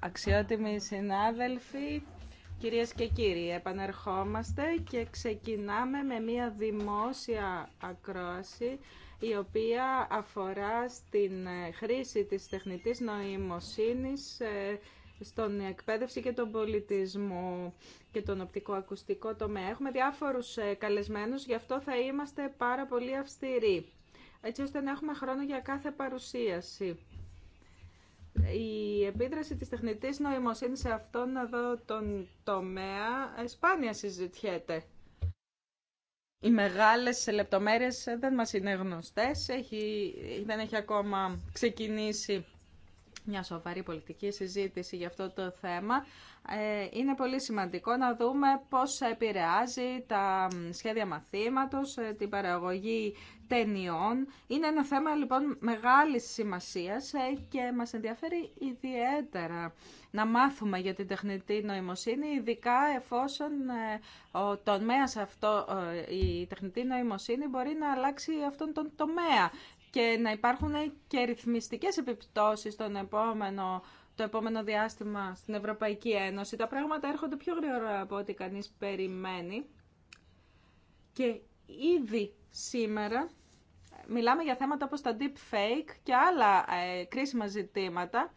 Αξιότιμοι συνάδελφοι, κυρίες και κύριοι, επανερχόμαστε και ξεκινάμε με μία δημόσια ακρόαση η οποία αφορά στην ε, χρήση της τεχνητής νοημοσύνης ε, στον εκπαίδευση και τον πολιτισμό και τον οπτικοακουστικό τομέα. Έχουμε διάφορους ε, καλεσμένους, γι' αυτό θα είμαστε πάρα πολύ αυστηροί, έτσι ώστε να έχουμε χρόνο για κάθε παρουσίαση η επίδραση της τεχνητής νοημοσύνης σε αυτόν εδώ τον τομέα σπάνια συζητιέται. Οι μεγάλες λεπτομέρειες δεν μας είναι γνωστές, έχει, δεν έχει ακόμα ξεκινήσει μια σοβαρή πολιτική συζήτηση για αυτό το θέμα. Ε, είναι πολύ σημαντικό να δούμε πώς επηρεάζει τα σχέδια μαθήματος, ε, την παραγωγή ταινιών. Είναι ένα θέμα λοιπόν μεγάλης σημασίας ε, και μας ενδιαφέρει ιδιαίτερα να μάθουμε για την τεχνητή νοημοσύνη, ειδικά εφόσον ο τομέας αυτό, η τεχνητή νοημοσύνη μπορεί να αλλάξει αυτόν τον τομέα και να υπάρχουν και ρυθμιστικές επιπτώσεις στον επόμενο το επόμενο διάστημα στην Ευρωπαϊκή Ένωση. Τα πράγματα έρχονται πιο γρήγορα από ό,τι κανείς περιμένει. Και ήδη σήμερα μιλάμε για θέματα όπως τα deep και άλλα ε, κρίσιμα ζητήματα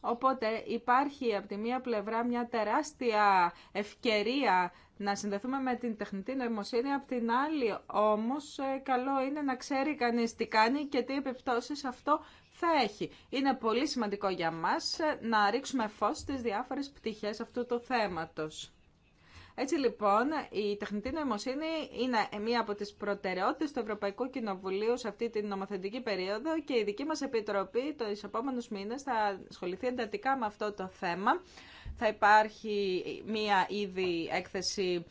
Οπότε υπάρχει από τη μία πλευρά μια τεράστια ευκαιρία να συνδεθούμε με την τεχνητή νοημοσύνη, από την άλλη όμως ε, καλό είναι να ξέρει κανείς τι κάνει και τι επιπτώσεις αυτό θα έχει. Είναι πολύ σημαντικό για μας ε, να ρίξουμε φως στις διάφορες πτυχές αυτού του θέματος. Έτσι λοιπόν η τεχνητή νοημοσύνη είναι μία από τις προτεραιότητε του Ευρωπαϊκού Κοινοβουλίου σε αυτή την νομοθετική περίοδο και η δική μας Επιτροπή του επόμενου μήνε θα ασχοληθεί εντατικά με αυτό το θέμα. Θα υπάρχει μία ήδη έκθεση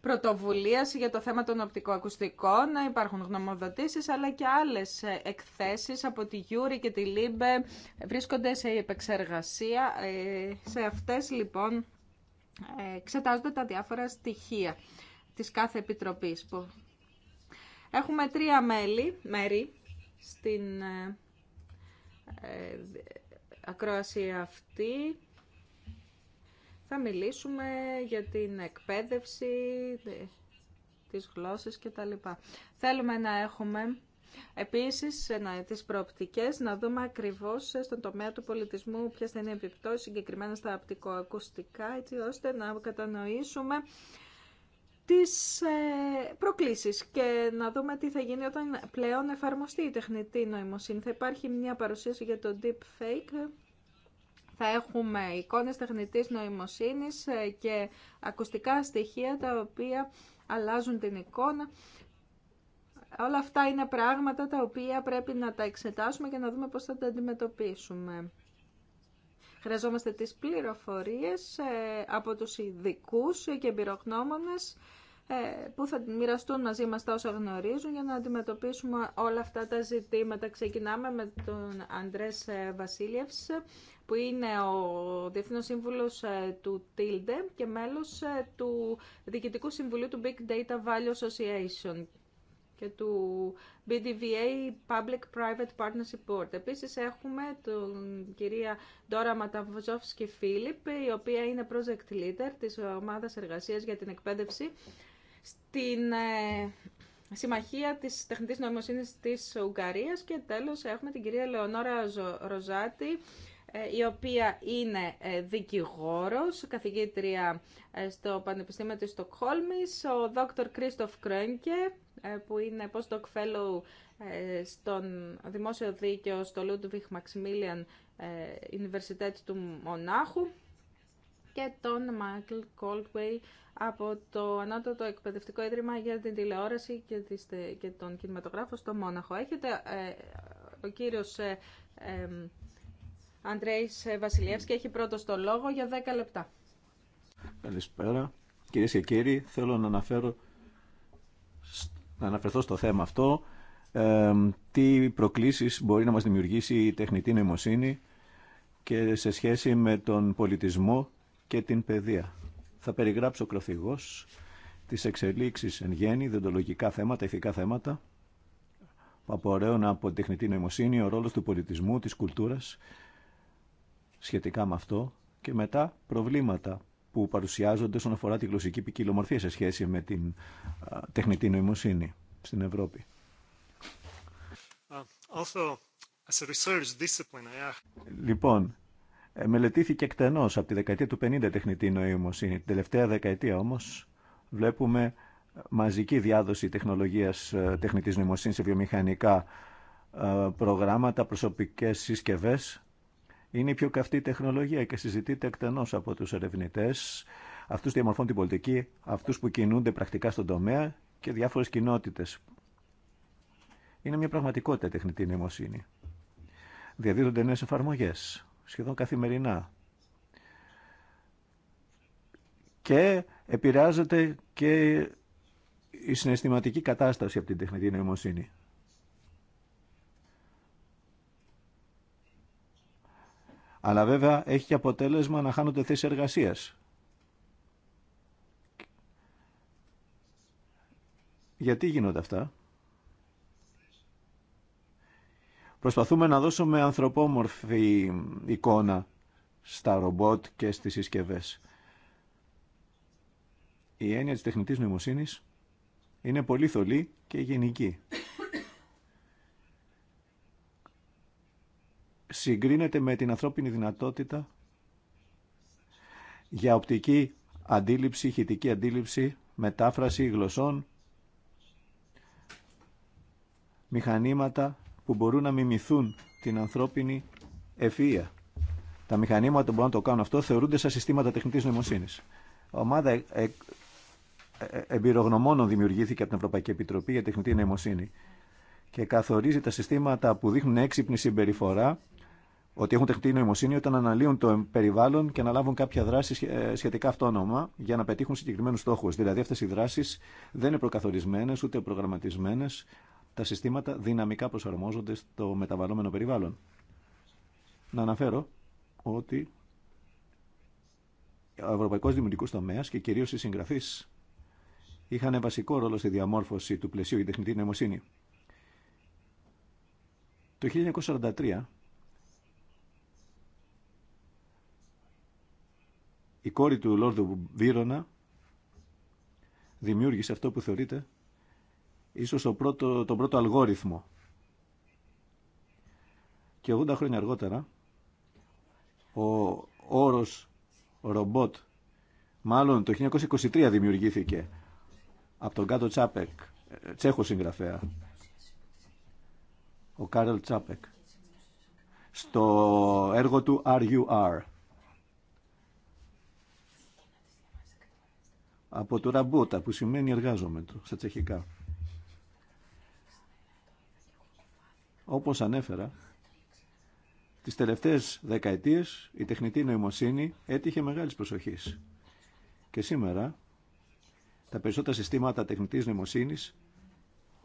πρωτοβουλία για το θέμα των οπτικοακουστικών. Υπάρχουν γνωμοδοτήσει, αλλά και άλλε εκθέσει από τη Γιούρη και τη Λίμπε βρίσκονται σε επεξεργασία. Ε, σε αυτέ λοιπόν ε, εξετάζονται τα διάφορα στοιχεία της κάθε επιτροπής. Έχουμε τρία μέλη, μέρη στην ε, ε, ακρόαση αυτή. Θα μιλήσουμε για την εκπαίδευση, τις γλώσσες κτλ. Θέλουμε να έχουμε Επίσης, να, τις προοπτικές, να δούμε ακριβώς στον τομέα του πολιτισμού ποιες θα είναι οι επιπτώσεις συγκεκριμένα στα απτικοακουστικά, έτσι ώστε να κατανοήσουμε τις ε, προκλήσεις και να δούμε τι θα γίνει όταν πλέον εφαρμοστεί η τεχνητή νοημοσύνη. Θα υπάρχει μια παρουσίαση για το deepfake, θα έχουμε εικόνες τεχνητής νοημοσύνης ε, και ακουστικά στοιχεία τα οποία αλλάζουν την εικόνα. Όλα αυτά είναι πράγματα τα οποία πρέπει να τα εξετάσουμε και να δούμε πώς θα τα αντιμετωπίσουμε. Χρειαζόμαστε τις πληροφορίες ε, από τους ειδικού και εμπειρογνώμονες ε, που θα μοιραστούν μαζί μας τα όσα γνωρίζουν για να αντιμετωπίσουμε όλα αυτά τα ζητήματα. Ξεκινάμε με τον Αντρές ε, Βασίλειευς, που είναι ο Διεθνός Σύμβουλος του TILDE και μέλος του Διοικητικού Συμβουλίου του Big Data Value Association και του BDVA Public Private Partnership Board. Επίσης έχουμε τον κυρία Ντόρα Ματαβοζόφσκη Φίλιπ, η οποία είναι project leader της ομάδας εργασίας για την εκπαίδευση στην ε, Συμμαχία της Τεχνητής Νοημοσύνης της Ουγγαρίας και τέλος έχουμε την κυρία Λεωνόρα Ροζάτη, ε, η οποία είναι ε, δικηγόρος, καθηγήτρια ε, στο Πανεπιστήμιο της Στοκχόλμης, ο δόκτωρ Κρίστοφ Κρόνκε, που είναι postdoc fellow στον δημόσιο δίκαιο στο Ludwig Maximilian Universität του Μονάχου και τον Μάικλ Κόλτβεϊ από το Ανώτατο Εκπαιδευτικό Ίδρυμα για την Τηλεόραση και τον Κινηματογράφο στο Μόναχο. Έχετε ο κύριος Αντρέης Βασιλεύσκη έχει πρώτος το λόγο για 10 λεπτά. Καλησπέρα. Κυρίες και κύριοι, θέλω να, αναφέρω, να αναφερθώ στο θέμα αυτό. τι προκλήσεις μπορεί να μας δημιουργήσει η τεχνητή νοημοσύνη και σε σχέση με τον πολιτισμό και την παιδεία. Θα περιγράψω κροθυγός τις εξελίξεις εν γέννη, δεντολογικά θέματα, ηθικά θέματα, που απορρέουν από τεχνητή νοημοσύνη, ο ρόλος του πολιτισμού, της κουλτούρας σχετικά με αυτό και μετά προβλήματα που παρουσιάζονται όσον αφορά τη γλωσσική ποικιλομορφία σε σχέση με την τεχνητή νοημοσύνη στην Ευρώπη. Uh, also, as a research discipline, Λοιπόν, ε, μελετήθηκε εκτενώς από τη δεκαετία του 50 τεχνητή νοημοσύνη. Την τελευταία δεκαετία όμως βλέπουμε ε, μαζική διάδοση τεχνολογίας ε, τεχνητής νοημοσύνης σε βιομηχανικά προγράμματα, προσωπικές συσκευές είναι η πιο καυτή τεχνολογία και συζητείται εκτενώ από τους ερευνητέ, αυτού που διαμορφώνουν την πολιτική, αυτού που κινούνται πρακτικά στον τομέα και διάφορε κοινότητε. Είναι μια πραγματικότητα τεχνητή νοημοσύνη. Διαδίδονται νέε εφαρμογέ, σχεδόν καθημερινά. Και επηρεάζεται και η συναισθηματική κατάσταση από την τεχνητή νοημοσύνη. αλλά βέβαια έχει και αποτέλεσμα να χάνονται θέσει εργασίας. Γιατί γίνονται αυτά. Προσπαθούμε να δώσουμε ανθρωπόμορφη εικόνα στα ρομπότ και στις συσκευές. Η έννοια της τεχνητής νοημοσύνης είναι πολύ θολή και γενική. συγκρίνεται με την ανθρώπινη δυνατότητα για οπτική αντίληψη, ηχητική αντίληψη, μετάφραση γλωσσών, μηχανήματα που μπορούν να μιμηθούν την ανθρώπινη ευφυΐα. Τα μηχανήματα που μπορούν να το κάνουν αυτό θεωρούνται σαν συστήματα τεχνητής νοημοσύνης. Ομάδα ε, ε, ε εμπειρογνωμόνων δημιουργήθηκε από την Ευρωπαϊκή Επιτροπή για Τεχνητή Νοημοσύνη και καθορίζει τα συστήματα που δείχνουν έξυπνη συμπεριφορά ότι έχουν τεχνητή νοημοσύνη όταν αναλύουν το περιβάλλον και αναλάβουν κάποια δράση ε, σχετικά αυτόνομα για να πετύχουν συγκεκριμένου στόχου. Δηλαδή, αυτέ οι δράσει δεν είναι προκαθορισμένε ούτε προγραμματισμένε. Τα συστήματα δυναμικά προσαρμόζονται στο μεταβαλλόμενο περιβάλλον. Να αναφέρω ότι ο Ευρωπαϊκό Δημιουργικό Τομέα και κυρίω οι συγγραφεί είχαν βασικό ρόλο στη διαμόρφωση του πλαισίου για τεχνητή νοημοσύνη. Το 1943 Η κόρη του Λόρδου Βίρονα δημιούργησε αυτό που θεωρείται ίσως το πρώτο, τον πρώτο αλγόριθμο. Και 80 χρόνια αργότερα ο όρος ρομπότ μάλλον το 1923 δημιουργήθηκε από τον Κάτο Τσάπεκ, ε, τσέχο συγγραφέα, ο Κάρελ Τσάπεκ, στο έργο του RUR. από το ραμπότα που σημαίνει το στα τσεχικά. Όπως ανέφερα, τις τελευταίες δεκαετίες η τεχνητή νοημοσύνη έτυχε μεγάλης προσοχής. Και σήμερα τα περισσότερα συστήματα τεχνητής νοημοσύνης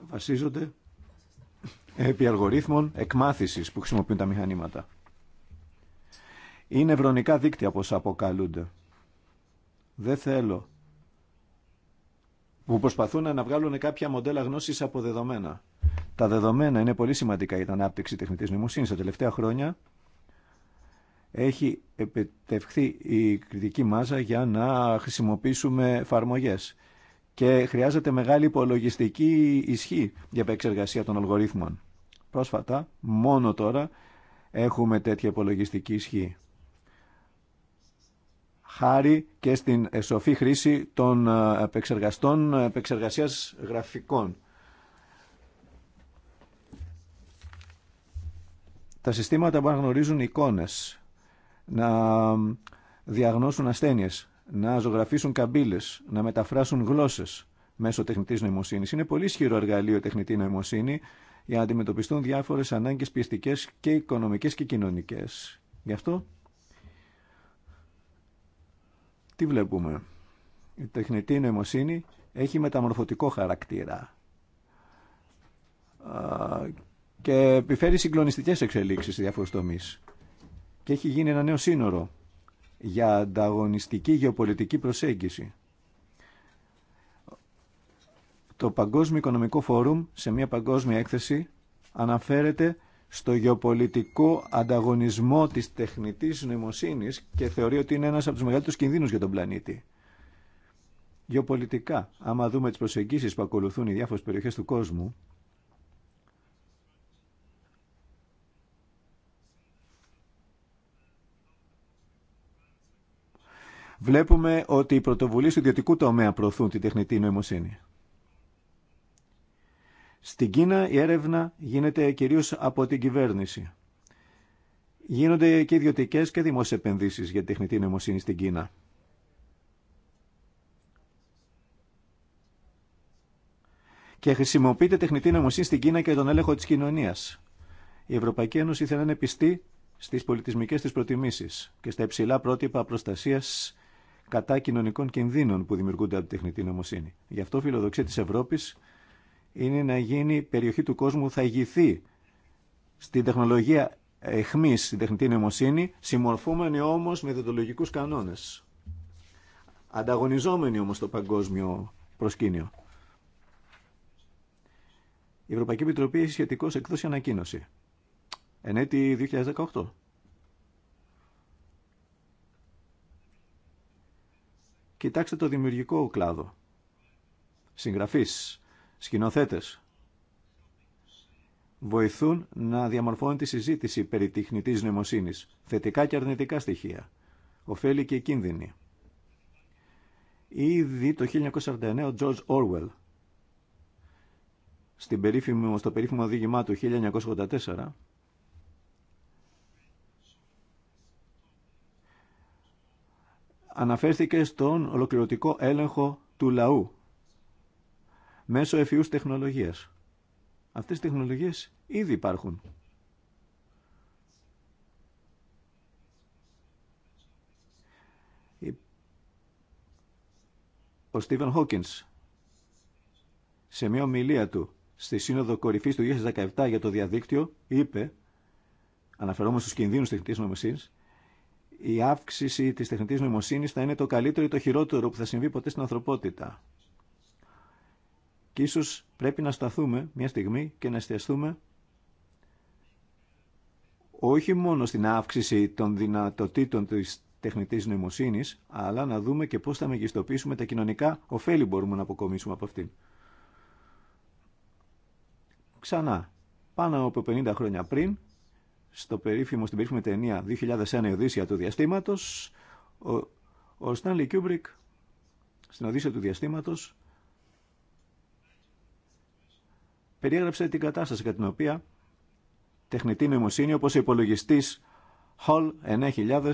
βασίζονται επί αλγορίθμων εκμάθησης που χρησιμοποιούν τα μηχανήματα. Είναι ευρωνικά δίκτυα όπως αποκαλούνται. Δεν θέλω που προσπαθούν να βγάλουν κάποια μοντέλα γνώσης από δεδομένα. Τα δεδομένα είναι πολύ σημαντικά για την ανάπτυξη τεχνητή νοημοσύνης. Τα τελευταία χρόνια έχει επιτευχθεί η κριτική μάζα για να χρησιμοποιήσουμε εφαρμογέ. Και χρειάζεται μεγάλη υπολογιστική ισχύ για επεξεργασία των αλγορίθμων. Πρόσφατα, μόνο τώρα, έχουμε τέτοια υπολογιστική ισχύ χάρη και στην ε, σοφή χρήση των ε, επεξεργαστών ε, επεξεργασίας γραφικών. Τα συστήματα που αναγνωρίζουν εικόνες, να διαγνώσουν ασθένειες, να ζωγραφίσουν καμπύλες, να μεταφράσουν γλώσσες μέσω τεχνητής νοημοσύνης. Είναι πολύ ισχυρό εργαλείο η τεχνητή νοημοσύνη για να αντιμετωπιστούν διάφορες ανάγκες πιεστικές και οικονομικές και κοινωνικές. Γι' αυτό τι βλέπουμε. Η τεχνητή νοημοσύνη έχει μεταμορφωτικό χαρακτήρα και επιφέρει συγκλονιστικές εξελίξεις σε διάφορους τομείς και έχει γίνει ένα νέο σύνορο για ανταγωνιστική γεωπολιτική προσέγγιση. Το Παγκόσμιο Οικονομικό Φόρουμ σε μια παγκόσμια έκθεση αναφέρεται στο γεωπολιτικό ανταγωνισμό της τεχνητής νοημοσύνης και θεωρεί ότι είναι ένας από τους μεγαλύτερους κινδύνους για τον πλανήτη. Γεωπολιτικά, άμα δούμε τις προσεγγίσεις που ακολουθούν οι διάφορες περιοχές του κόσμου, βλέπουμε ότι οι πρωτοβουλίες του ιδιωτικού τομέα προωθούν την τεχνητή νοημοσύνη. Στην Κίνα η έρευνα γίνεται κυρίως από την κυβέρνηση. Γίνονται και ιδιωτικέ και δημόσιες επενδύσεις για τεχνητή νοημοσύνη στην Κίνα. Και χρησιμοποιείται τεχνητή νοημοσύνη στην Κίνα και τον έλεγχο της κοινωνίας. Η Ευρωπαϊκή Ένωση θέλει να είναι πιστή στις πολιτισμικές της προτιμήσεις και στα υψηλά πρότυπα προστασίας κατά κοινωνικών κινδύνων που δημιουργούνται από τη τεχνητή νομοσύνη. Γι' αυτό φιλοδοξία της Ευρώπης είναι να γίνει περιοχή του κόσμου θα ηγηθεί στην τεχνολογία εχμής, στην τεχνητή νοημοσύνη, συμμορφούμενη όμως με κανόνες. Ανταγωνιζόμενοι όμως το παγκόσμιο προσκήνιο. Η Ευρωπαϊκή Επιτροπή έχει σχετικώ εκδώσει ανακοίνωση. Εν 2018. Κοιτάξτε το δημιουργικό κλάδο. Συγγραφής, σκηνοθέτες βοηθούν να διαμορφώνουν τη συζήτηση περί τεχνητής νοημοσύνης, θετικά και αρνητικά στοιχεία, ωφέλη και κίνδυνη. Ήδη το 1949 ο George Orwell, στο περίφημο οδήγημά του 1984, αναφέρθηκε στον ολοκληρωτικό έλεγχο του λαού μέσω εφιούς τεχνολογίας. Αυτές οι τεχνολογίες ήδη υπάρχουν. Ο Στίβεν Χόκινς σε μια ομιλία του στη Σύνοδο Κορυφής του 2017 για το διαδίκτυο είπε, αναφερόμενος στους κινδύνους τεχνητής νοημοσύνης, η αύξηση της τεχνητής νοημοσύνης θα είναι το καλύτερο ή το χειρότερο που θα συμβεί ποτέ στην ανθρωπότητα. Και ίσως πρέπει να σταθούμε μια στιγμή και να εστιαστούμε όχι μόνο στην αύξηση των δυνατοτήτων της τεχνητής νοημοσύνης, αλλά να δούμε και πώς θα μεγιστοποιήσουμε τα κοινωνικά ωφέλη μπορούμε να αποκομίσουμε από αυτήν. Ξανά, πάνω από 50 χρόνια πριν, στο περίφημο, στην περίφημη ταινία 2001 η Οδύσσια του Διαστήματος, ο, ο Stanley στην Οδύσσια του Διαστήματος περιέγραψε την κατάσταση κατά την οποία τεχνητή νοημοσύνη όπως ο υπολογιστής HAL 9000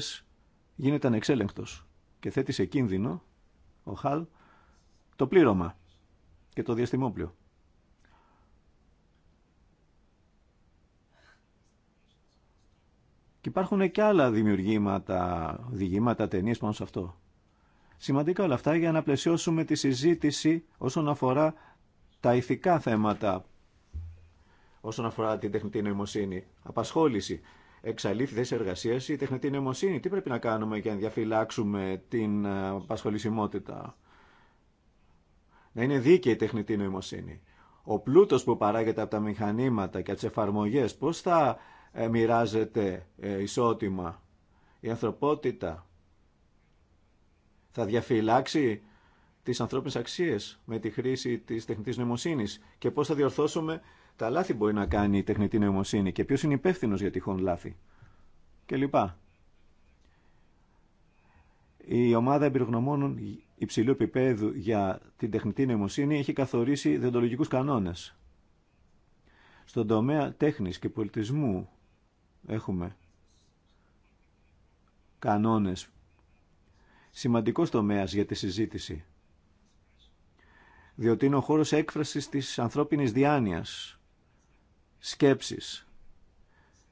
γίνεται ανεξέλεγκτος και θέτει σε κίνδυνο ο HAL το πλήρωμα και το διαστημόπλιο. Και υπάρχουν και άλλα δημιουργήματα, διηγήματα, ταινίε πάνω σε αυτό. Σημαντικά όλα αυτά για να πλαισιώσουμε τη συζήτηση όσον αφορά τα ηθικά θέματα όσον αφορά την τεχνητή νοημοσύνη. Απασχόληση. Εξαλείφθη θέση εργασία η τεχνητή νοημοσύνη. Τι πρέπει να κάνουμε για να διαφυλάξουμε την ε, απασχολησιμότητα. Να είναι δίκαιη η τεχνητή νοημοσύνη. Ο πλούτος που παράγεται από τα μηχανήματα και από τις εφαρμογές, πώς θα ε, μοιράζεται ε, ισότιμα η ανθρωπότητα. Θα διαφυλάξει τις ανθρώπινες αξίες με τη χρήση της τεχνητής νοημοσύνης και πώς θα διορθώσουμε τα λάθη μπορεί να κάνει η τεχνητή νοημοσύνη και ποιος είναι υπεύθυνο για τυχόν λάθη λοιπά. Η ομάδα εμπειρογνωμόνων υψηλού επίπεδου για την τεχνητή νοημοσύνη έχει καθορίσει δεντολογικούς κανόνες. Στον τομέα τέχνης και πολιτισμού έχουμε κανόνες. Σημαντικός τομέας για τη συζήτηση. Διότι είναι ο χώρος έκφρασης της ανθρώπινης διάνοιας Σκέψεις.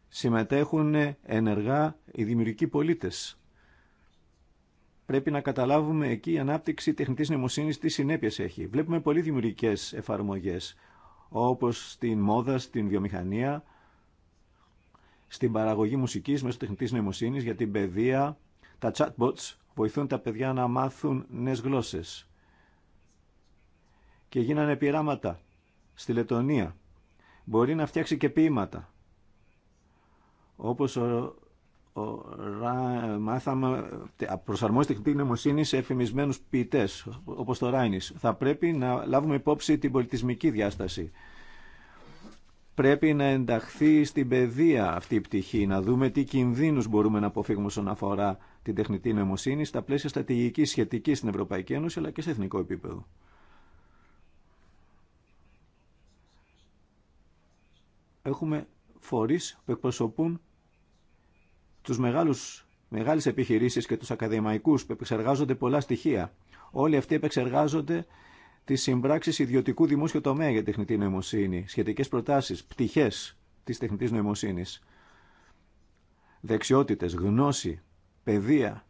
Συμμετέχουν ενεργά οι δημιουργικοί πολίτες. Πρέπει να καταλάβουμε εκεί η ανάπτυξη τεχνητής νοημοσύνης τι συνέπειες έχει. Βλέπουμε πολύ δημιουργικές εφαρμογές, όπως στην μόδα, στην βιομηχανία, στην παραγωγή μουσικής μέσω τεχνητής νοημοσύνης, για την παιδεία. Τα chatbots βοηθούν τα παιδιά να μάθουν νέες γλώσσες. Και γίνανε πειράματα στη Λετωνία μπορεί να φτιάξει και ποίηματα. Όπως ο, ο Ρα, μάθαμε, προσαρμόζει τεχνητή νοημοσύνη σε εφημισμένους ποιητέ, όπως το Ράινις. Θα πρέπει να λάβουμε υπόψη την πολιτισμική διάσταση. Πρέπει να ενταχθεί στην παιδεία αυτή η πτυχή, να δούμε τι κινδύνους μπορούμε να αποφύγουμε όσον αφορά την τεχνητή νοημοσύνη στα πλαίσια στρατηγική σχετική στην Ευρωπαϊκή Ένωση αλλά και σε εθνικό επίπεδο. έχουμε φορείς που εκπροσωπούν τους μεγάλους, μεγάλες επιχειρήσεις και τους ακαδημαϊκούς που επεξεργάζονται πολλά στοιχεία. Όλοι αυτοί επεξεργάζονται τις συμπράξεις ιδιωτικού δημόσιου τομέα για τεχνητή νοημοσύνη, σχετικές προτάσεις, πτυχές της τεχνητής νοημοσύνης, δεξιότητες, γνώση, παιδεία,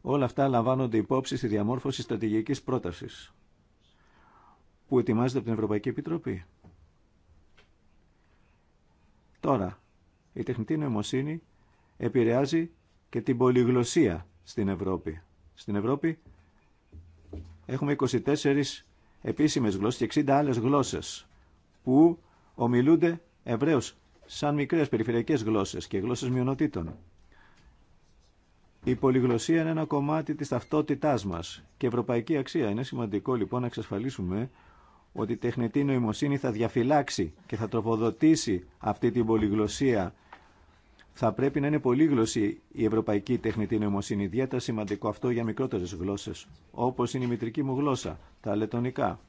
όλα αυτά λαμβάνονται υπόψη στη διαμόρφωση στρατηγικής πρότασης που ετοιμάζεται από την Ευρωπαϊκή Επιτροπή. Τώρα, η τεχνητή νοημοσύνη επηρεάζει και την πολυγλωσία στην Ευρώπη. Στην Ευρώπη έχουμε 24 επίσημες γλώσσες και 60 άλλες γλώσσες που ομιλούνται ευραίως σαν μικρές περιφερειακές γλώσσες και γλώσσες μειονοτήτων. Η πολυγλωσία είναι ένα κομμάτι της ταυτότητάς μας και ευρωπαϊκή αξία. Είναι σημαντικό λοιπόν να εξασφαλίσουμε ότι η τεχνητή νοημοσύνη θα διαφυλάξει και θα τροφοδοτήσει αυτή την πολυγλωσία. Θα πρέπει να είναι πολύγλωση η ευρωπαϊκή τεχνητή νοημοσύνη. Ιδιαίτερα σημαντικό αυτό για μικρότερε γλώσσε, όπω είναι η μητρική μου γλώσσα, τα λετωνικά.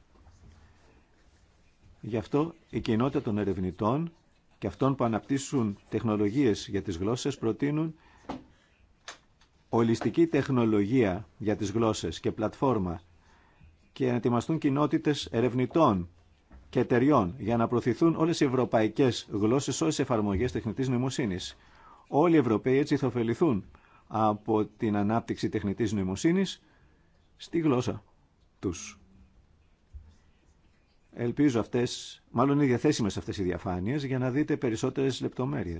Γι' αυτό η κοινότητα των ερευνητών και αυτών που αναπτύσσουν τεχνολογίε για τι γλώσσε, προτείνουν ολιστική τεχνολογία για τις γλώσσες και πλατφόρμα και να ετοιμαστούν κοινότητε ερευνητών και εταιριών για να προωθηθούν όλε οι ευρωπαϊκέ γλώσσε, όλε οι εφαρμογέ τεχνητή νοημοσύνη. Όλοι οι Ευρωπαίοι έτσι θα ωφεληθούν από την ανάπτυξη τεχνητή νοημοσύνη στη γλώσσα του. Ελπίζω αυτέ, μάλλον είναι διαθέσιμε αυτέ οι διαφάνειε για να δείτε περισσότερε λεπτομέρειε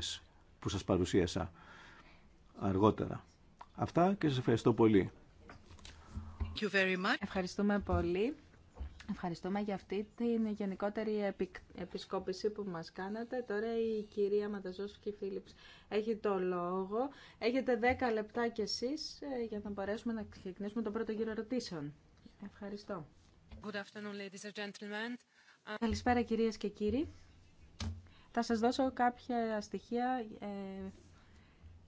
που σα παρουσίασα αργότερα. Αυτά και σα ευχαριστώ πολύ. Ευχαριστούμε πολύ. Ευχαριστούμε για αυτή την γενικότερη επισκόπηση που μας κάνατε. Τώρα η κυρία Ματαζόσκη Φίλιπς έχει το λόγο. Έχετε 10 λεπτά κι εσείς ε, για να μπορέσουμε να ξεκινήσουμε τον πρώτο γύρο ερωτήσεων. Ευχαριστώ. Good afternoon, ladies and gentlemen. Uh, Καλησπέρα κυρίες και κύριοι. Θα σας δώσω κάποια στοιχεία ε,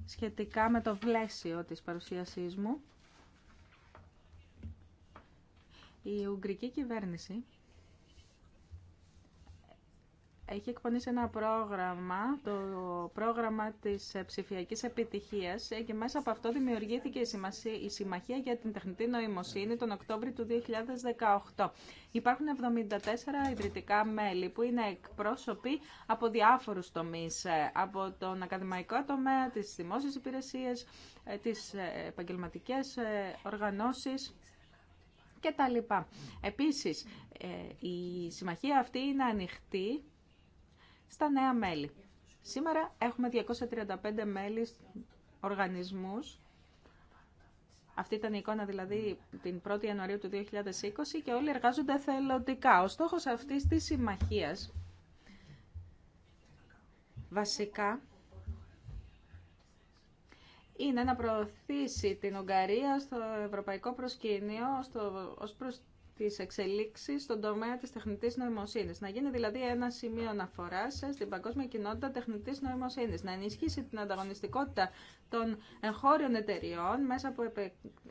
σχετικά με το βλέσιο της παρουσίασής μου. Η Ουγγρική κυβέρνηση έχει εκπονήσει ένα πρόγραμμα, το πρόγραμμα της ε, ψηφιακής επιτυχίας και μέσα από αυτό δημιουργήθηκε η Συμμαχία για την Τεχνητή Νοημοσύνη τον Οκτώβριο του 2018. Υπάρχουν 74 ιδρυτικά μέλη που είναι εκπρόσωποι από διάφορους τομείς, ε, από τον ακαδημαϊκό τομέα, τις δημόσιες υπηρεσίες, ε, τις επαγγελματικές οργανώσεις λοιπά. Επίσης, ε, η συμμαχία αυτή είναι ανοιχτή στα νέα μέλη. Σήμερα έχουμε 235 μέλη οργανισμούς. Αυτή ήταν η εικόνα δηλαδή την 1η Ιανουαρίου του 2020 και όλοι εργάζονται θελοντικά. Ο στόχος αυτής της συμμαχίας βασικά είναι να προωθήσει την Ουγγαρία στο ευρωπαϊκό προσκήνιο στο, ως προς τις εξελίξεις στον τομέα της τεχνητής νοημοσύνης. Να γίνει δηλαδή ένα σημείο αναφορά στην παγκόσμια κοινότητα τεχνητής νοημοσύνης. Να ενισχύσει την ανταγωνιστικότητα των εγχώριων εταιριών μέσα από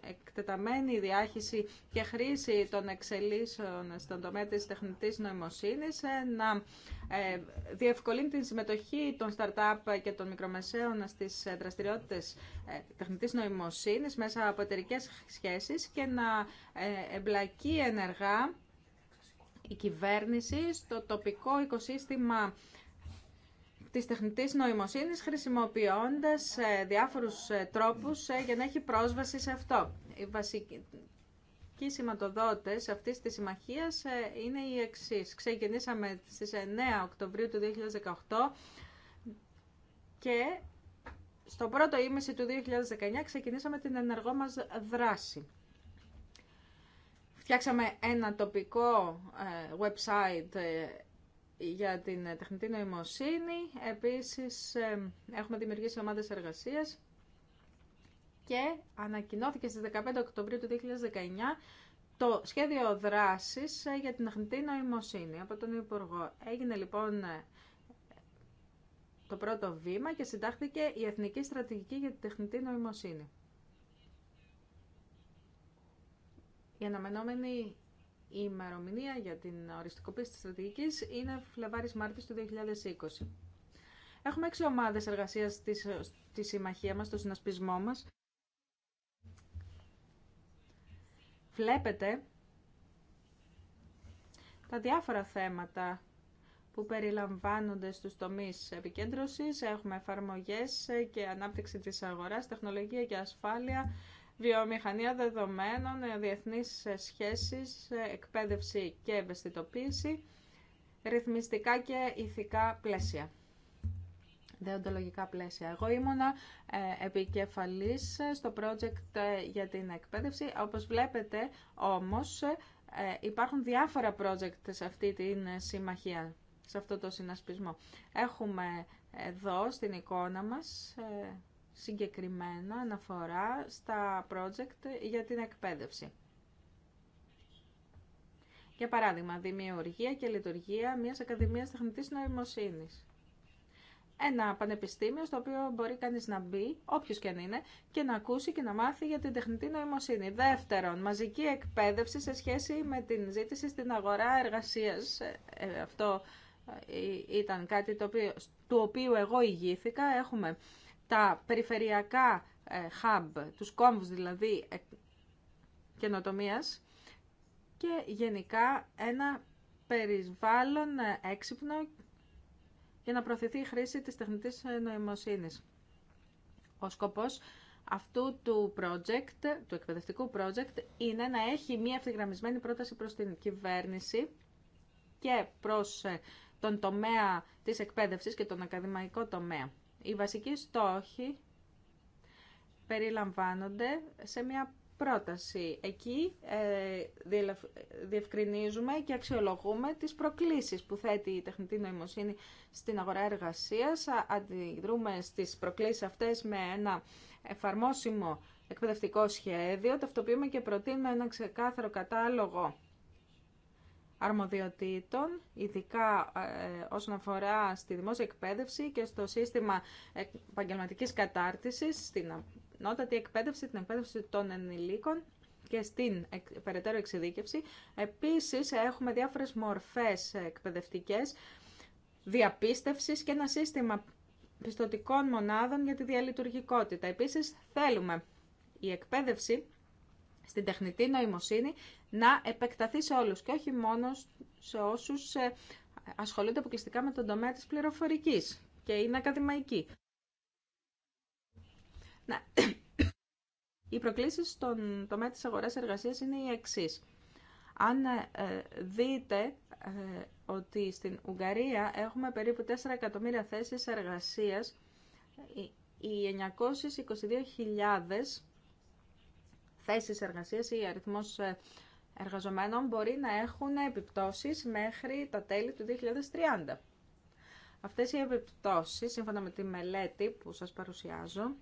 εκτεταμένη διάχυση και χρήση των εξελίσεων στον τομέα της τεχνητής νοημοσύνης. Ε, να ε, διευκολύνει την συμμετοχή των startup και των μικρομεσαίων στις δραστηριότητες ε, τεχνητή νοημοσύνης μέσα από εταιρικέ σχέσεις και να εμπλακεί ενεργά η κυβέρνηση στο τοπικό οικοσύστημα της τεχνητής νοημοσύνης χρησιμοποιώντας ε, διάφορους ε, τρόπους ε, για να έχει πρόσβαση σε αυτό. Οι βασικοί σηματοδότες αυτής της συμμαχίας είναι οι εξής. Ξεκινήσαμε στις 9 Οκτωβρίου του 2018 και στο πρώτο ήμιση του 2019 ξεκινήσαμε την ενεργό μας δράση. Φτιάξαμε ένα τοπικό ε, website ε, για την τεχνητή νοημοσύνη. Επίσης, ε, έχουμε δημιουργήσει ομάδες εργασίας και ανακοινώθηκε στις 15 Οκτωβρίου του 2019 το σχέδιο δράσης για την τεχνητή νοημοσύνη από τον Υπουργό. Έγινε λοιπόν το πρώτο βήμα και συντάχθηκε η Εθνική Στρατηγική για την Τεχνητή Νοημοσύνη. Η αναμενόμενη ημερομηνία για την οριστικοποίηση της στρατηγικής είναι Φλεβάρης-Μάρτης του 2020. Έχουμε έξι ομάδες εργασίας στη, στη συμμαχία μας, στο συνασπισμό μας. Βλέπετε τα διάφορα θέματα που περιλαμβάνονται στους τομείς επικέντρωσης. Έχουμε εφαρμογές και ανάπτυξη της αγοράς, τεχνολογία και ασφάλεια, βιομηχανία δεδομένων, ε, διεθνείς ε, σχέσεις, ε, εκπαίδευση και ευαισθητοποίηση, ρυθμιστικά και ηθικά πλαίσια. Δεοντολογικά πλαίσια. Εγώ ήμουνα επικεφαλής στο project για την εκπαίδευση. Όπως βλέπετε όμως υπάρχουν διάφορα project σε αυτή την συμμαχία, σε αυτό το συνασπισμό. Έχουμε εδώ στην εικόνα μας συγκεκριμένα αναφορά στα project για την εκπαίδευση. Για παράδειγμα, δημιουργία και λειτουργία μιας Ακαδημίας Τεχνητής Νοημοσύνης. Ένα πανεπιστήμιο στο οποίο μπορεί κανείς να μπει, όποιος και αν είναι, και να ακούσει και να μάθει για την τεχνητή νοημοσύνη. Δεύτερον, μαζική εκπαίδευση σε σχέση με την ζήτηση στην αγορά εργασίας. Ε, ε, αυτό ε, ήταν κάτι του οποίου εγώ ηγήθηκα. Έχουμε τα περιφερειακά ε, hub, τους κόμβους δηλαδή ε, καινοτομίας και γενικά ένα περιβάλλον ε, έξυπνο για να προωθηθεί η χρήση της τεχνητής νοημοσύνης. Ο σκοπός αυτού του project, του εκπαιδευτικού project, είναι να έχει μία ευθυγραμμισμένη πρόταση προς την κυβέρνηση και προς τον τομέα της εκπαίδευσης και τον ακαδημαϊκό τομέα. Οι βασικοί στόχοι περιλαμβάνονται σε μια πρόταση. Εκεί ε, διευκρινίζουμε και αξιολογούμε τις προκλήσεις που θέτει η τεχνητή νοημοσύνη στην αγορά εργασίας. Αντιδρούμε στις προκλήσεις αυτές με ένα εφαρμόσιμο εκπαιδευτικό σχέδιο. Ταυτοποιούμε και προτείνουμε ένα ξεκάθαρο κατάλογο αρμοδιοτήτων, ειδικά ε, όσον αφορά στη δημόσια εκπαίδευση και στο σύστημα επαγγελματική κατάρτισης, στην νότατη εκπαίδευση, την εκπαίδευση των ενηλίκων και στην περαιτέρω εξειδίκευση. Επίσης, έχουμε διάφορες μορφές εκπαιδευτικές, διαπίστευσης και ένα σύστημα πιστοτικών μονάδων για τη διαλειτουργικότητα. Επίσης, θέλουμε η εκπαίδευση στην τεχνητή νοημοσύνη να επεκταθεί σε όλους και όχι μόνο σε όσους ε, ασχολούνται αποκλειστικά με τον τομέα της πληροφορικής και είναι ακαδημαϊκοί. Να. Οι προκλήσεις στον τομέα της αγοράς εργασίας είναι οι εξής. Αν ε, ε, δείτε ότι στην Ουγγαρία έχουμε περίπου 4 εκατομμύρια θέσεις εργασίας, οι 922.000 θέσεις εργασίας ή αριθμός εργαζομένων μπορεί να έχουν επιπτώσεις μέχρι τα τέλη του 2030. Αυτές οι επιπτώσεις, σύμφωνα με τη μελέτη που σας παρουσιάζω,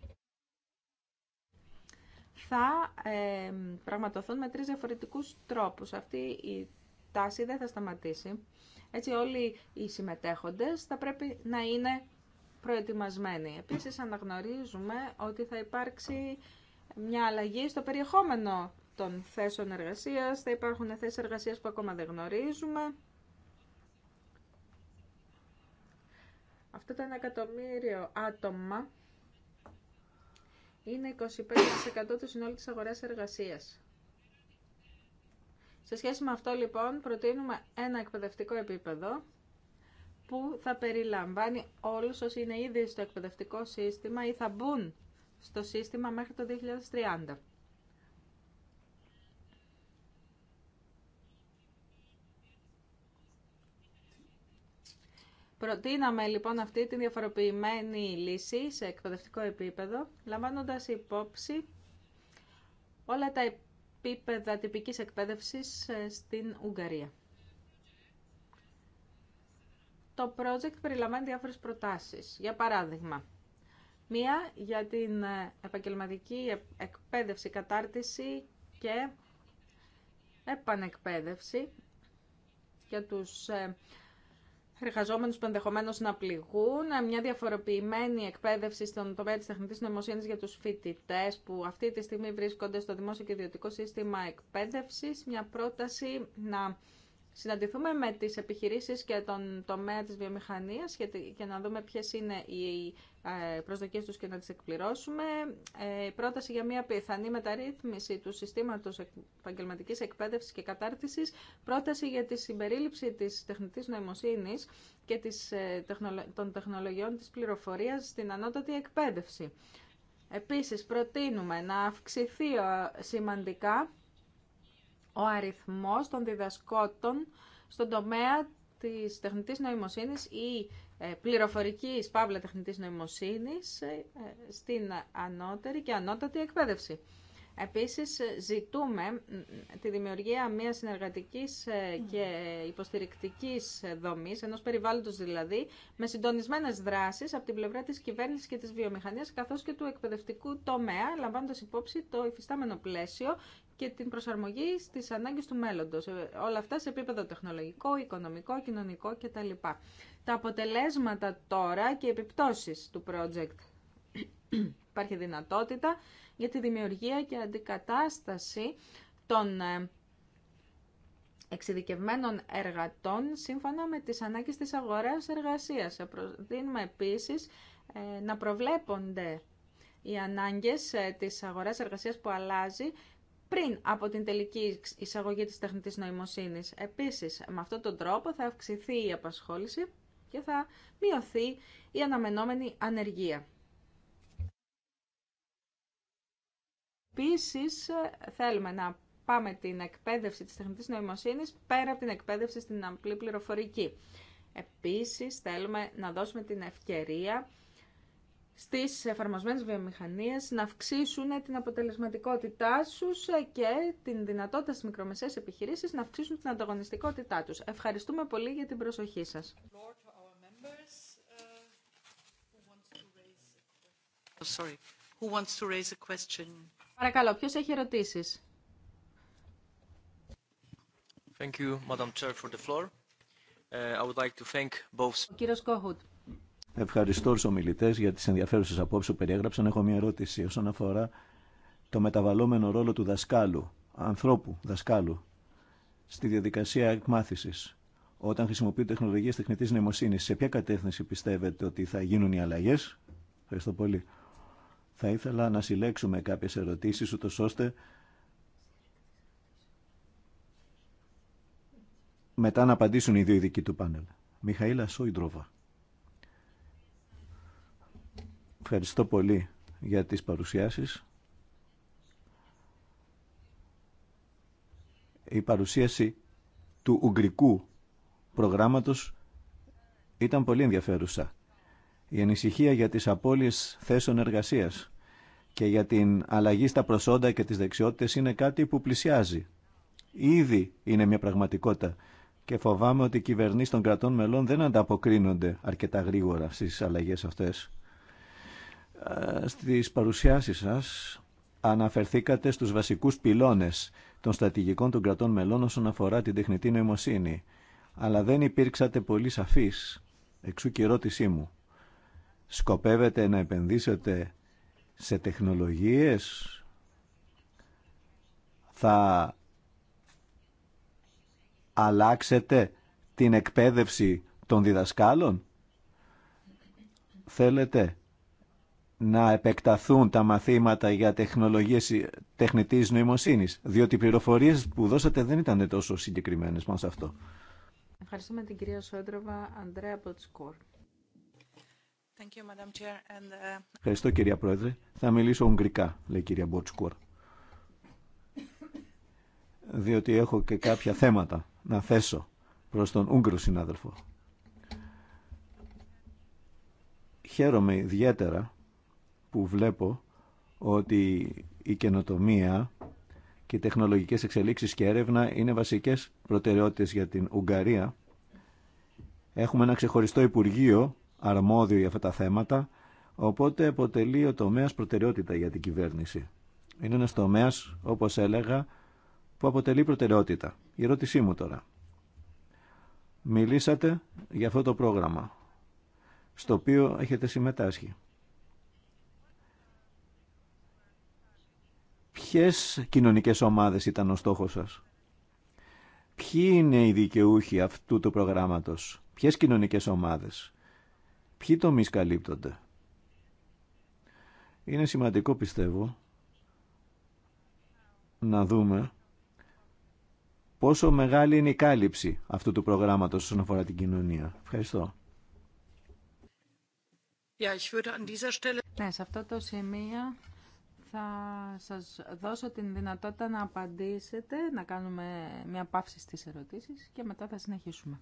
θα ε, πραγματοθούν με τρεις διαφορετικούς τρόπους. Αυτή η τάση δεν θα σταματήσει. Έτσι όλοι οι συμμετέχοντες θα πρέπει να είναι προετοιμασμένοι. Επίσης αναγνωρίζουμε ότι θα υπάρξει μια αλλαγή στο περιεχόμενο των θέσεων εργασίας, θα υπάρχουν θέσεις εργασίας που ακόμα δεν γνωρίζουμε. Αυτό το εκατομμύριο άτομα είναι 25% του συνόλου της αγοράς εργασίας. Σε σχέση με αυτό λοιπόν προτείνουμε ένα εκπαιδευτικό επίπεδο που θα περιλαμβάνει όλους όσοι είναι ήδη στο εκπαιδευτικό σύστημα ή θα μπουν στο σύστημα μέχρι το 2030. Προτείναμε λοιπόν αυτή τη διαφοροποιημένη λύση σε εκπαιδευτικό επίπεδο, λαμβάνοντας υπόψη όλα τα επίπεδα τυπικής εκπαίδευσης ε, στην Ουγγαρία. Το project περιλαμβάνει διάφορες προτάσεις. Για παράδειγμα, μία για την ε, επαγγελματική εκπαίδευση, κατάρτιση και επανεκπαίδευση για τους ε, εργαζόμενου που ενδεχομένω να πληγούν, ε, μια διαφοροποιημένη εκπαίδευση στον τομέα τη τεχνητή νοημοσύνη για του φοιτητέ που αυτή τη στιγμή βρίσκονται στο δημόσιο και ιδιωτικό σύστημα εκπαίδευση, μια πρόταση να συναντηθούμε με τις επιχειρήσεις και τον τομέα της βιομηχανίας και να δούμε ποιες είναι οι ε, προσδοκίες τους και να τις εκπληρώσουμε. Ε, πρόταση για μια πιθανή μεταρρύθμιση του συστήματος επαγγελματική εκπαίδευσης και κατάρτισης, πρόταση για τη συμπερίληψη της τεχνητής νοημοσύνης και ε, των τεχνολογιών της πληροφορίας στην ανώτατη εκπαίδευση. Επίσης, προτείνουμε να αυξηθεί σημαντικά ο αριθμός των διδασκότων στον τομέα της τεχνητής νοημοσύνης ή ε, πληροφορικής παύλα τεχνητής νοημοσύνης ε, στην ανώτερη και ανώτατη εκπαίδευση. Επίσης, ε, ζητούμε τη δημιουργία μιας συνεργατικής και υποστηρικτικής δομής, ενός περιβάλλοντος δηλαδή, με συντονισμένες δράσεις από την πλευρά της κυβέρνησης και της βιομηχανίας, καθώς και του εκπαιδευτικού τομέα, λαμβάνοντας υπόψη το υφιστάμενο πλαίσιο και την προσαρμογή στις ανάγκες του μέλλοντος. Ε, όλα αυτά σε επίπεδο τεχνολογικό, οικονομικό, κοινωνικό κτλ. Τα αποτελέσματα τώρα και οι επιπτώσεις του project. Υπάρχει δυνατότητα για τη δημιουργία και αντικατάσταση των ε, εξειδικευμένων εργατών σύμφωνα με τις ανάγκες της αγοράς εργασίας. Ε, δίνουμε επίσης να προβλέπονται οι ανάγκες της αγοράς εργασίας που αλλάζει πριν από την τελική εισαγωγή της τεχνητής νοημοσύνης. Επίσης, με αυτόν τον τρόπο θα αυξηθεί η απασχόληση και θα μειωθεί η αναμενόμενη ανεργία. Επίσης, θέλουμε να πάμε την εκπαίδευση της τεχνητής νοημοσύνης πέρα από την εκπαίδευση στην απλή πληροφορική. Επίσης, θέλουμε να δώσουμε την ευκαιρία στις εφαρμοσμένε βιομηχανίες να αυξήσουν την αποτελεσματικότητά τους και την δυνατότητα στι μικρομεσαίες επιχειρήσεις να αυξήσουν την ανταγωνιστικότητά του. Ευχαριστούμε πολύ για την προσοχή σας. Παρακαλώ, ποιος έχει ερωτήσεις. Thank you, Madam Chair, for the floor. Uh, I would like to thank both. Ο κύριος Κόχουτ. Ευχαριστώ του ομιλητέ για τι ενδιαφέρουσε απόψει που περιέγραψαν. Έχω μια ερώτηση όσον αφορά το μεταβαλλόμενο ρόλο του δασκάλου, ανθρώπου δασκάλου, στη διαδικασία εκμάθηση. Όταν χρησιμοποιεί τεχνολογίε τεχνητή νοημοσύνη, σε ποια κατεύθυνση πιστεύετε ότι θα γίνουν οι αλλαγέ. Ευχαριστώ πολύ. Θα ήθελα να συλλέξουμε κάποιε ερωτήσει ούτω ώστε μετά να απαντήσουν οι δύο ειδικοί του πάνελ. Μιχαήλα Σόιντροβα. Ευχαριστώ πολύ για τις παρουσιάσεις. Η παρουσίαση του Ουγγρικού προγράμματος ήταν πολύ ενδιαφέρουσα. Η ανησυχία για τις απώλειες θέσεων εργασίας και για την αλλαγή στα προσόντα και τις δεξιότητες είναι κάτι που πλησιάζει. Ήδη είναι μια πραγματικότητα και φοβάμαι ότι οι κυβερνήσεις των κρατών μελών δεν ανταποκρίνονται αρκετά γρήγορα στις αλλαγές αυτές. Ε, στις παρουσιάσεις σας αναφερθήκατε στους βασικούς πυλώνες των στρατηγικών των κρατών μελών όσον αφορά την τεχνητή νοημοσύνη, αλλά δεν υπήρξατε πολύ σαφείς, εξού και ερώτησή μου. Σκοπεύετε να επενδύσετε σε τεχνολογίες, θα αλλάξετε την εκπαίδευση των διδασκάλων, θέλετε να επεκταθούν τα μαθήματα για τεχνολογίες τεχνητής νοημοσύνης, διότι οι πληροφορίες που δώσατε δεν ήταν τόσο συγκεκριμένες πάνω σε αυτό. Ευχαριστούμε την κυρία Σόντροβα, Ανδρέα από uh, Ευχαριστώ κυρία Πρόεδρε. Θα μιλήσω ουγγρικά, λέει η κυρία Μπότσκορ. Διότι έχω και κάποια θέματα να θέσω προς τον Ούγγρο συνάδελφο. Χαίρομαι ιδιαίτερα που βλέπω ότι η καινοτομία και οι τεχνολογικές εξελίξεις και έρευνα είναι βασικές προτεραιότητες για την Ουγγαρία. Έχουμε ένα ξεχωριστό Υπουργείο αρμόδιο για αυτά τα θέματα, οπότε αποτελεί ο τομέας προτεραιότητα για την κυβέρνηση. Είναι ένας τομέας, όπως έλεγα, που αποτελεί προτεραιότητα. Η ερώτησή μου τώρα. Μιλήσατε για αυτό το πρόγραμμα, στο οποίο έχετε συμμετάσχει. Ποιες κοινωνικές ομάδες ήταν ο στόχος σας. Ποιοι είναι οι δικαιούχοι αυτού του προγράμματος. Ποιες κοινωνικές ομάδες. Ποιοι τομείς καλύπτονται. Είναι σημαντικό πιστεύω να δούμε πόσο μεγάλη είναι η κάλυψη αυτού του προγράμματος όσον αφορά την κοινωνία. Ευχαριστώ. Ναι, σε αυτό το σημείο θα σας δώσω την δυνατότητα να απαντήσετε, να κάνουμε μια παύση στις ερωτήσεις και μετά θα συνεχίσουμε.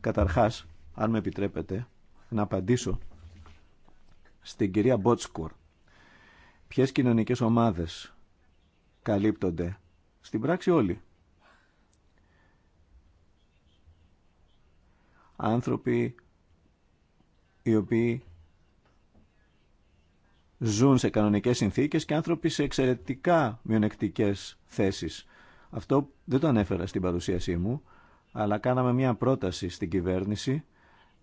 Καταρχάς, αν με επιτρέπετε, να απαντήσω στην κυρία Μπότσκορ Ποιες κοινωνικές ομάδες καλύπτονται. Στην πράξη όλοι. Άνθρωποι οι οποίοι ζουν σε κανονικές συνθήκες και άνθρωποι σε εξαιρετικά μειονεκτικές θέσεις. Αυτό δεν το ανέφερα στην παρουσίασή μου, αλλά κάναμε μια πρόταση στην κυβέρνηση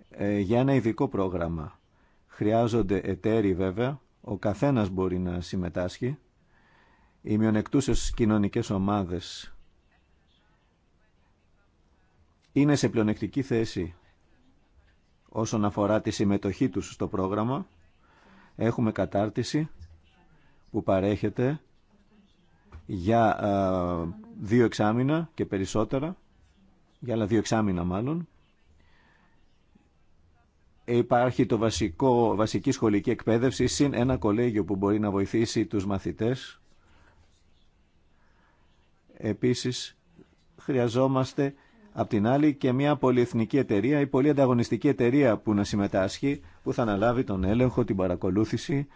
ε, για ένα ειδικό πρόγραμμα. Χρειάζονται εταίροι βέβαια ο καθένας μπορεί να συμμετάσχει. Οι μειονεκτούσες κοινωνικές ομάδες είναι σε πλεονεκτική θέση όσον αφορά τη συμμετοχή τους στο πρόγραμμα. Έχουμε κατάρτιση που παρέχεται για δύο εξάμηνα και περισσότερα, για άλλα δύο εξάμηνα μάλλον. Υπάρχει το βασικό, βασική σχολική εκπαίδευση, συν ένα κολέγιο που μπορεί να βοηθήσει τους μαθητές. Επίσης, χρειαζόμαστε απ' την άλλη και μια πολυεθνική εταιρεία ή πολύ ανταγωνιστική εταιρεία που να συμμετάσχει, που θα αναλάβει τον έλεγχο, την παρακολούθηση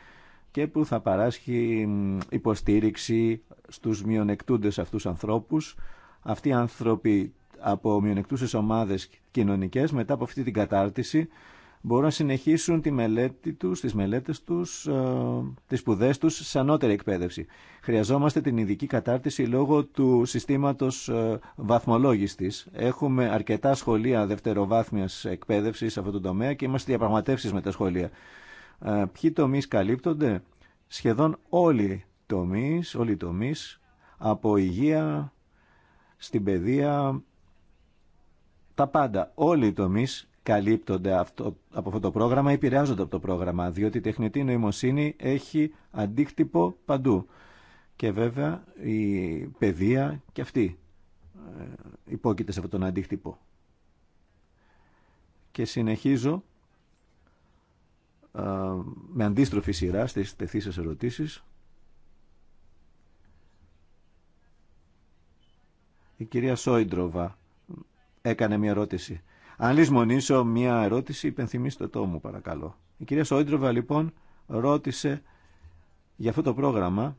και που θα παράσχει υποστήριξη στους μειονεκτούντες αυτούς ανθρώπους. Αυτοί οι άνθρωποι από μειονεκτούσες ομάδες κοινωνικές μετά από αυτή την κατάρτιση μπορούν να συνεχίσουν τη μελέτη τους, τις μελέτες τους, ε, τις σπουδέ τους σε ανώτερη εκπαίδευση. Χρειαζόμαστε την ειδική κατάρτιση λόγω του συστήματος ε, βαθμολόγιστης. Έχουμε αρκετά σχολεία δευτεροβάθμιας εκπαίδευσης σε αυτό το τομέα και είμαστε διαπραγματεύσεις με τα σχολεία. Ε, ποιοι τομεί καλύπτονται? Σχεδόν όλοι οι τομείς, από υγεία, στην παιδεία, τα πάντα, όλοι οι τομείς καλύπτονται αυτό, από αυτό το πρόγραμμα ή επηρεάζονται από το πρόγραμμα, διότι η τεχνητή νοημοσύνη έχει αντίκτυπο παντού. Και βέβαια η παιδεία και αυτή ε, υπόκειται σε αυτόν τον αντίκτυπο. Και συνεχίζω ε, με αντίστροφη σειρά στις τεθήσεις ερωτήσεις. Η κυρία Σόιντροβα έκανε μια ερώτηση. Αν λησμονήσω μία ερώτηση, υπενθυμίστε το μου παρακαλώ. Η κυρία Σόιντροβα λοιπόν ρώτησε για αυτό το πρόγραμμα.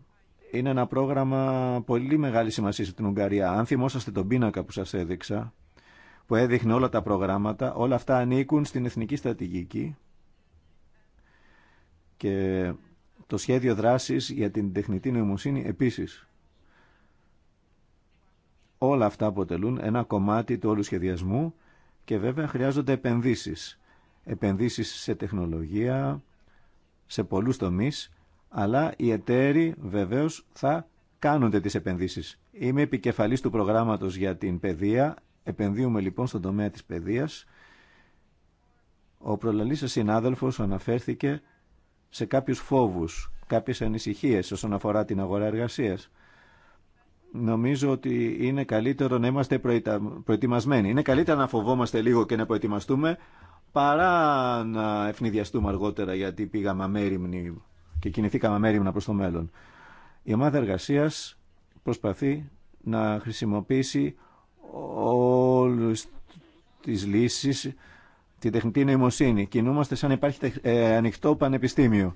Είναι ένα πρόγραμμα πολύ μεγάλη σημασία στην Ουγγαρία. Αν θυμόσαστε τον πίνακα που σας έδειξα, που έδειχνε όλα τα προγράμματα, όλα αυτά ανήκουν στην Εθνική Στρατηγική και το σχέδιο δράσης για την τεχνητή νοημοσύνη επίσης. Όλα αυτά αποτελούν ένα κομμάτι του όλου σχεδιασμού και βέβαια χρειάζονται επενδύσεις. Επενδύσεις σε τεχνολογία, σε πολλούς τομείς, αλλά οι εταίροι βεβαίως θα κάνονται τις επενδύσεις. Είμαι επικεφαλής του προγράμματος για την παιδεία. Επενδύουμε λοιπόν στον τομέα της παιδείας. Ο προλαλής σας συνάδελφος αναφέρθηκε σε κάποιους φόβους, κάποιες ανησυχίες όσον αφορά την αγορά εργασίας. Νομίζω ότι είναι καλύτερο να είμαστε προετοιμασμένοι. Είναι καλύτερα να φοβόμαστε λίγο και να προετοιμαστούμε παρά να ευνηδιαστούμε αργότερα γιατί πήγαμε αμέριμνοι και κινηθήκαμε αμέριμνα προς το μέλλον. Η ομάδα εργασία προσπαθεί να χρησιμοποιήσει όλες τις λύσεις, τη τεχνητή νοημοσύνη. Κινούμαστε σαν υπάρχει ε, ανοιχτό πανεπιστήμιο.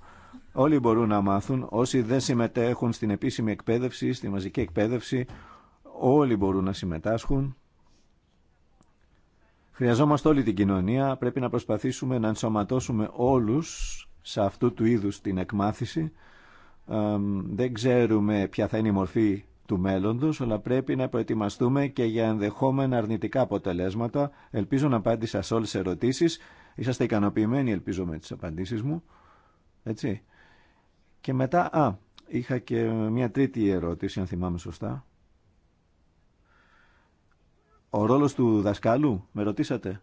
Όλοι μπορούν να μάθουν, όσοι δεν συμμετέχουν στην επίσημη εκπαίδευση, στη μαζική εκπαίδευση, όλοι μπορούν να συμμετάσχουν. Χρειαζόμαστε όλη την κοινωνία, πρέπει να προσπαθήσουμε να ενσωματώσουμε όλους σε αυτού του είδους την εκμάθηση. δεν ξέρουμε ποια θα είναι η μορφή του μέλλοντος, αλλά πρέπει να προετοιμαστούμε και για ενδεχόμενα αρνητικά αποτελέσματα. Ελπίζω να απάντησα σε όλες τις ερωτήσεις. Είσαστε ικανοποιημένοι, ελπίζω, με τις απαντήσεις μου. Έτσι. Και μετά, α, είχα και μια τρίτη ερώτηση, αν θυμάμαι σωστά. Ο ρόλος του δασκάλου, με ρωτήσατε,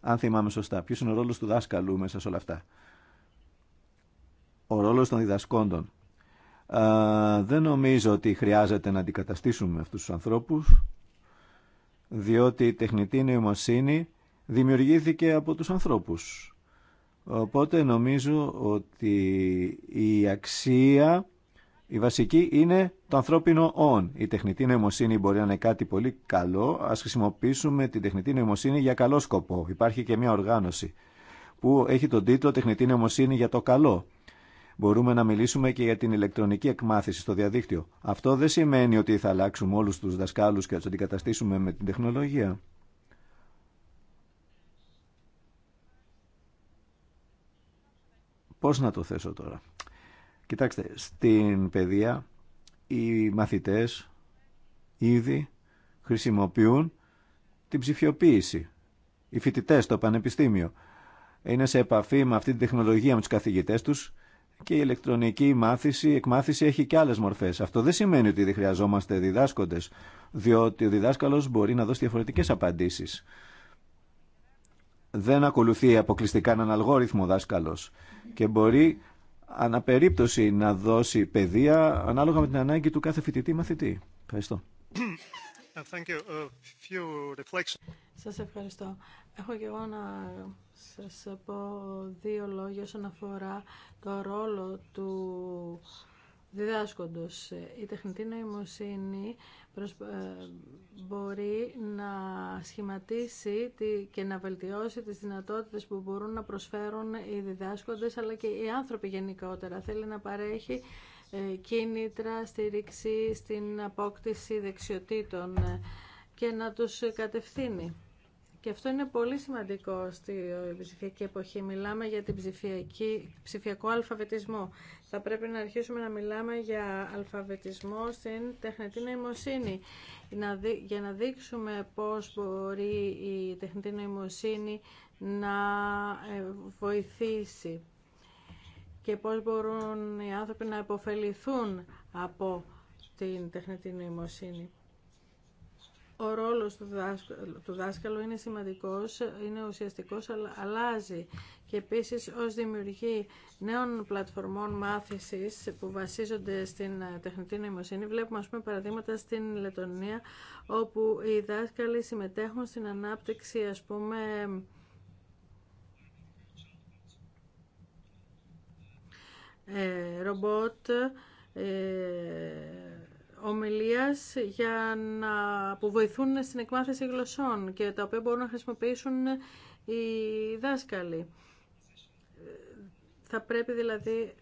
αν θυμάμαι σωστά. Ποιος είναι ο ρόλος του δάσκαλου μέσα σε όλα αυτά. Ο ρόλος των διδασκόντων. Α, δεν νομίζω ότι χρειάζεται να αντικαταστήσουμε αυτούς τους ανθρώπους, διότι η τεχνητή νοημοσύνη δημιουργήθηκε από τους ανθρώπους. Οπότε νομίζω ότι η αξία, η βασική είναι το ανθρώπινο «ον». Η τεχνητή νοημοσύνη μπορεί να είναι κάτι πολύ καλό. Ας χρησιμοποιήσουμε την τεχνητή νοημοσύνη για καλό σκοπό. Υπάρχει και μια οργάνωση που έχει τον τίτλο «Τεχνητή νοημοσύνη για το καλό». Μπορούμε να μιλήσουμε και για την ηλεκτρονική εκμάθηση στο διαδίκτυο. Αυτό δεν σημαίνει ότι θα αλλάξουμε όλους τους δασκάλους και θα τους αντικαταστήσουμε με την τεχνολογία. Πώς να το θέσω τώρα. Κοιτάξτε, στην παιδεία οι μαθητές ήδη χρησιμοποιούν την ψηφιοποίηση. Οι φοιτητέ στο πανεπιστήμιο είναι σε επαφή με αυτή την τεχνολογία με τους καθηγητές τους και η ηλεκτρονική μάθηση, εκμάθηση έχει και άλλες μορφές. Αυτό δεν σημαίνει ότι δεν χρειαζόμαστε διδάσκοντες, διότι ο διδάσκαλος μπορεί να δώσει διαφορετικές απαντήσεις δεν ακολουθεί αποκλειστικά έναν αλγόριθμο δάσκαλος και μπορεί αναπερίπτωση να δώσει παιδεία ανάλογα με την ανάγκη του κάθε φοιτητή μαθητή. Ευχαριστώ. Thank you. σας ευχαριστώ. Έχω και εγώ να σας πω δύο λόγια όσον αφορά το ρόλο του διδάσκοντος. Η τεχνητή νοημοσύνη ε, μπορεί να σχηματίσει και να βελτιώσει τις δυνατότητες που μπορούν να προσφέρουν οι διδάσκοντες αλλά και οι άνθρωποι γενικότερα. Θέλει να παρέχει ε, κίνητρα, στήριξη στην απόκτηση δεξιοτήτων ε, και να τους κατευθύνει. Και αυτό είναι πολύ σημαντικό στη ψηφιακή εποχή. Μιλάμε για την ψηφιακή, ψηφιακό αλφαβητισμό. Θα πρέπει να αρχίσουμε να μιλάμε για αλφαβητισμό στην τεχνητή νοημοσύνη για να δείξουμε πώς μπορεί η τεχνητή νοημοσύνη να ε, βοηθήσει και πώς μπορούν οι άνθρωποι να υποφεληθούν από την τεχνητή νοημοσύνη. Ο ρόλος του δάσκαλου, του δάσκαλου είναι σημαντικός, είναι ουσιαστικός, αλλά αλλάζει και επίσης ως δημιουργή νέων πλατφορμών μάθησης που βασίζονται στην ε, τεχνητή νοημοσύνη. Βλέπουμε ας πούμε παραδείγματα στην Λετωνία όπου οι δάσκαλοι συμμετέχουν στην ανάπτυξη ας πούμε ε, ρομπότ ε, ομιλίας για να, που βοηθούν στην εκμάθηση γλωσσών και τα οποία μπορούν να χρησιμοποιήσουν οι δάσκαλοι. Θα πρέπει δηλαδή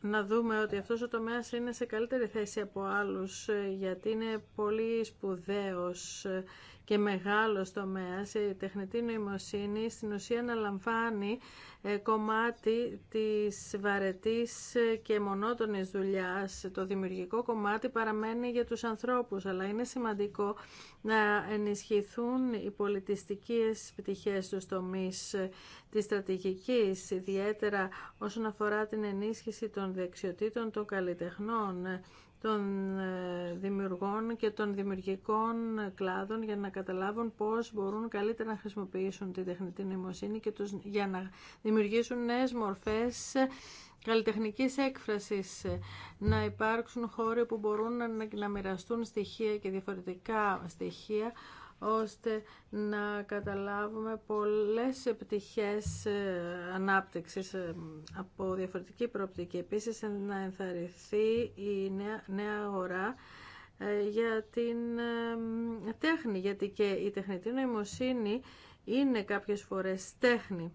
να δούμε ότι αυτός ο τομέας είναι σε καλύτερη θέση από άλλους ε, γιατί είναι πολύ σπουδαίος ε, και μεγάλος τομέας, η τεχνητή νοημοσύνη στην ουσία αναλαμβάνει ε, κομμάτι της βαρετής ε, και μονότονης δουλειάς. Το δημιουργικό κομμάτι παραμένει για τους ανθρώπους, αλλά είναι σημαντικό να ενισχυθούν οι πολιτιστικές πτυχές του τομεί ε, της στρατηγικής, ιδιαίτερα όσον αφορά την ενίσχυση των δεξιοτήτων των καλλιτεχνών, των ε, δημιουργών και των δημιουργικών κλάδων για να καταλάβουν πώς μπορούν καλύτερα να χρησιμοποιήσουν την τεχνητή νοημοσύνη και τους, για να δημιουργήσουν νέες μορφές καλλιτεχνικής έκφρασης, να υπάρξουν χώροι που μπορούν να, να μοιραστούν στοιχεία και διαφορετικά στοιχεία ώστε να καταλάβουμε πολλές επιτυχές ε, ανάπτυξης ε, από διαφορετική προοπτική. Επίσης, να ενθαρρυνθεί η νέα, νέα αγορά ε, για την τέχνη, γιατί και η τεχνητή νοημοσύνη είναι κάποιες φορές τέχνη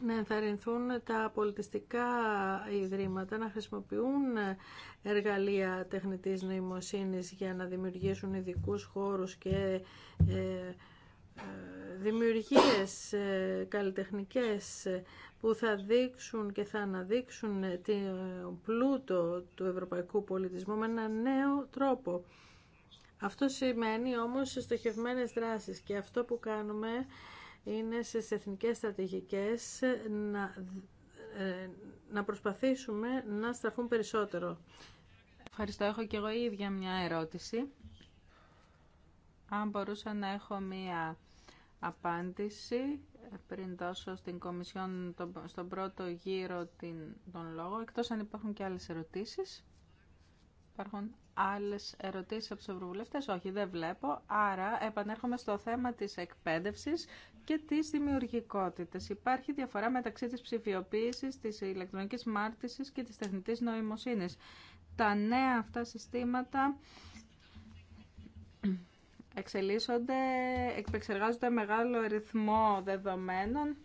να ενθαρρυνθούν τα πολιτιστικά ιδρύματα να χρησιμοποιούν εργαλεία τεχνητής νοημοσύνης για να δημιουργήσουν ειδικού χώρους και ε, ε, δημιουργίες ε, καλλιτεχνικές που θα δείξουν και θα αναδείξουν το πλούτο του ευρωπαϊκού πολιτισμού με έναν νέο τρόπο. Αυτό σημαίνει όμως στοχευμένες δράσεις και αυτό που κάνουμε είναι στις εθνικές στρατηγικές ε, να, προσπαθήσουμε να στραφούν περισσότερο. Ευχαριστώ. Έχω και εγώ ίδια μια ερώτηση. Αν μπορούσα να έχω μια απάντηση ε, πριν δώσω στην Κομισιόν στον πρώτο γύρο την, τον λόγο, εκτός αν υπάρχουν και άλλες ερωτήσεις. Υπάρχουν άλλες ερωτήσεις από τους ευρωβουλευτές. Όχι, δεν βλέπω. Άρα επανέρχομαι στο θέμα της εκπαίδευσης και της δημιουργικότητας. Υπάρχει διαφορά μεταξύ της ψηφιοποίησης, της ηλεκτρονικής μάρτισης και της τεχνητής νοημοσύνης. Τα νέα αυτά συστήματα εξελίσσονται, επεξεργάζονται μεγάλο αριθμό δεδομένων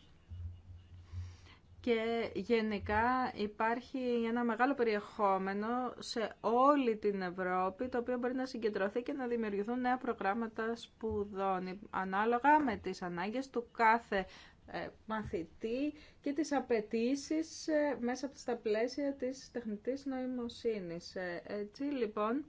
και γενικά υπάρχει ένα μεγάλο περιεχόμενο σε όλη την Ευρώπη το οποίο μπορεί να συγκεντρωθεί και να δημιουργηθούν νέα προγράμματα σπουδών ανάλογα με τις ανάγκες του κάθε ε, μαθητή και τις απαιτήσει ε, μέσα από τα πλαίσια της τεχνητής νοημοσύνης. Ε, έτσι λοιπόν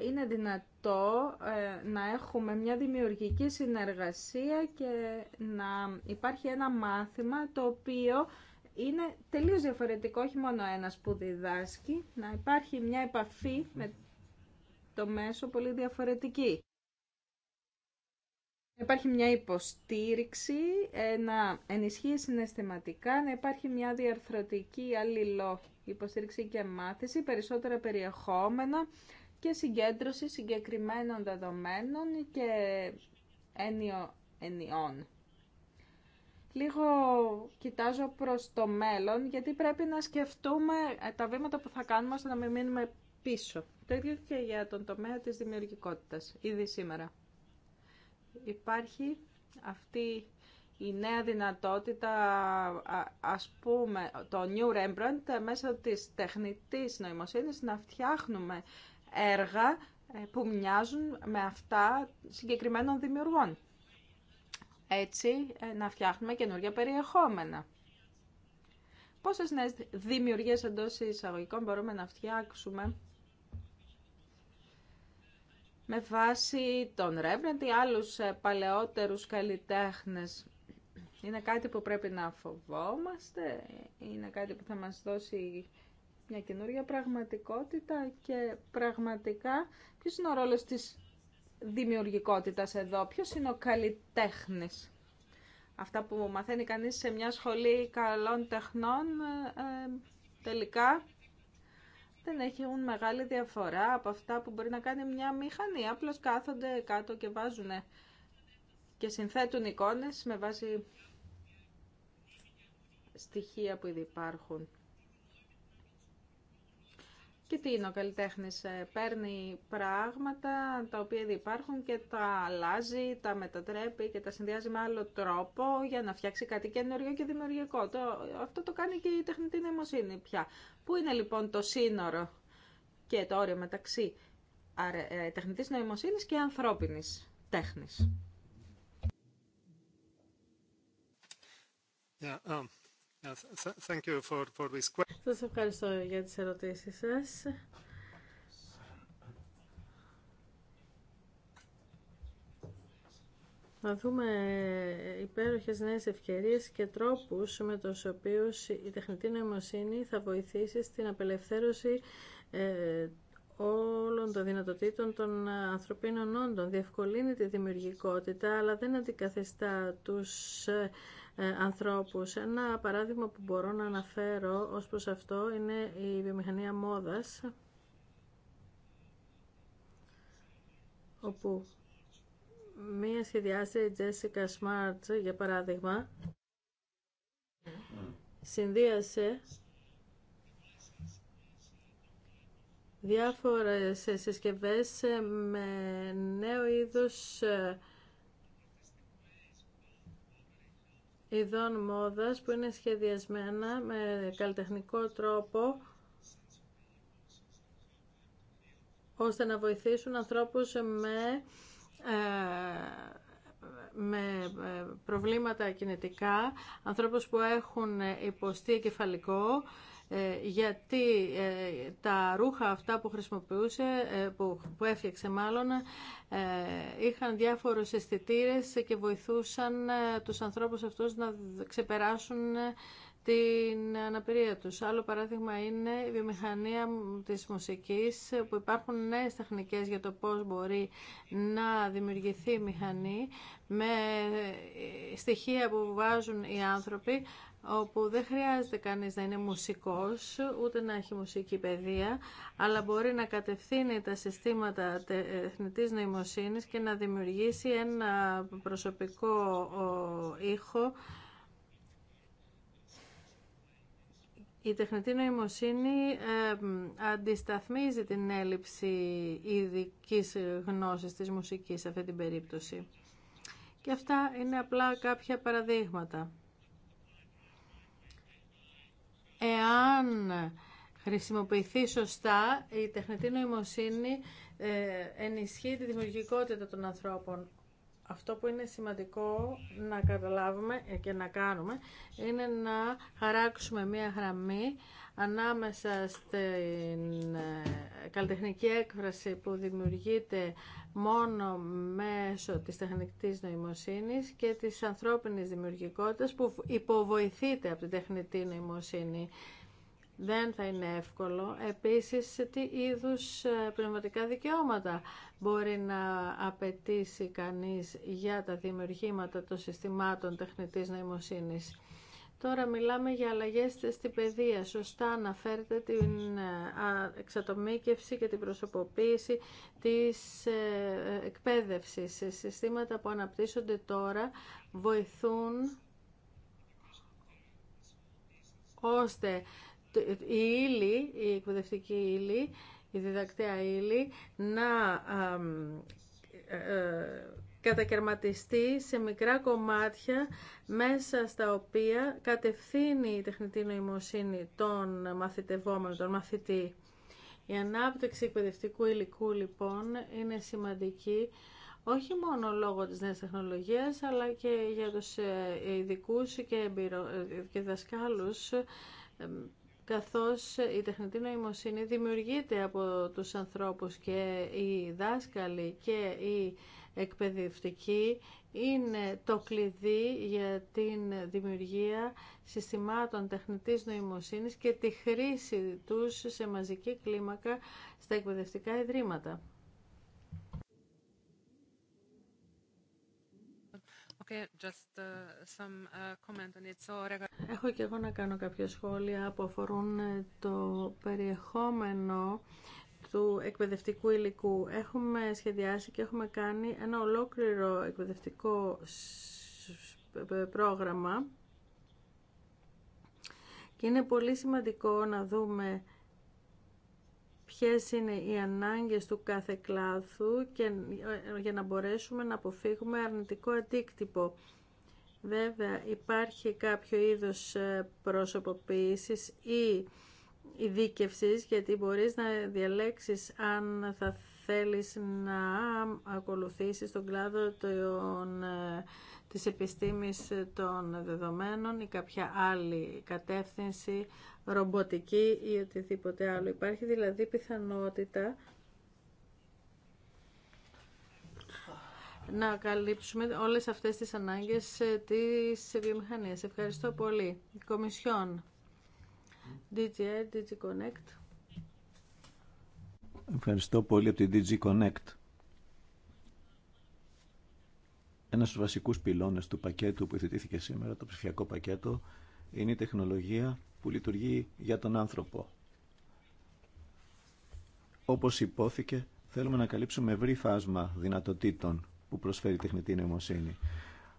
είναι δυνατό ε, να έχουμε μια δημιουργική συνεργασία και να υπάρχει ένα μάθημα το οποίο είναι τελείως διαφορετικό, όχι μόνο ένας που διδάσκει, να υπάρχει μια επαφή με το μέσο πολύ διαφορετική. Υπάρχει μια υποστήριξη, ε, να ενισχύει συναισθηματικά, να υπάρχει μια διαρθρωτική αλληλό υποστήριξη και μάθηση, περισσότερα περιεχόμενα, και συγκέντρωση συγκεκριμένων δεδομένων και ενιο ενιών. Λίγο κοιτάζω προς το μέλλον, γιατί πρέπει να σκεφτούμε ε, τα βήματα που θα κάνουμε ώστε να μην μείνουμε πίσω. Το και για τον τομέα της δημιουργικότητας, ήδη σήμερα. Υπάρχει αυτή η νέα δυνατότητα, ας πούμε, το New Rembrandt, ε, μέσω της τεχνητής νοημοσύνης να φτιάχνουμε έργα ε, που μοιάζουν με αυτά συγκεκριμένων δημιουργών. Έτσι, ε, να φτιάχνουμε καινούργια περιεχόμενα. Πόσες νέες δημιουργίες εντός εισαγωγικών μπορούμε να φτιάξουμε με βάση τον Ρέμπραντ ή άλλους ε, παλαιότερους καλλιτέχνες. Είναι κάτι που πρέπει να φοβόμαστε, είναι κάτι που θα μας δώσει μια καινούργια πραγματικότητα και πραγματικά ποιος είναι ο ρόλος της δημιουργικότητας εδώ, ποιος είναι ο καλλιτέχνης. Αυτά που μαθαίνει κανείς σε μια σχολή καλών τεχνών ε, τελικά δεν έχουν μεγάλη διαφορά από αυτά που μπορεί να κάνει μια μηχανή. Απλώς κάθονται κάτω και βάζουν και συνθέτουν εικόνες με βάση στοιχεία που ήδη υπάρχουν. Και τι είναι ο καλλιτέχνη, ε, παίρνει πράγματα τα οποία ήδη υπάρχουν και τα αλλάζει, τα μετατρέπει και τα συνδυάζει με άλλο τρόπο για να φτιάξει κάτι καινούριο και δημιουργικό. Το, αυτό το κάνει και η τεχνητή νοημοσύνη πια. Πού είναι λοιπόν το σύνορο και το όριο μεταξύ ε, τεχνητής νοημοσύνης και ανθρώπινης τέχνης. Yeah, um, Thank σας ευχαριστώ για τις ερωτήσεις σας. Να δούμε ε, υπέροχες νέες ευκαιρίες και τρόπους με τους οποίους η τεχνητή νοημοσύνη θα βοηθήσει στην απελευθέρωση ε, όλων των δυνατοτήτων των ανθρωπίνων όντων. Διευκολύνει τη δημιουργικότητα, αλλά δεν αντικαθιστά τους ε, ε, ανθρώπους. Ένα παράδειγμα που μπορώ να αναφέρω ως προς αυτό είναι η βιομηχανία μόδας, όπου μία σχεδιάστρια, η Τζέσικα Σμάρτ, για παράδειγμα, συνδύασε διάφορες συσκευές με νέο είδος ε, ειδών μόδας που είναι σχεδιασμένα με καλλιτεχνικό τρόπο ώστε να βοηθήσουν ανθρώπους με, ε, με ε, προβλήματα κινητικά, ανθρώπους που έχουν υποστεί κεφαλικό ε, γιατί ε, τα ρούχα αυτά που χρησιμοποιούσε, ε, που, που έφτιαξε μάλλον, είχαν διάφορους αισθητήρε και βοηθούσαν τους ανθρώπους αυτούς να ξεπεράσουν την αναπηρία τους. Άλλο παράδειγμα είναι η βιομηχανία της μουσικής που υπάρχουν νέες τεχνικές για το πώς μπορεί να δημιουργηθεί η μηχανή με στοιχεία που βάζουν οι άνθρωποι όπου δεν χρειάζεται κανείς να είναι μουσικός, ούτε να έχει μουσική παιδεία, αλλά μπορεί να κατευθύνει τα συστήματα τεχνητής νοημοσύνης και να δημιουργήσει ένα προσωπικό ήχο. Η τεχνητή νοημοσύνη αντισταθμίζει την έλλειψη ειδική γνώσης της μουσικής σε αυτή την περίπτωση. Και αυτά είναι απλά κάποια παραδείγματα εάν χρησιμοποιηθεί σωστά η τεχνητή νοημοσύνη ε, ενισχύει τη δημιουργικότητα των ανθρώπων αυτό που είναι σημαντικό να καταλάβουμε ε, και να κάνουμε είναι να χαράξουμε μία γραμμή ανάμεσα στην ε, καλλιτεχνική έκφραση που δημιουργείται μόνο μέσω της τεχνητής νοημοσύνης και της ανθρώπινης δημιουργικότητας που υποβοηθείται από την τεχνητή νοημοσύνη. Δεν θα είναι εύκολο. Επίσης, τι είδους ε, πνευματικά δικαιώματα μπορεί να απαιτήσει κανείς για τα δημιουργήματα των συστημάτων τεχνητής νοημοσύνης. Τώρα μιλάμε για αλλαγές στην παιδεία. Σωστά αναφέρεται την ε, εξατομίκευση και την προσωποποίηση της ε, εκπαίδευσης. συστήματα που αναπτύσσονται τώρα βοηθούν ώστε η η εκπαιδευτική ύλη, η διδακτέα ύλη να ε, ε, κατακαιρματιστεί σε μικρά κομμάτια μέσα στα οποία κατευθύνει η τεχνητή νοημοσύνη των μαθητευόμενων, τον μαθητή. Η ανάπτυξη εκπαιδευτικού υλικού λοιπόν είναι σημαντική όχι μόνο λόγω της νέας τεχνολογίας αλλά και για τους ε, ειδικού και, και δασκάλους καθώς η τεχνητή νοημοσύνη δημιουργείται από τους ανθρώπους και οι δάσκαλοι και οι εκπαιδευτικοί είναι το κλειδί για την δημιουργία συστημάτων τεχνητής νοημοσύνης και τη χρήση τους σε μαζική κλίμακα στα εκπαιδευτικά ιδρύματα. Έχω και εγώ να κάνω κάποια σχόλια που αφορούν ε, το περιεχόμενο του εκπαιδευτικού υλικού. Έχουμε σχεδιάσει και έχουμε κάνει ένα ολόκληρο εκπαιδευτικό ε, πρόγραμμα και είναι πολύ σημαντικό να δούμε ποιες είναι οι ανάγκες του κάθε κλάδου και ε, για να μπορέσουμε να αποφύγουμε αρνητικό αντίκτυπο. Βέβαια υπάρχει κάποιο είδος ε, προσωποποίησης ή ειδίκευσης γιατί μπορείς να διαλέξεις αν θα θέλεις να ακολουθήσεις τον κλάδο των, ε, της επιστήμης των δεδομένων ή κάποια άλλη κατεύθυνση ρομποτική ή οτιδήποτε άλλο. Υπάρχει δηλαδή πιθανότητα να καλύψουμε όλες αυτές τις ανάγκες ε, της βιομηχανίας. Ευχαριστώ πολύ. Κομισιόν. DGR, DG Connect. Ευχαριστώ πολύ από την DG Connect. Ένας στους βασικούς πυλώνες του πακέτου που υιοθετήθηκε σήμερα, το ψηφιακό πακέτο, είναι η τεχνολογία που λειτουργεί για τον άνθρωπο. Όπως υπόθηκε, θέλουμε να καλύψουμε ευρύ φάσμα δυνατοτήτων που προσφέρει η τεχνητή νοημοσύνη.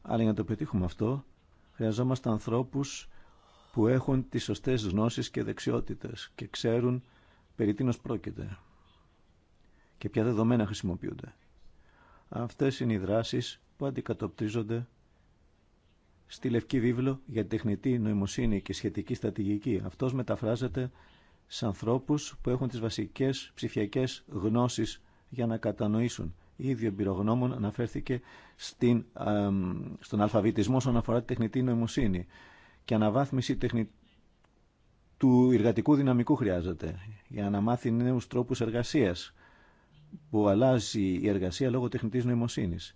Αλλά για να το πετύχουμε αυτό, χρειαζόμαστε ανθρώπους που έχουν τις σωστές γνώσεις και δεξιότητες και ξέρουν περί τίνος πρόκειται και ποια δεδομένα χρησιμοποιούνται. Αυτές είναι οι δράσεις που αντικατοπτρίζονται στη Λευκή Βίβλο για τεχνητή νοημοσύνη και σχετική στρατηγική. Αυτός μεταφράζεται σε ανθρώπου που έχουν τις βασικές ψηφιακές γνώσεις για να κατανοήσουν. Ήδη ο εμπειρογνώμων αναφέρθηκε στην, στον αλφαβητισμό όσον αφορά τη τεχνητή νοημοσύνη και αναβάθμιση του εργατικού δυναμικού χρειάζεται για να μάθει νέου τρόπου εργασία που αλλάζει η εργασία λόγω τεχνητής νοημοσύνης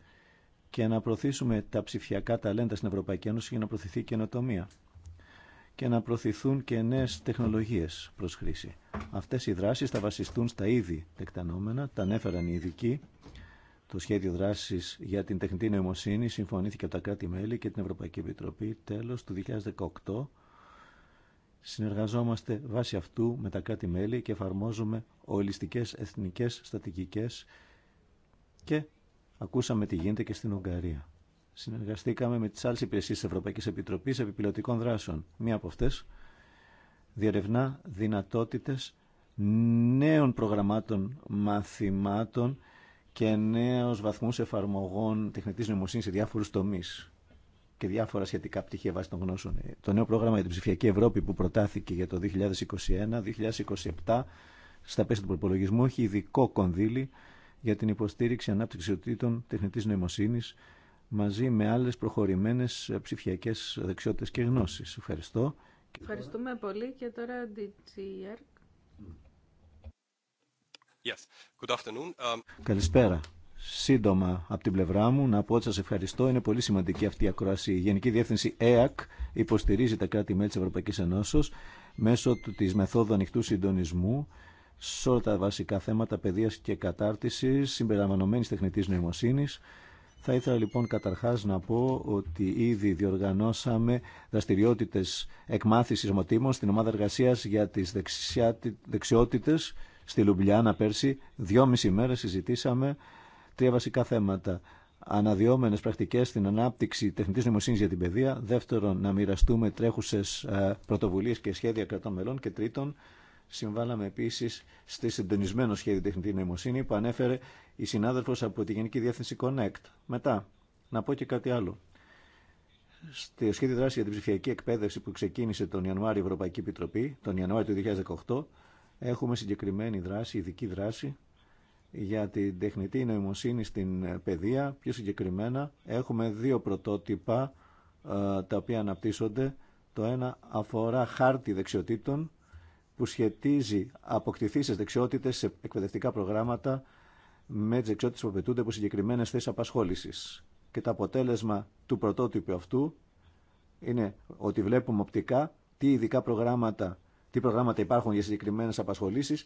και να προωθήσουμε τα ψηφιακά ταλέντα στην Ευρωπαϊκή Ένωση για να προωθηθεί καινοτομία και να προωθηθούν και νέε τεχνολογίε προ χρήση. Αυτέ οι δράσει θα βασιστούν στα ήδη τεκτανόμενα, τα ανέφεραν οι ειδικοί. Το σχέδιο δράση για την τεχνητή νοημοσύνη συμφωνήθηκε από τα κράτη-μέλη και την Ευρωπαϊκή Επιτροπή Τέλο του 2018. Συνεργαζόμαστε βάσει αυτού με τα κράτη-μέλη και εφαρμόζουμε ολιστικές εθνικές στατικικές και Ακούσαμε τι γίνεται και στην Ουγγαρία. Συνεργαστήκαμε με τι άλλε υπηρεσίε τη Ευρωπαϊκή Επιτροπή Επιπηλωτικών Δράσεων. Μία από αυτέ διερευνά δυνατότητε νέων προγραμμάτων μαθημάτων και νέου βαθμού εφαρμογών τεχνητή νοημοσύνη σε διάφορου τομεί και διάφορα σχετικά πτυχία βάσει των γνώσεων. Ε, το νέο πρόγραμμα για την ψηφιακή Ευρώπη που προτάθηκε για το 2021-2027 στα πέσει του προπολογισμού έχει ειδικό κονδύλι για την υποστήριξη ανάπτυξη οτήτων τεχνητής νοημοσύνης μαζί με άλλες προχωρημένες ψηφιακές δεξιότητες και γνώσεις. Ευχαριστώ. Ευχαριστούμε πολύ και τώρα DGR. Yes. Good afternoon. Um, Καλησπέρα. Σύντομα από την πλευρά μου να πω ότι σας ευχαριστώ. Είναι πολύ σημαντική αυτή η ακρόαση. Η Γενική Διεύθυνση ΕΑΚ υποστηρίζει τα κράτη-μέλη τη Ευρωπαϊκή Ενώσεω μέσω τη μεθόδου ανοιχτού συντονισμού σε όλα τα βασικά θέματα παιδείας και κατάρτισης συμπεριλαμβανομένης τεχνητής νοημοσύνης. Θα ήθελα λοιπόν καταρχάς να πω ότι ήδη διοργανώσαμε δραστηριότητες εκμάθησης μοτήμων στην ομάδα εργασίας για τις δεξιότητες στη Λουμπλιάνα πέρσι. Δυόμιση μέρες συζητήσαμε τρία βασικά θέματα. Αναδιόμενες πρακτικές στην ανάπτυξη τεχνητής νοημοσύνης για την παιδεία. Δεύτερον, να μοιραστούμε τρέχουσες ε, πρωτοβουλίες και σχέδια κρατών μελών. Και τρίτον, Συμβάλαμε επίση στη συντονισμένο σχέδιο τεχνητή νοημοσύνη που ανέφερε η συνάδελφος από τη Γενική Διεύθυνση Connect. Μετά, να πω και κάτι άλλο. Στη σχέδιο δράση για την ψηφιακή εκπαίδευση που ξεκίνησε τον Ιανουάριο η Ευρωπαϊκή Επιτροπή, τον Ιανουάριο του 2018, έχουμε συγκεκριμένη δράση, ειδική δράση για την τεχνητή νοημοσύνη στην παιδεία. Πιο συγκεκριμένα έχουμε δύο πρωτότυπα ε, τα οποία αναπτύσσονται. Το ένα αφορά χάρτη δεξιοτήτων που σχετίζει αποκτηθήσει δεξιότητε σε εκπαιδευτικά προγράμματα με τι δεξιότητε που απαιτούνται από συγκεκριμένε θέσει απασχόληση. Και το αποτέλεσμα του πρωτότυπου αυτού είναι ότι βλέπουμε οπτικά τι ειδικά προγράμματα, τι προγράμματα υπάρχουν για συγκεκριμένε απασχολήσει,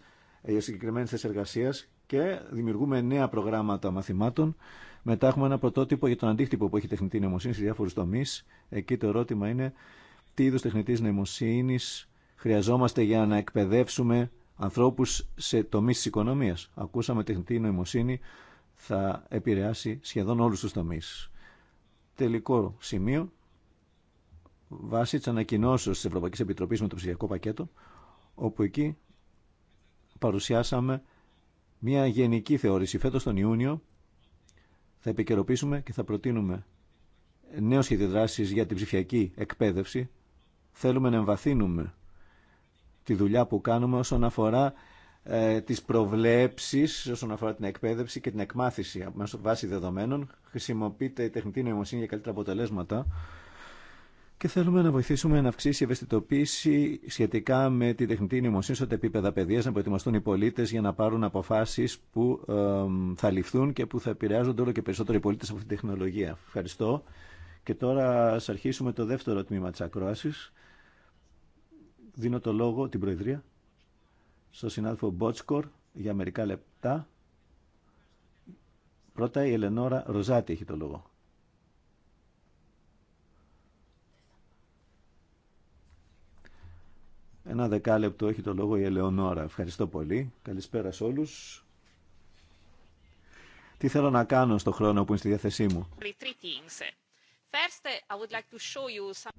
ε, για συγκεκριμένε θέσει εργασία και δημιουργούμε νέα προγράμματα μαθημάτων. Μετά έχουμε ένα πρωτότυπο για τον αντίκτυπο που έχει τεχνητή νοημοσύνη σε διάφορου τομεί. Εκεί το ερώτημα είναι τι είδου τεχνητή νοημοσύνη χρειαζόμαστε για να εκπαιδεύσουμε ανθρώπους σε τομείς της οικονομίας. Ακούσαμε τεχνητή νοημοσύνη θα επηρεάσει σχεδόν όλους τους τομείς. Τελικό σημείο, βάσει τη ανακοινώσεω τη ευρωπαϊκή επιτροπή με το ψηφιακό πακέτο, όπου εκεί παρουσιάσαμε μια γενική θεώρηση. φέτο τον Ιούνιο θα επικαιροποιήσουμε και θα προτείνουμε νέο σχέδιο για την ψηφιακή εκπαίδευση. Θέλουμε να εμβαθύνουμε τη δουλειά που κάνουμε όσον αφορά ε, τις προβλέψεις, όσον αφορά την εκπαίδευση και την εκμάθηση μέσω βάση δεδομένων. Χρησιμοποιείται η τεχνητή νοημοσύνη για καλύτερα αποτελέσματα και θέλουμε να βοηθήσουμε να αυξήσει η ευαισθητοποίηση σχετικά με τη τεχνητή νοημοσύνη σε επίπεδα παιδεία, να προετοιμαστούν οι πολίτε για να πάρουν αποφάσει που ε, θα ληφθούν και που θα επηρεάζονται όλο και περισσότερο οι πολίτε από αυτή τη τεχνολογία. Ευχαριστώ. Και τώρα α αρχίσουμε το δεύτερο τμήμα τη ακρόαση. Δίνω το λόγο, την Προεδρία, στο συνάδελφο Μπότσκορ για μερικά λεπτά. Πρώτα η Ελενόρα Ροζάτη έχει το λόγο. Ένα δεκάλεπτο έχει το λόγο η Ελεονόρα. Ευχαριστώ πολύ. Καλησπέρα σε όλους. Τι θέλω να κάνω στο χρόνο που είναι στη διάθεσή μου.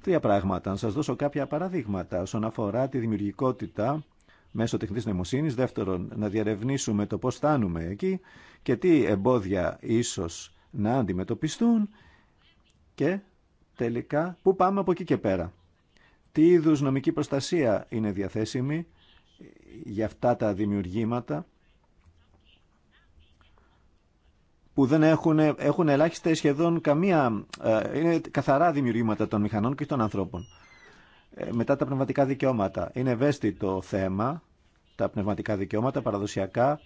Τρία πράγματα. Να σας δώσω κάποια παραδείγματα όσον αφορά τη δημιουργικότητα μέσω τεχνητής νοημοσύνης. Δεύτερον, να διαρευνήσουμε το πώς φτάνουμε εκεί και τι εμπόδια ίσως να αντιμετωπιστούν και τελικά πού πάμε από εκεί και πέρα. Τι είδους νομική προστασία είναι διαθέσιμη για αυτά τα δημιουργήματα που δεν έχουν, έχουν ελάχιστα σχεδόν καμία... Ε, είναι καθαρά δημιουργήματα των μηχανών και των ανθρώπων. Ε, μετά τα πνευματικά δικαιώματα. Είναι ευαίσθητο θέμα τα πνευματικά δικαιώματα παραδοσιακά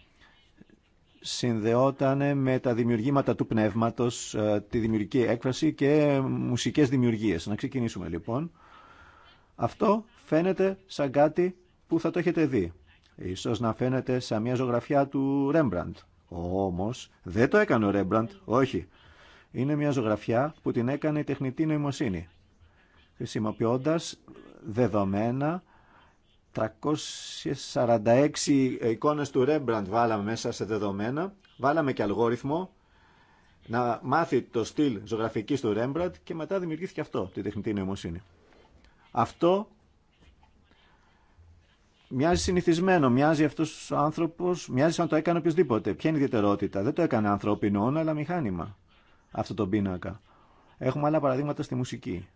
συνδεόταν με τα δημιουργήματα του πνεύματος, ε, τη δημιουργική έκφραση και μουσικές δημιουργίες. Να ξεκινήσουμε λοιπόν. Αυτό φαίνεται σαν κάτι που θα το έχετε δει. Ίσως να φαίνεται σαν μια ζωγραφιά του Ρέμπραντ όμως δεν το έκανε ο Ρέμπραντ, όχι. Είναι μια ζωγραφιά που την έκανε η τεχνητή νοημοσύνη, Χρησιμοποιώντα δεδομένα 346 εικόνες του Ρέμπραντ βάλαμε μέσα σε δεδομένα, βάλαμε και αλγόριθμο να μάθει το στυλ ζωγραφικής του Ρέμπραντ και μετά δημιουργήθηκε αυτό, τη τεχνητή νοημοσύνη. Αυτό Μοιάζει συνηθισμένο, μοιάζει αυτό ο άνθρωπο, μοιάζει σαν το έκανε οποιοδήποτε. Ποια είναι η ιδιαιτερότητα. Δεν το έκανε ανθρώπινο όνο, αλλά μηχάνημα αυτό το πίνακα. Έχουμε άλλα παραδείγματα στη μουσική.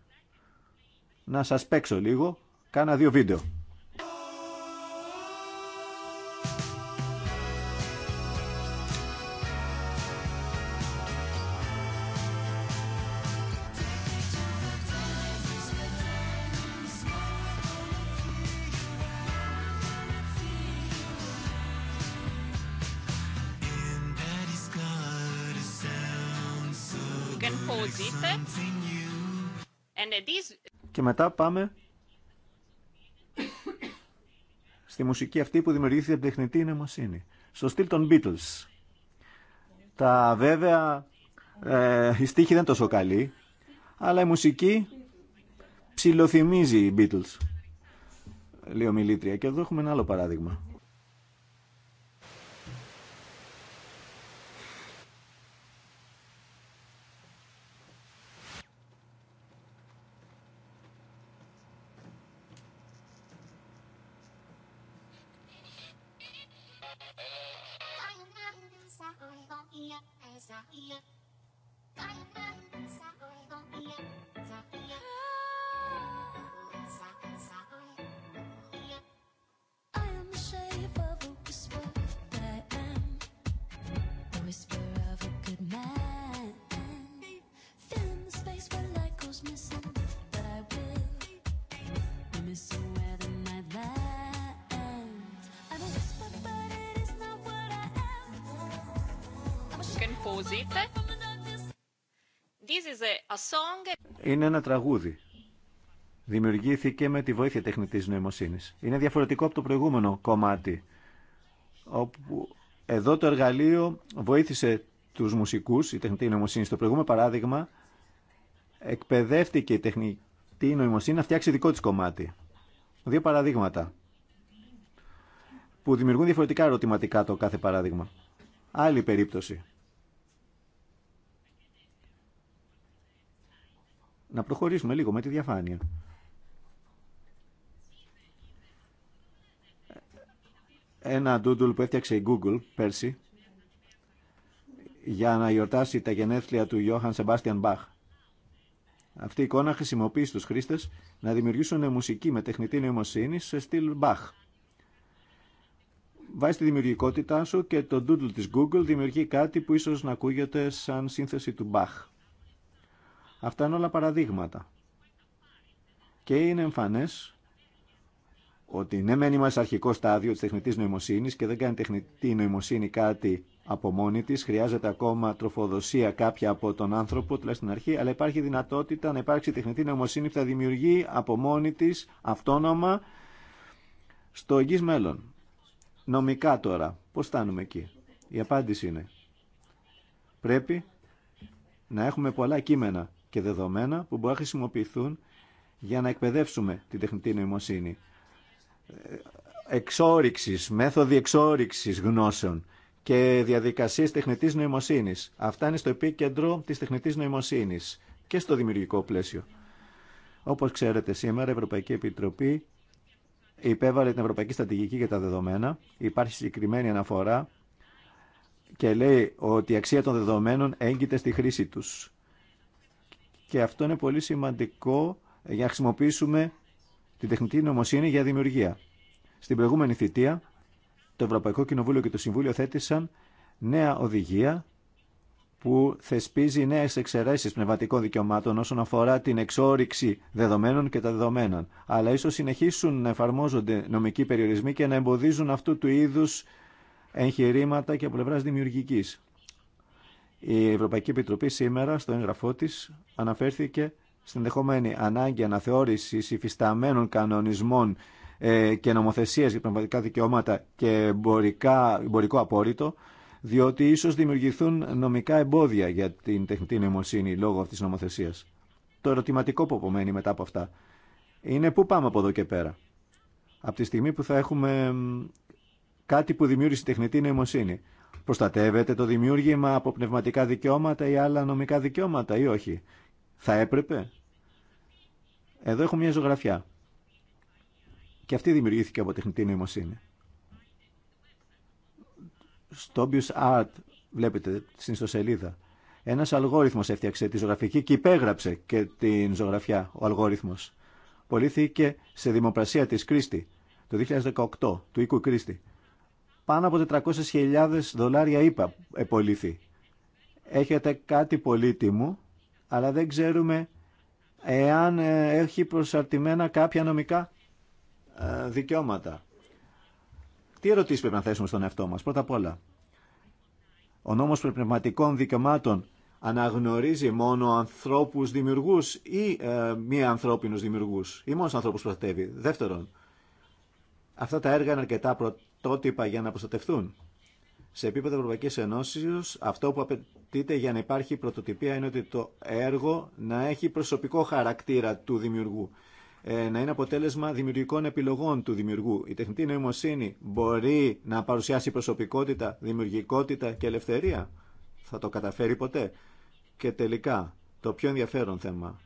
Να σας παίξω λίγο. Κάνα δύο βίντεο. πάμε στη μουσική αυτή που δημιουργήθηκε από την τεχνητή νοημοσύνη. Στο στυλ των Beatles. Τα βέβαια, ε, η στίχη δεν είναι τόσο καλή, αλλά η μουσική ψηλοθυμίζει οι Beatles. Λέει ομιλήτρια. Και εδώ έχουμε ένα άλλο παράδειγμα. είναι ένα τραγούδι. Δημιουργήθηκε με τη βοήθεια τεχνητής νοημοσύνης. Είναι διαφορετικό από το προηγούμενο κομμάτι, όπου εδώ το εργαλείο βοήθησε τους μουσικούς, η τεχνητή νοημοσύνη. Στο προηγούμενο παράδειγμα, εκπαιδεύτηκε η τεχνητή νοημοσύνη να φτιάξει δικό της κομμάτι. Δύο παραδείγματα που δημιουργούν διαφορετικά ερωτηματικά το κάθε παράδειγμα. Άλλη περίπτωση. να προχωρήσουμε λίγο με τη διαφάνεια. Ένα doodle που έφτιαξε η Google πέρσι για να γιορτάσει τα γενέθλια του Johann Σεμπάστιαν Μπαχ. Αυτή η εικόνα χρησιμοποιεί στους χρήστες να δημιουργήσουν μουσική με τεχνητή νοημοσύνη σε στυλ Μπαχ. Βάζει τη δημιουργικότητά σου και το doodle της Google δημιουργεί κάτι που ίσως να ακούγεται σαν σύνθεση του Μπαχ. Αυτά είναι όλα παραδείγματα. Και είναι εμφανές ότι ναι μένουμε σε αρχικό στάδιο της τεχνητής νοημοσύνης και δεν κάνει τεχνητή νοημοσύνη κάτι από μόνη της, χρειάζεται ακόμα τροφοδοσία κάποια από τον άνθρωπο, τουλάχιστον στην αρχή, αλλά υπάρχει δυνατότητα να υπάρξει τεχνητή νοημοσύνη που θα δημιουργεί από μόνη τη αυτόνομα, στο εγγύς μέλλον. Νομικά τώρα, πώς φτάνουμε εκεί. Η απάντηση είναι, πρέπει να έχουμε πολλά κείμενα και δεδομένα που μπορεί να χρησιμοποιηθούν για να εκπαιδεύσουμε την τεχνητή νοημοσύνη. Ε, εξόριξης, μέθοδοι εξόριξης γνώσεων και διαδικασίες τεχνητής νοημοσύνης. Αυτά είναι στο επίκεντρο της τεχνητής νοημοσύνης και στο δημιουργικό πλαίσιο. Όπως ξέρετε σήμερα η Ευρωπαϊκή Επιτροπή υπέβαλε την Ευρωπαϊκή Στρατηγική για τα δεδομένα. Υπάρχει συγκεκριμένη αναφορά και λέει ότι η αξία των δεδομένων έγκυται στη χρήση τους και αυτό είναι πολύ σημαντικό για να χρησιμοποιήσουμε την τεχνητή νομοσύνη για δημιουργία. Στην προηγούμενη θητεία, το Ευρωπαϊκό Κοινοβούλιο και το Συμβούλιο θέτησαν νέα οδηγία που θεσπίζει νέε εξαιρέσει πνευματικών δικαιωμάτων όσον αφορά την εξόριξη δεδομένων και τα δεδομένα. Αλλά ίσω συνεχίσουν να εφαρμόζονται νομικοί περιορισμοί και να εμποδίζουν αυτού του είδου εγχειρήματα και από πλευρά δημιουργική. Η Ευρωπαϊκή Επιτροπή σήμερα στο έγγραφό τη, αναφέρθηκε στην ενδεχομένη ανάγκη αναθεώρηση υφισταμένων κανονισμών ε, και νομοθεσία για πνευματικά δικαιώματα και εμπορικά, εμπορικό απόρριτο, διότι ίσω δημιουργηθούν νομικά εμπόδια για την τεχνητή νοημοσύνη λόγω αυτή τη νομοθεσία. Το ερωτηματικό που απομένει μετά από αυτά είναι πού πάμε από εδώ και πέρα. Από τη στιγμή που θα έχουμε κάτι που δημιούργησε τεχνητή νοημοσύνη. Προστατεύεται το δημιούργημα από πνευματικά δικαιώματα ή άλλα νομικά δικαιώματα ή όχι. Θα έπρεπε. Εδώ έχω μια ζωγραφιά. Και αυτή δημιουργήθηκε από τεχνητή νοημοσύνη. Στο Obvious Art, βλέπετε στην ιστοσελίδα, ένας αλγόριθμος έφτιαξε τη ζωγραφική και υπέγραψε και την ζωγραφιά ο αλγόριθμος. Πολύθηκε σε δημοπρασία της Κρίστη το 2018 του οίκου Κρίστη πάνω από 400.000 δολάρια είπα επολύθη. Έχετε κάτι πολύτιμο, αλλά δεν ξέρουμε εάν ε, έχει προσαρτημένα κάποια νομικά ε, δικαιώματα. Τι ερωτήσεις πρέπει να θέσουμε στον εαυτό μας. Πρώτα απ' όλα, ο νόμος πνευματικών δικαιωμάτων αναγνωρίζει μόνο ανθρώπους δημιουργούς ή ε, μη ανθρώπινους δημιουργούς ή μόνο ανθρώπους προστατεύει. Δεύτερον, αυτά τα έργα είναι αρκετά τίπα για να προστατευτούν. Σε επίπεδο Ευρωπαϊκή Ενώσεω, αυτό που απαιτείται για να υπάρχει πρωτοτυπία είναι ότι το έργο να έχει προσωπικό χαρακτήρα του δημιουργού. Ε, να είναι αποτέλεσμα δημιουργικών επιλογών του δημιουργού. Η τεχνητή νοημοσύνη μπορεί να παρουσιάσει προσωπικότητα, δημιουργικότητα και ελευθερία. Θα το καταφέρει ποτέ. Και τελικά, το πιο ενδιαφέρον θέμα,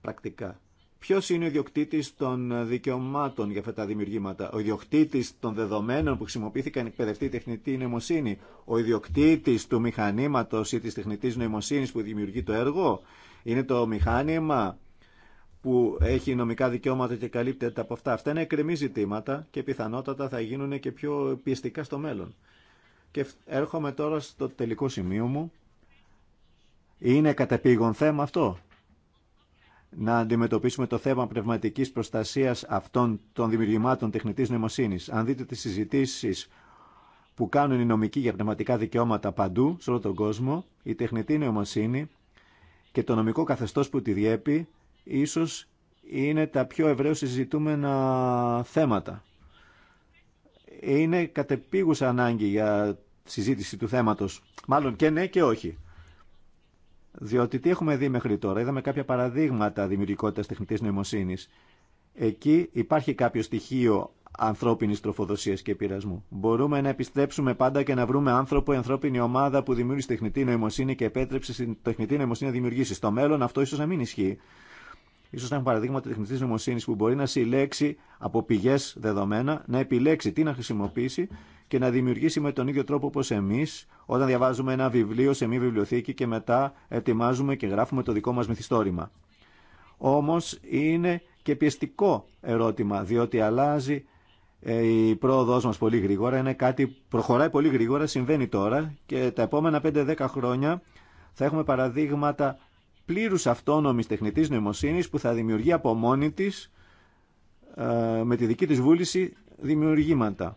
πρακτικά, Ποιο είναι ο ιδιοκτήτη των δικαιωμάτων για αυτά τα δημιουργήματα, ο ιδιοκτήτη των δεδομένων που χρησιμοποιήθηκαν εκπαιδευτή τεχνητή νοημοσύνη, ο ιδιοκτήτη του μηχανήματο ή τη τεχνητή νοημοσύνη που δημιουργεί το έργο, είναι το μηχάνημα που έχει νομικά δικαιώματα και καλύπτεται από αυτά. Αυτά είναι εκκρεμή ζητήματα και πιθανότατα θα γίνουν και πιο πιεστικά στο μέλλον. Και έρχομαι τώρα στο τελικό σημείο μου. Είναι κατεπήγον θέμα αυτό να αντιμετωπίσουμε το θέμα πνευματικής προστασίας αυτών των δημιουργημάτων τεχνητής νοημοσύνης. Αν δείτε τις συζητήσεις που κάνουν οι νομικοί για πνευματικά δικαιώματα παντού, σε όλο τον κόσμο, η τεχνητή νοημοσύνη και το νομικό καθεστώς που τη διέπει, ίσως είναι τα πιο ευρέως συζητούμενα θέματα. Είναι κατεπίγουσα ανάγκη για συζήτηση του θέματος. Μάλλον και ναι και όχι. Διότι τι έχουμε δει μέχρι τώρα. Είδαμε κάποια παραδείγματα δημιουργικότητας τεχνητής νοημοσύνης. Εκεί υπάρχει κάποιο στοιχείο ανθρώπινης τροφοδοσίας και πειρασμού. Μπορούμε να επιστρέψουμε πάντα και να βρούμε άνθρωπο, η ανθρώπινη ομάδα που δημιούργησε τεχνητή νοημοσύνη και επέτρεψε στην τεχνητή νοημοσύνη να δημιουργήσει. Στο μέλλον αυτό ίσως να μην ισχύει. Ίσως να έχουμε παραδείγματα τεχνητή νοημοσύνης που μπορεί να συλλέξει από πηγές δεδομένα, να επιλέξει τι να χρησιμοποιήσει και να δημιουργήσει με τον ίδιο τρόπο όπως εμείς όταν διαβάζουμε ένα βιβλίο σε μια βιβλιοθήκη και μετά ετοιμάζουμε και γράφουμε το δικό μας μυθιστόρημα. Όμως είναι και πιεστικό ερώτημα διότι αλλάζει ε, η πρόοδό μα πολύ γρήγορα. Είναι κάτι προχωράει πολύ γρήγορα, συμβαίνει τώρα και τα επόμενα 5-10 χρόνια θα έχουμε παραδείγματα πλήρου αυτόνομη τεχνητή νοημοσύνη που θα δημιουργεί από μόνη τη ε, με τη δική τη βούληση δημιουργήματα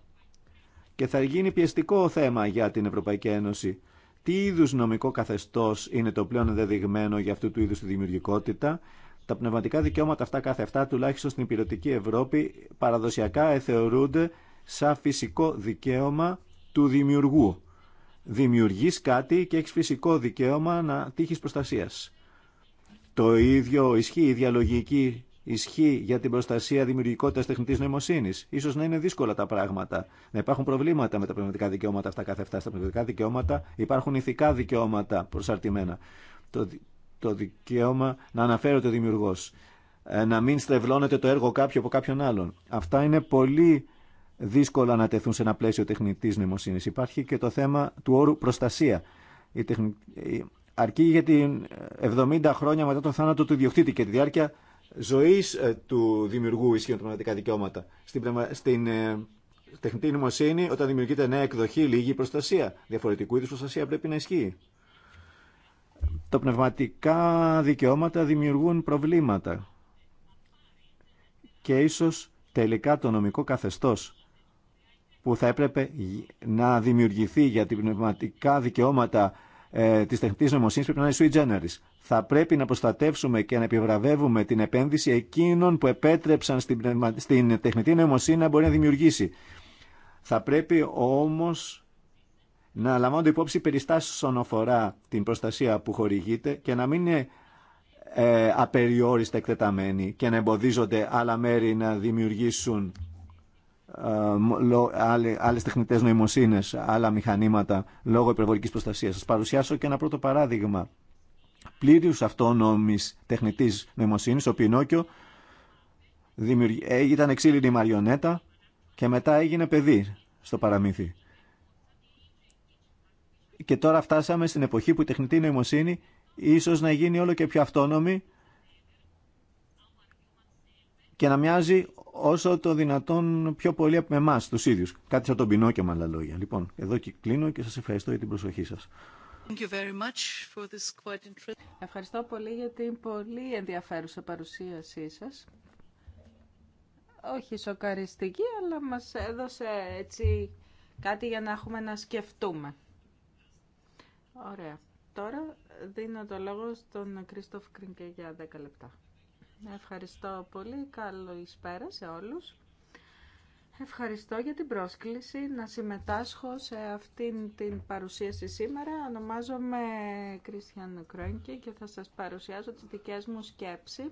και θα γίνει πιεστικό θέμα για την Ευρωπαϊκή Ένωση. Τι είδους νομικό καθεστώς είναι το πλέον ενδεδειγμένο για αυτού του είδους τη δημιουργικότητα. Τα πνευματικά δικαιώματα αυτά κάθε αυτά, τουλάχιστον στην υπηρετική Ευρώπη, παραδοσιακά θεωρούνται σαν φυσικό δικαίωμα του δημιουργού. Δημιουργείς κάτι και έχεις φυσικό δικαίωμα να τύχεις προστασίας. Το ίδιο ισχύει η διαλογική ισχύει για την προστασία δημιουργικότητα τεχνητή νοημοσύνη. σω να είναι δύσκολα τα πράγματα, να υπάρχουν προβλήματα με τα πνευματικά δικαιώματα αυτά κάθε αυτά. Στα πνευματικά δικαιώματα υπάρχουν ηθικά δικαιώματα προσαρτημένα. Το, το δικαίωμα να αναφέρεται ο δημιουργό, ε, να μην στρεβλώνεται το έργο κάποιου από κάποιον άλλον. Αυτά είναι πολύ δύσκολα να τεθούν σε ένα πλαίσιο τεχνητή νοημοσύνη. Υπάρχει και το θέμα του όρου προστασία. Η τεχνη... Αρκεί για την 70 χρόνια μετά τον θάνατο του ιδιοκτήτη και τη διάρκεια ζωής ε, του δημιουργού ισχύουν τα πνευματικά δικαιώματα. Στην, στην ε, τεχνητή νοημοσύνη, όταν δημιουργείται νέα εκδοχή, λίγη προστασία. Διαφορετικού είδου προστασία πρέπει να ισχύει. Τα πνευματικά δικαιώματα δημιουργούν προβλήματα και ίσως τελικά το νομικό καθεστώς που θα έπρεπε να δημιουργηθεί για τα πνευματικά δικαιώματα ε, τη τεχνητή νοημοσύνη πρέπει να είναι sui generis. Θα πρέπει να προστατεύσουμε και να επιβραβεύουμε την επένδυση εκείνων που επέτρεψαν στην, στην τεχνητή νοημοσύνη να μπορεί να δημιουργήσει. Θα πρέπει όμω να λαμβάνονται υπόψη περιστάσει όσον αφορά την προστασία που χορηγείται και να μην είναι ε, απεριόριστα εκτεταμένοι και να εμποδίζονται άλλα μέρη να δημιουργήσουν ε, άλλες τεχνητές νοημοσύνες, άλλα μηχανήματα λόγω υπερβολικής προστασίας. Σας παρουσιάσω και ένα πρώτο παράδειγμα πλήρους αυτόνομης τεχνητής νοημοσύνης, ο Πινόκιο δημιουργ... Ε, ήταν εξήλυνη μαριονέτα και μετά έγινε παιδί στο παραμύθι. Και τώρα φτάσαμε στην εποχή που η τεχνητή νοημοσύνη ίσως να γίνει όλο και πιο αυτόνομη και να μοιάζει όσο το δυνατόν πιο πολύ με εμά του ίδιου. Κάτι σαν τον Πινόκιο, με άλλα λόγια. Λοιπόν, εδώ και κλείνω και σα ευχαριστώ για την προσοχή σα. Ευχαριστώ πολύ για την πολύ ενδιαφέρουσα παρουσίασή σας. Όχι σοκαριστική, αλλά μας έδωσε έτσι κάτι για να έχουμε να σκεφτούμε. Ωραία. Τώρα δίνω το λόγο στον Κρίστοφ Κρίνκε για 10 λεπτά. Ευχαριστώ πολύ. Καλό σπέρα σε όλους. Ευχαριστώ για την πρόσκληση να συμμετάσχω σε αυτήν την παρουσίαση σήμερα. Ονομάζομαι Κρίστιαν Κρόνκι και θα σας παρουσιάσω τις δικές μου σκέψεις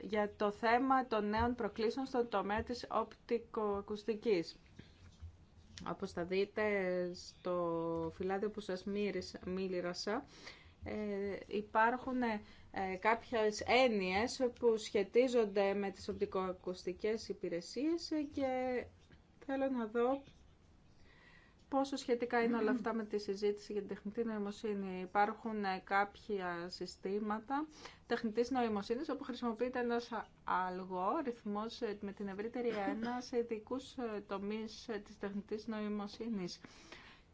για το θέμα των νέων προκλήσεων στον τομέα της οπτικοακουστικής. Όπως θα δείτε στο φυλάδιο που σας μίλησα, ε, υπάρχουν ε, κάποιες έννοιες που σχετίζονται με τις οπτικοακουστικές υπηρεσίες και θέλω να δω πόσο σχετικά είναι όλα αυτά με τη συζήτηση για την τεχνητή νοημοσύνη. Υπάρχουν ε, κάποια συστήματα τεχνητής νοημοσύνης όπου χρησιμοποιείται ένας αλγόριθμος με την ευρύτερη ένα σε ειδικού τομείς της τεχνητής νοημοσύνης.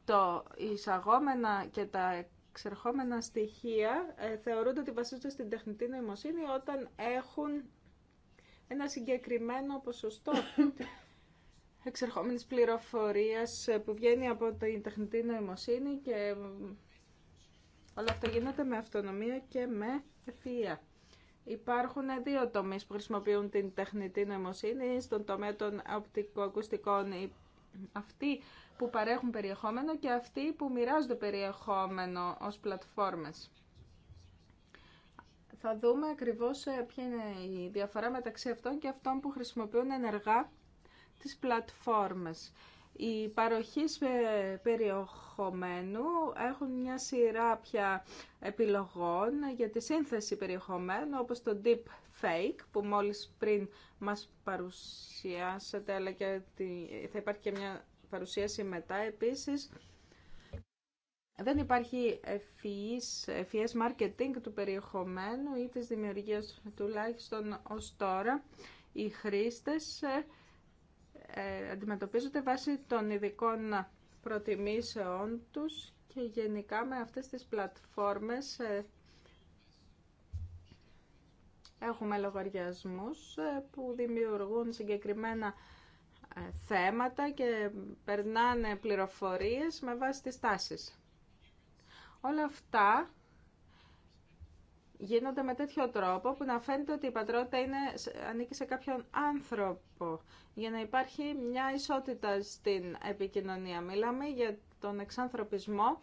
Το εισαγόμενα και τα εξερχόμενα στοιχεία ε, θεωρούνται ότι βασίζονται στην τεχνητή νοημοσύνη όταν έχουν ένα συγκεκριμένο ποσοστό εξερχόμενης πληροφορίας που βγαίνει από την τεχνητή νοημοσύνη και όλα αυτό γίνεται με αυτονομία και με ευθεία. Υπάρχουν δύο τομείς που χρησιμοποιούν την τεχνητή νοημοσύνη. Στον τομέα των οπτικοακουστικών αυτοί που παρέχουν περιεχόμενο και αυτοί που μοιράζονται περιεχόμενο ως πλατφόρμες. Θα δούμε ακριβώς ε, ποια είναι η διαφορά μεταξύ αυτών και αυτών που χρησιμοποιούν ενεργά τις πλατφόρμες. Οι παροχή ε, περιεχομένου έχουν μια σειρά πια επιλογών για τη σύνθεση περιεχομένου, όπως το Deep fake που μόλις πριν μας παρουσιάσατε αλλά και θα υπάρχει και μια παρουσίαση μετά επίσης δεν υπάρχει ευφυής, marketing του περιεχομένου ή της δημιουργίας τουλάχιστον ως τώρα. Οι χρήστες ε, ε, αντιμετωπίζονται βάσει των ειδικών προτιμήσεών τους και γενικά με αυτές τις πλατφόρμες ε, Έχουμε λογαριασμούς ε, που δημιουργούν συγκεκριμένα ε, θέματα και περνάνε πληροφορίες με βάση τις τάσεις. Όλα αυτά γίνονται με τέτοιο τρόπο που να φαίνεται ότι η πατρότητα είναι, ανήκει σε κάποιον άνθρωπο για να υπάρχει μια ισότητα στην επικοινωνία. Μιλάμε για τον εξανθρωπισμό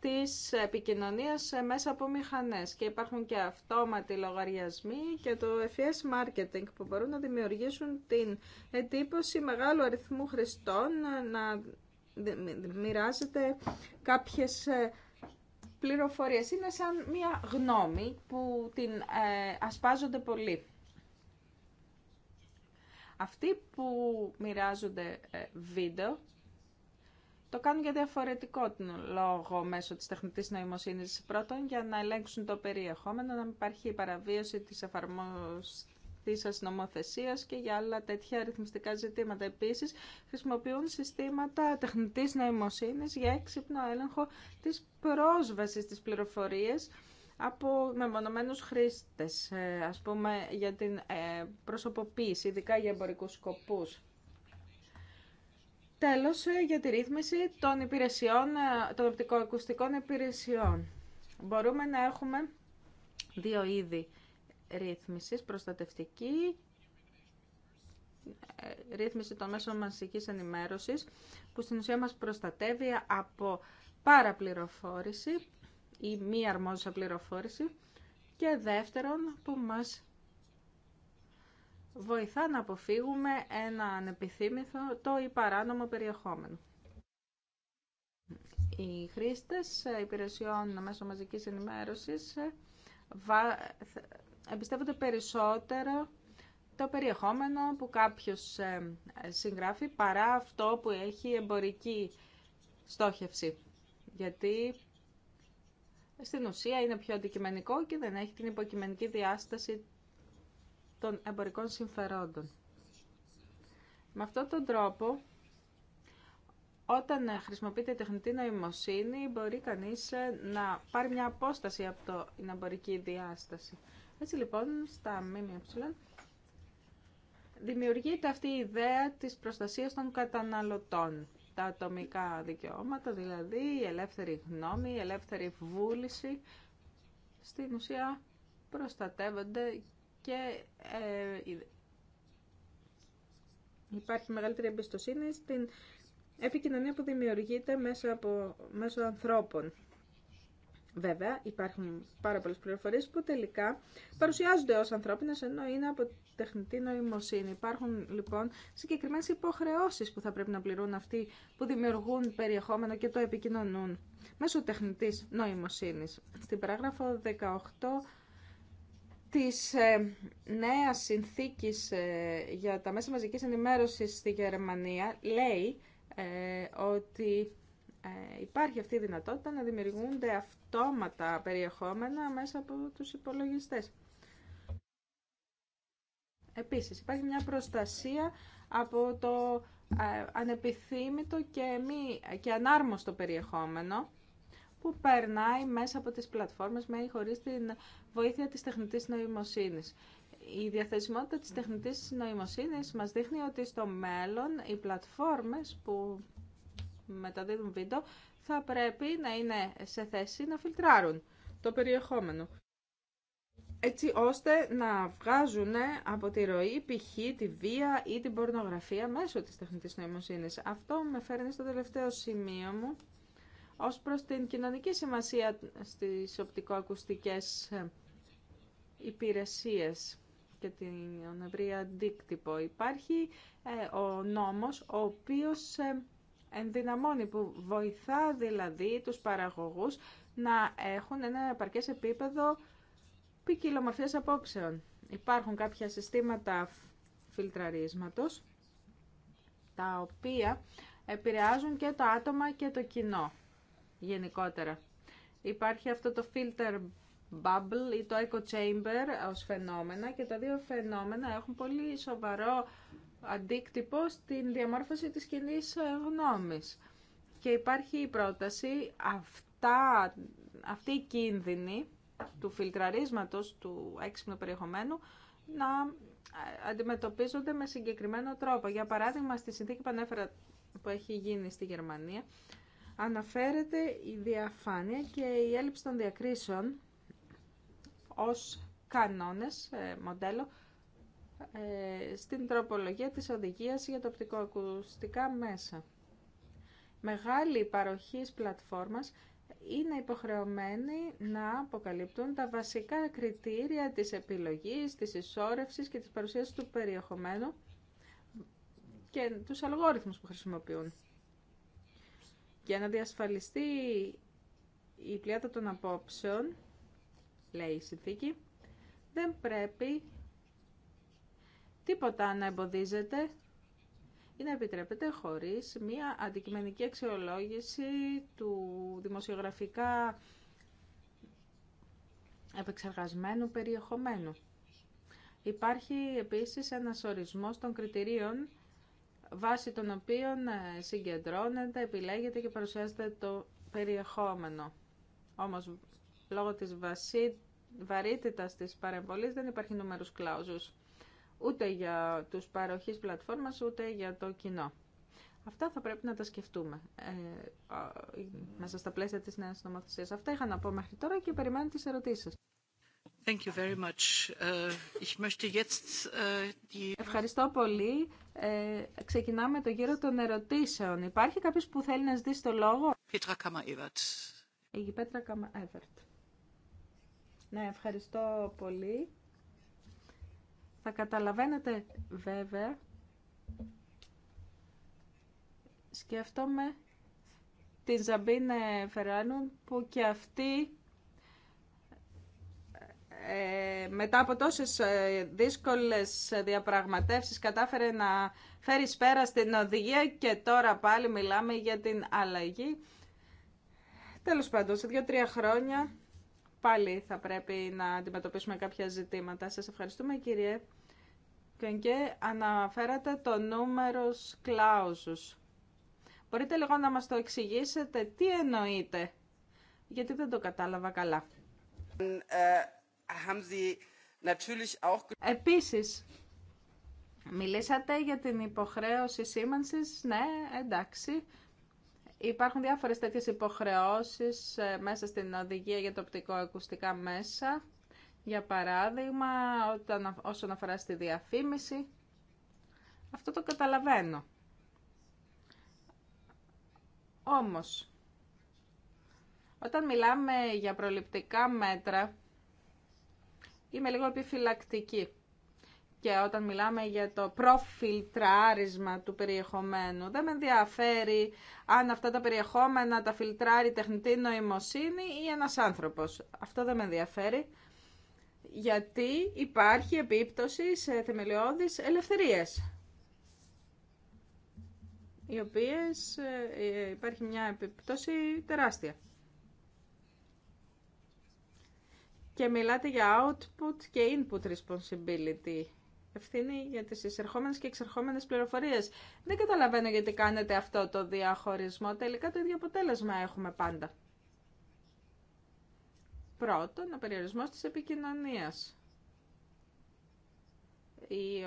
της επικοινωνίας ε, μέσα από μηχανές και υπάρχουν και αυτόματοι λογαριασμοί και το FES marketing που μπορούν να δημιουργήσουν την εντύπωση μεγάλου αριθμού χρηστών ε, να μοιράζεται κάποιες ε, πληροφορίες. Είναι σαν μια γνώμη που την ασπάζονται πολύ. Αυτοί που μοιράζονται βίντεο το κάνουν για διαφορετικό λόγο μέσω της τεχνητής νοημοσύνης πρώτον για να ελέγξουν το περιεχόμενο, να μην υπάρχει παραβίωση της εφαρμοστής νομοθεσίας και για άλλα τέτοια αριθμιστικά ζητήματα. Επίσης, χρησιμοποιούν συστήματα τεχνητής νοημοσύνης για έξυπνο έλεγχο της πρόσβασης της πληροφορίες από μεμονωμένους χρήστες, ε, ας πούμε, για την ε, προσωποποίηση, ειδικά για εμπορικούς σκοπούς. Τέλος, ε, για τη ρύθμιση των υπηρεσιών, ε, των οπτικοακουστικών υπηρεσιών. Μπορούμε να έχουμε δύο είδη ρύθμισης, προστατευτική ε, ρύθμιση των μέσων μαζικής ενημέρωσης, που στην ουσία μας προστατεύει από παραπληροφόρηση ή μη αρμόζουσα πληροφόρηση και δεύτερον που μας βοηθά να αποφύγουμε ένα ανεπιθύμηθο το ή παράνομο περιεχόμενο. Οι χρήστες υπηρεσιών μέσω μαζικής ενημέρωσης ε, εμπιστεύονται περισσότερο το περιεχόμενο που κάποιος ε, συγγράφει παρά αυτό που έχει εμπορική στόχευση. Γιατί στην ουσία είναι πιο αντικειμενικό και δεν έχει την υποκειμενική διάσταση των εμπορικών συμφερόντων. Με αυτόν τον τρόπο, όταν χρησιμοποιείται τεχνητή νοημοσύνη, μπορεί κανείς ε, να πάρει μια απόσταση από το, την εμπορική διάσταση. Έτσι λοιπόν, στα ΜΜΕ δημιουργείται αυτή η ιδέα της προστασίας των καταναλωτών. Τα ατομικά δικαιώματα, δηλαδή η ελεύθερη γνώμη, η ελεύθερη βούληση, στην ουσία προστατεύονται και ε, υπάρχει μεγαλύτερη εμπιστοσύνη στην επικοινωνία που δημιουργείται μέσω, από, μέσω ανθρώπων. Βέβαια, υπάρχουν πάρα πολλές πληροφορίες που τελικά παρουσιάζονται ως ανθρώπινες, ενώ είναι από τεχνητή νοημοσύνη. Υπάρχουν λοιπόν συγκεκριμένες υποχρεώσεις που θα πρέπει να πληρούν αυτοί που δημιουργούν περιεχόμενο και το επικοινωνούν μέσω τεχνητής νοημοσύνης. Στην παράγραφο 18 της ε, νέας συνθήκης ε, για τα μέσα μαζικής ενημέρωσης στη Γερμανία λέει ε, ότι υπάρχει αυτή η δυνατότητα να δημιουργούνται αυτόματα περιεχόμενα μέσα από τους υπολογιστές. Επίσης, υπάρχει μια προστασία από το ανεπιθύμητο και, μη, και ανάρμοστο περιεχόμενο που περνάει μέσα από τις πλατφόρμες με ή χωρίς την βοήθεια της τεχνητής νοημοσύνης. Η διαθεσιμότητα της τεχνητής νοημοσύνης μας δείχνει ότι στο μέλλον οι πλατφόρμες που μεταδίδουν βίντεο θα πρέπει να είναι σε θέση να φιλτράρουν το περιεχόμενο. Έτσι ώστε να βγάζουν από τη ροή π.χ. τη βία ή την πορνογραφία μέσω της τεχνητής νοημοσύνης. Αυτό με φέρνει στο τελευταίο σημείο μου ως προς την κοινωνική σημασία στις οπτικοακουστικές υπηρεσίες και την ευρία αντίκτυπο. Υπάρχει ε, ο νόμος ο οποίος ε, ενδυναμώνει, που βοηθά δηλαδή τους παραγωγούς να έχουν ένα επαρκές επίπεδο ποικιλομορφίας απόψεων. Υπάρχουν κάποια συστήματα φιλτραρίσματος, τα οποία επηρεάζουν και το άτομα και το κοινό γενικότερα. Υπάρχει αυτό το filter bubble ή το echo chamber ως φαινόμενα και τα δύο φαινόμενα έχουν πολύ σοβαρό αντίκτυπο στην διαμόρφωση της κοινή γνώμης. Και υπάρχει η πρόταση αυτά, αυτή η κίνδυνη του φιλτραρίσματος του έξυπνου περιεχομένου να ε, αντιμετωπίζονται με συγκεκριμένο τρόπο. Για παράδειγμα, στη συνθήκη που ανέφερα που έχει γίνει στη Γερμανία, αναφέρεται η διαφάνεια και η έλλειψη των διακρίσεων ως κανόνες, ε, μοντέλο, ε, στην τροπολογία της οδηγίας για τα οπτικοακουστικά μέσα. Μεγάλη παροχή πλατφόρμας είναι υποχρεωμένη να αποκαλύπτουν τα βασικά κριτήρια της επιλογής, της ισόρευσης και της παρουσίασης του περιεχομένου και τους αλγόριθμους που χρησιμοποιούν. Για να διασφαλιστεί η πλιάτα των απόψεων, λέει η συνθήκη, δεν πρέπει τίποτα να εμποδίζεται ή να επιτρέπεται χωρίς μία αντικειμενική αξιολόγηση του δημοσιογραφικά επεξεργασμένου περιεχομένου. Υπάρχει επίσης ένας ορισμός των κριτηρίων βάσει των οποίων ε, συγκεντρώνεται, επιλέγεται και παρουσιάζεται το περιεχόμενο. Όμως, λόγω της βασί... βαρύτητας της παρεμβολής δεν υπάρχει νούμερους κλάουζους, ούτε για τους παροχής πλατφόρμας, ούτε για το κοινό. Αυτά θα πρέπει να τα σκεφτούμε ε, μέσα στα πλαίσια της νέας νομοθεσίας. Αυτά είχα να πω μέχρι τώρα και περιμένω τις ερωτήσεις. Ευχαριστώ πολύ. Ε, ξεκινάμε το γύρο των ερωτήσεων. Υπάρχει κάποιος που θέλει να ζητήσει το λόγο? Πέτρα Η Πέτρα Ναι, ευχαριστώ πολύ. Θα καταλαβαίνετε βέβαια. Σκέφτομαι την Ζαμπίνε Φεράνουν που και αυτή μετά από τόσες ε, δύσκολες διαπραγματεύσεις κατάφερε να φέρει πέρα στην οδηγία και τώρα πάλι μιλάμε για την αλλαγή. Τέλος πάντων, σε δύο-τρία χρόνια πάλι θα πρέπει να αντιμετωπίσουμε κάποια ζητήματα. Σας ευχαριστούμε κύριε και αναφέρατε το νούμερο κλάουσους. Μπορείτε λίγο να μας το εξηγήσετε τι εννοείτε, γιατί δεν το κατάλαβα καλά. Ε, haben natürlich auch... Επίσης, μιλήσατε για την υποχρέωση σήμανσης. Ναι, εντάξει. Υπάρχουν διάφορες τέτοιες υποχρεώσεις ε, μέσα στην οδηγία για το Οπτικό Ακουστικά μέσα. Για παράδειγμα, όταν, όσον αφορά στη διαφήμιση. Αυτό το καταλαβαίνω. Όμως, όταν μιλάμε για προληπτικά μέτρα, είμαι λίγο επιφυλακτική. Και όταν μιλάμε για το προφιλτράρισμα του περιεχομένου, δεν με ενδιαφέρει αν αυτά τα περιεχόμενα τα φιλτράρει τεχνητή νοημοσύνη ή ένας άνθρωπος. Αυτό δεν με ενδιαφέρει, γιατί υπάρχει επίπτωση σε θεμελιώδεις ελευθερίες οι οποίες ε, ε, υπάρχει μια επιπτώση τεράστια. και μιλάτε για output και input responsibility. Ευθύνη για τις εισερχόμενες και εξερχόμενες πληροφορίες. Δεν καταλαβαίνω γιατί κάνετε αυτό το διαχωρισμό. Τελικά το ίδιο αποτέλεσμα έχουμε πάντα. Πρώτον, ο περιορισμός της επικοινωνίας.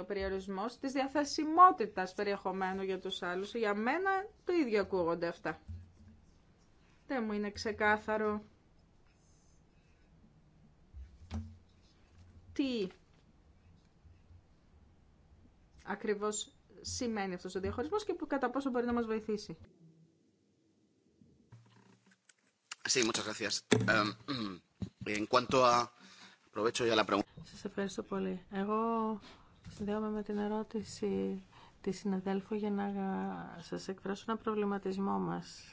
Ο περιορισμός της διαθεσιμότητας περιεχομένου για τους άλλους. Για μένα το ίδιο ακούγονται αυτά. Δεν μου είναι ξεκάθαρο τι ακριβώς σημαίνει αυτός ο διαχωρισμός και κατά πόσο μπορεί να μας βοηθήσει. Sí, Σας ευχαριστώ πολύ. Εγώ συνδέομαι με την ερώτηση τη συναδέλφου για να σας εκφράσω ένα προβληματισμό μας.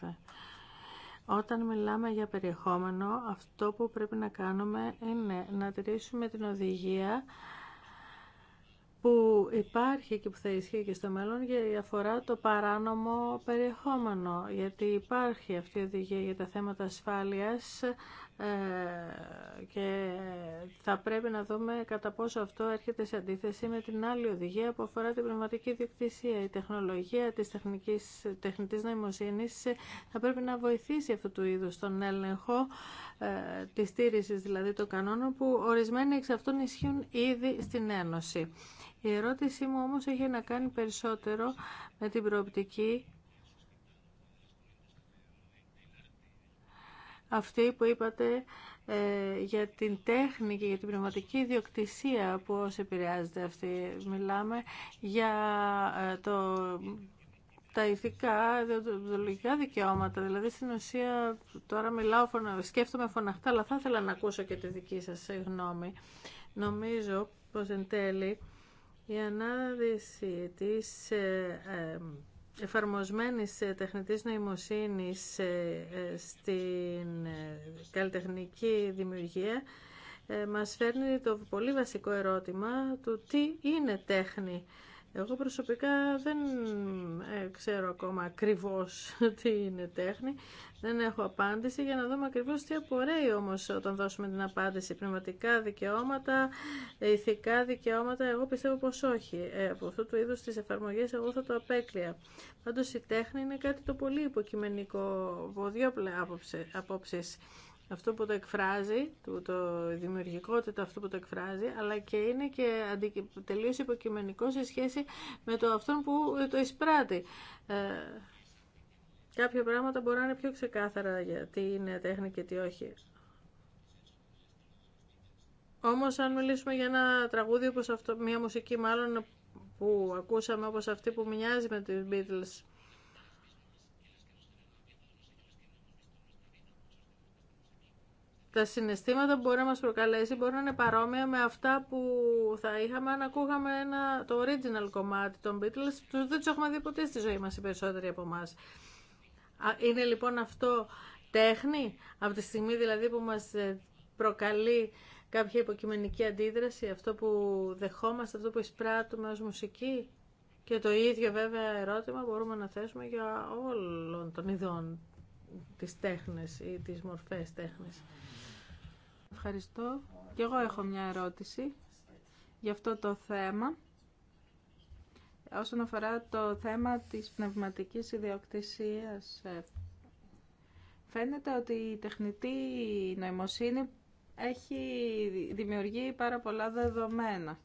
Όταν μιλάμε για περιεχόμενο, αυτό που πρέπει να κάνουμε είναι να τηρήσουμε την οδηγία που υπάρχει και που θα ισχύει και στο μέλλον για αφορά το παράνομο περιεχόμενο γιατί υπάρχει αυτή η οδηγία για τα θέματα ασφάλειας ε, και θα πρέπει να δούμε κατά πόσο αυτό έρχεται σε αντίθεση με την άλλη οδηγία που αφορά την πνευματική διοκτησία. Η τεχνολογία της τεχνικής, τεχνητής νοημοσύνης θα πρέπει να βοηθήσει αυτού του είδους τον έλεγχο τη ε, της δηλαδή των κανόνων που ορισμένοι εξ αυτών ισχύουν ήδη στην Ένωση. Η ερώτησή μου όμως έχει να κάνει περισσότερο με την προοπτική αυτή που είπατε ε, για την τέχνη και για την πνευματική ιδιοκτησία πώς επηρεάζεται αυτή. Μιλάμε για ε, το, τα ηθικά, διοντολογικά δικαιώματα. Δηλαδή στην ουσία τώρα μιλάω, σκέφτομαι φωναχτά, αλλά θα ήθελα να ακούσω και τη δική σας γνώμη. Νομίζω πως εν τέλει η ανάδυση της ε, εφαρμοσμένης ε, τεχνητής νοημοσύνης ε, ε, στην καλλιτεχνική δημιουργία μας φέρνει το πολύ βασικό ερώτημα του τι είναι τέχνη. Εγώ προσωπικά δεν ε, ξέρω ακόμα ακριβώς τι είναι τέχνη, δεν έχω απάντηση για να δούμε ακριβώς τι απορρέει όμως όταν δώσουμε την απάντηση. Πνευματικά δικαιώματα, ηθικά δικαιώματα, εγώ πιστεύω πως όχι. Ε, από αυτού του είδους τις εφαρμογές εγώ θα το απέκλεια. Πάντως η τέχνη είναι κάτι το πολύ υποκειμενικό από δύο άποψεις αυτό που το εκφράζει, το, το δημιουργικότητα αυτό που το εκφράζει, αλλά και είναι και τελείω τελείως υποκειμενικό σε σχέση με το αυτόν που το εισπράττει. Ε, κάποια πράγματα μπορεί να είναι πιο ξεκάθαρα γιατί είναι τέχνη και τι όχι. Όμως αν μιλήσουμε για ένα τραγούδι όπως αυτό, μια μουσική μάλλον που ακούσαμε όπως αυτή που μοιάζει με τους Beatles, τα συναισθήματα που μπορεί να μας προκαλέσει μπορεί να είναι παρόμοια με αυτά που θα είχαμε αν ακούγαμε ένα, το original κομμάτι των Beatles που δεν τους έχουμε δει ποτέ στη ζωή μας οι περισσότεροι από εμά. Είναι λοιπόν αυτό τέχνη από τη στιγμή δηλαδή που μας ε, προκαλεί κάποια υποκειμενική αντίδραση αυτό που δεχόμαστε, αυτό που εισπράττουμε ως μουσική και το ίδιο βέβαια ερώτημα μπορούμε να θέσουμε για όλων των ειδών τις τέχνες ή τις μορφές τέχνης. Ευχαριστώ. Και εγώ έχω μια ερώτηση για αυτό το θέμα. Όσον αφορά το θέμα της πνευματικής ιδιοκτησίας, ε, φαίνεται ότι η τεχνητή νοημοσύνη έχει δημιουργεί πάρα πολλά δεδομένα.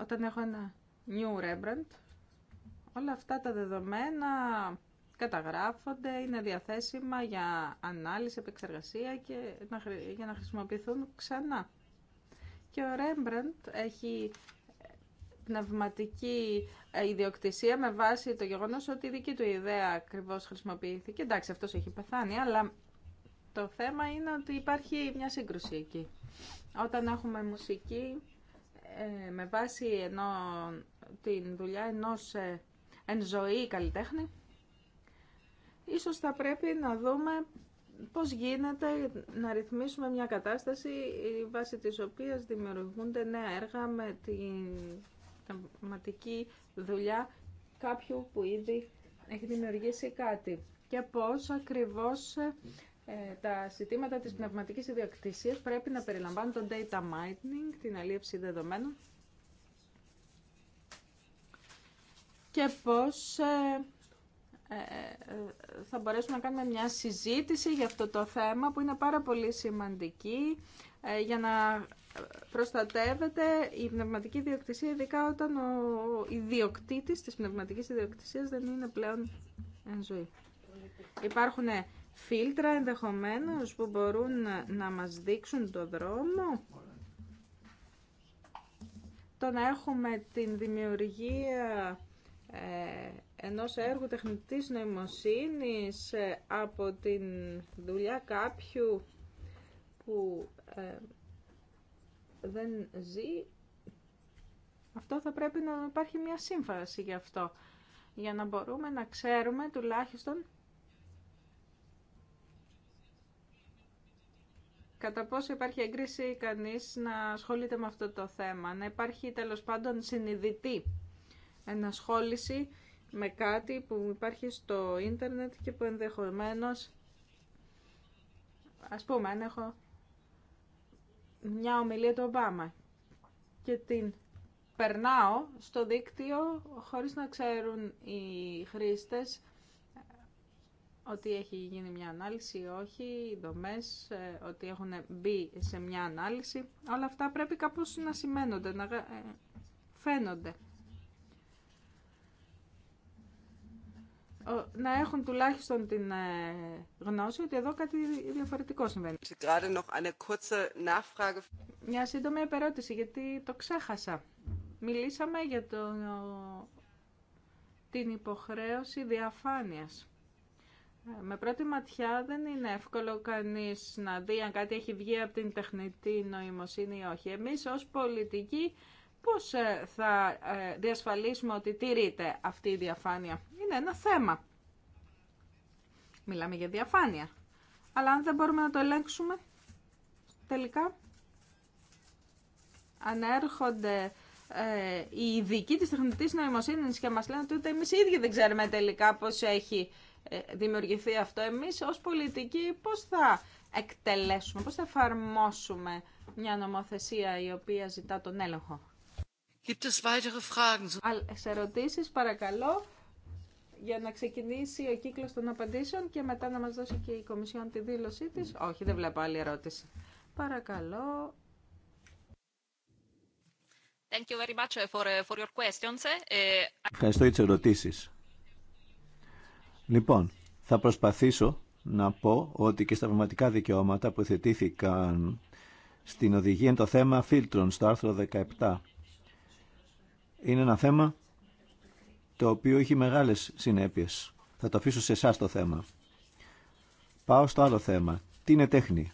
Όταν έχω ένα New Rembrandt, όλα αυτά τα δεδομένα καταγράφονται, είναι διαθέσιμα για ανάλυση, επεξεργασία και για να χρησιμοποιηθούν ξανά. Και ο Ρέμπραντ έχει πνευματική ε, ιδιοκτησία με βάση το γεγονός ότι η δική του ιδέα ακριβώς χρησιμοποιήθηκε. Εντάξει, αυτός έχει πεθάνει, αλλά το θέμα είναι ότι υπάρχει μια σύγκρουση εκεί. Όταν έχουμε μουσική ε, με βάση ενώ, την δουλειά ενός ε, εν ζωή καλλιτέχνη, Ίσως θα πρέπει να δούμε πώς γίνεται να ρυθμίσουμε μια κατάσταση βάσει της οποίας δημιουργούνται νέα έργα με την θεματική δουλειά κάποιου που ήδη έχει δημιουργήσει κάτι και πώς ακριβώς ε, τα συστήματα της πνευματικής ιδιοκτησίας πρέπει να περιλαμβάνουν το data mining, την αλίευση δεδομένων και πώς ε, ε, θα μπορέσουμε να κάνουμε μια συζήτηση για αυτό το θέμα που είναι πάρα πολύ σημαντική ε, για να προστατεύεται η πνευματική ιδιοκτησία ειδικά όταν ο ιδιοκτήτης της πνευματικής ιδιοκτησίας δεν είναι πλέον εν ζωή. Υπάρχουν φίλτρα ενδεχομένως που μπορούν να μας δείξουν το δρόμο το να έχουμε την δημιουργία ε, ενός έργου τεχνητής νοημοσύνης ε, από την δουλειά κάποιου που ε, δεν ζει, αυτό θα πρέπει να υπάρχει μια σύμφαση γι' αυτό, για να μπορούμε να ξέρουμε τουλάχιστον κατά πόσο υπάρχει έγκριση κανείς να ασχολείται με αυτό το θέμα, να υπάρχει τέλος πάντων συνειδητή ενασχόληση με κάτι που υπάρχει στο ίντερνετ και που ενδεχομένως ας πούμε αν έχω μια ομιλία του Ομπάμα και την περνάω στο δίκτυο χωρίς να ξέρουν οι χρήστες ότι έχει γίνει μια ανάλυση ή όχι, οι δομές, ε, ότι έχουν μπει σε μια ανάλυση. Όλα αυτά πρέπει κάπως να σημαίνονται, να ε, φαίνονται. να έχουν τουλάχιστον την ε, γνώση ότι εδώ κάτι διαφορετικό συμβαίνει. Μια σύντομη επερώτηση, γιατί το ξέχασα. Μιλήσαμε για το, την υποχρέωση διαφάνειας. Ε, με πρώτη ματιά δεν είναι εύκολο κανείς να δει αν κάτι έχει βγει από την τεχνητή νοημοσύνη ή όχι. Εμείς ως πολιτικοί πώς ε, θα διασφαλίσουμε ότι τηρείται αυτή η διαφάνεια είναι ένα θέμα. Μιλάμε για διαφάνεια. Αλλά αν δεν μπορούμε να το ελέγξουμε, τελικά αν ε, οι ειδικοί της τεχνητής νοημοσύνης και μας λένε ότι ούτε εμείς οι ίδιοι δεν ξέρουμε τελικά πώς έχει ε, δημιουργηθεί αυτό. Εμείς ως πολιτικοί πώς θα εκτελέσουμε, πώς θα εφαρμόσουμε μια νομοθεσία η οποία ζητά τον έλεγχο. Σε ερωτήσεις παρακαλώ για να ξεκινήσει ο κύκλο των απαντήσεων και μετά να μας δώσει και η Κομισιόν τη δήλωσή της. Όχι, δεν βλέπω άλλη ερώτηση. Παρακαλώ. Thank you very much uh, for, uh, for your questions. Uh, Ευχαριστώ για τι ερωτήσει. Λοιπόν, θα προσπαθήσω να πω ότι και στα πραγματικά δικαιώματα που θετήθηκαν στην οδηγία το θέμα φίλτρων στο άρθρο 17. Είναι ένα θέμα το οποίο έχει μεγάλες συνέπειες. Θα το αφήσω σε εσά το θέμα. Πάω στο άλλο θέμα. Τι είναι τέχνη.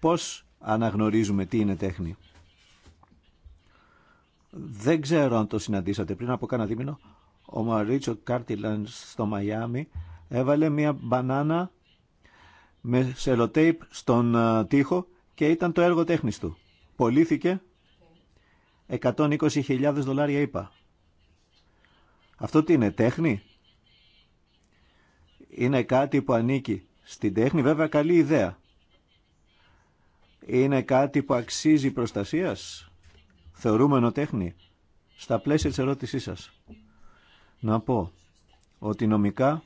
Πώς αναγνωρίζουμε τι είναι τέχνη. Δεν ξέρω αν το συναντήσατε πριν από κάνα δίμηνο. Ο Μαρίτσο Κάρτιλαν στο Μαϊάμι έβαλε μια μπανάνα με σελοτέιπ στον ε, τοίχο και ήταν το έργο τέχνης του. Πολύθηκε 120.000 δολάρια είπα. Αυτό τι είναι, τέχνη? Είναι κάτι που ανήκει στην τέχνη, βέβαια καλή ιδέα. Είναι κάτι που αξίζει προστασίας, θεωρούμενο τέχνη, στα πλαίσια της ερώτησής σας. Να πω ότι νομικά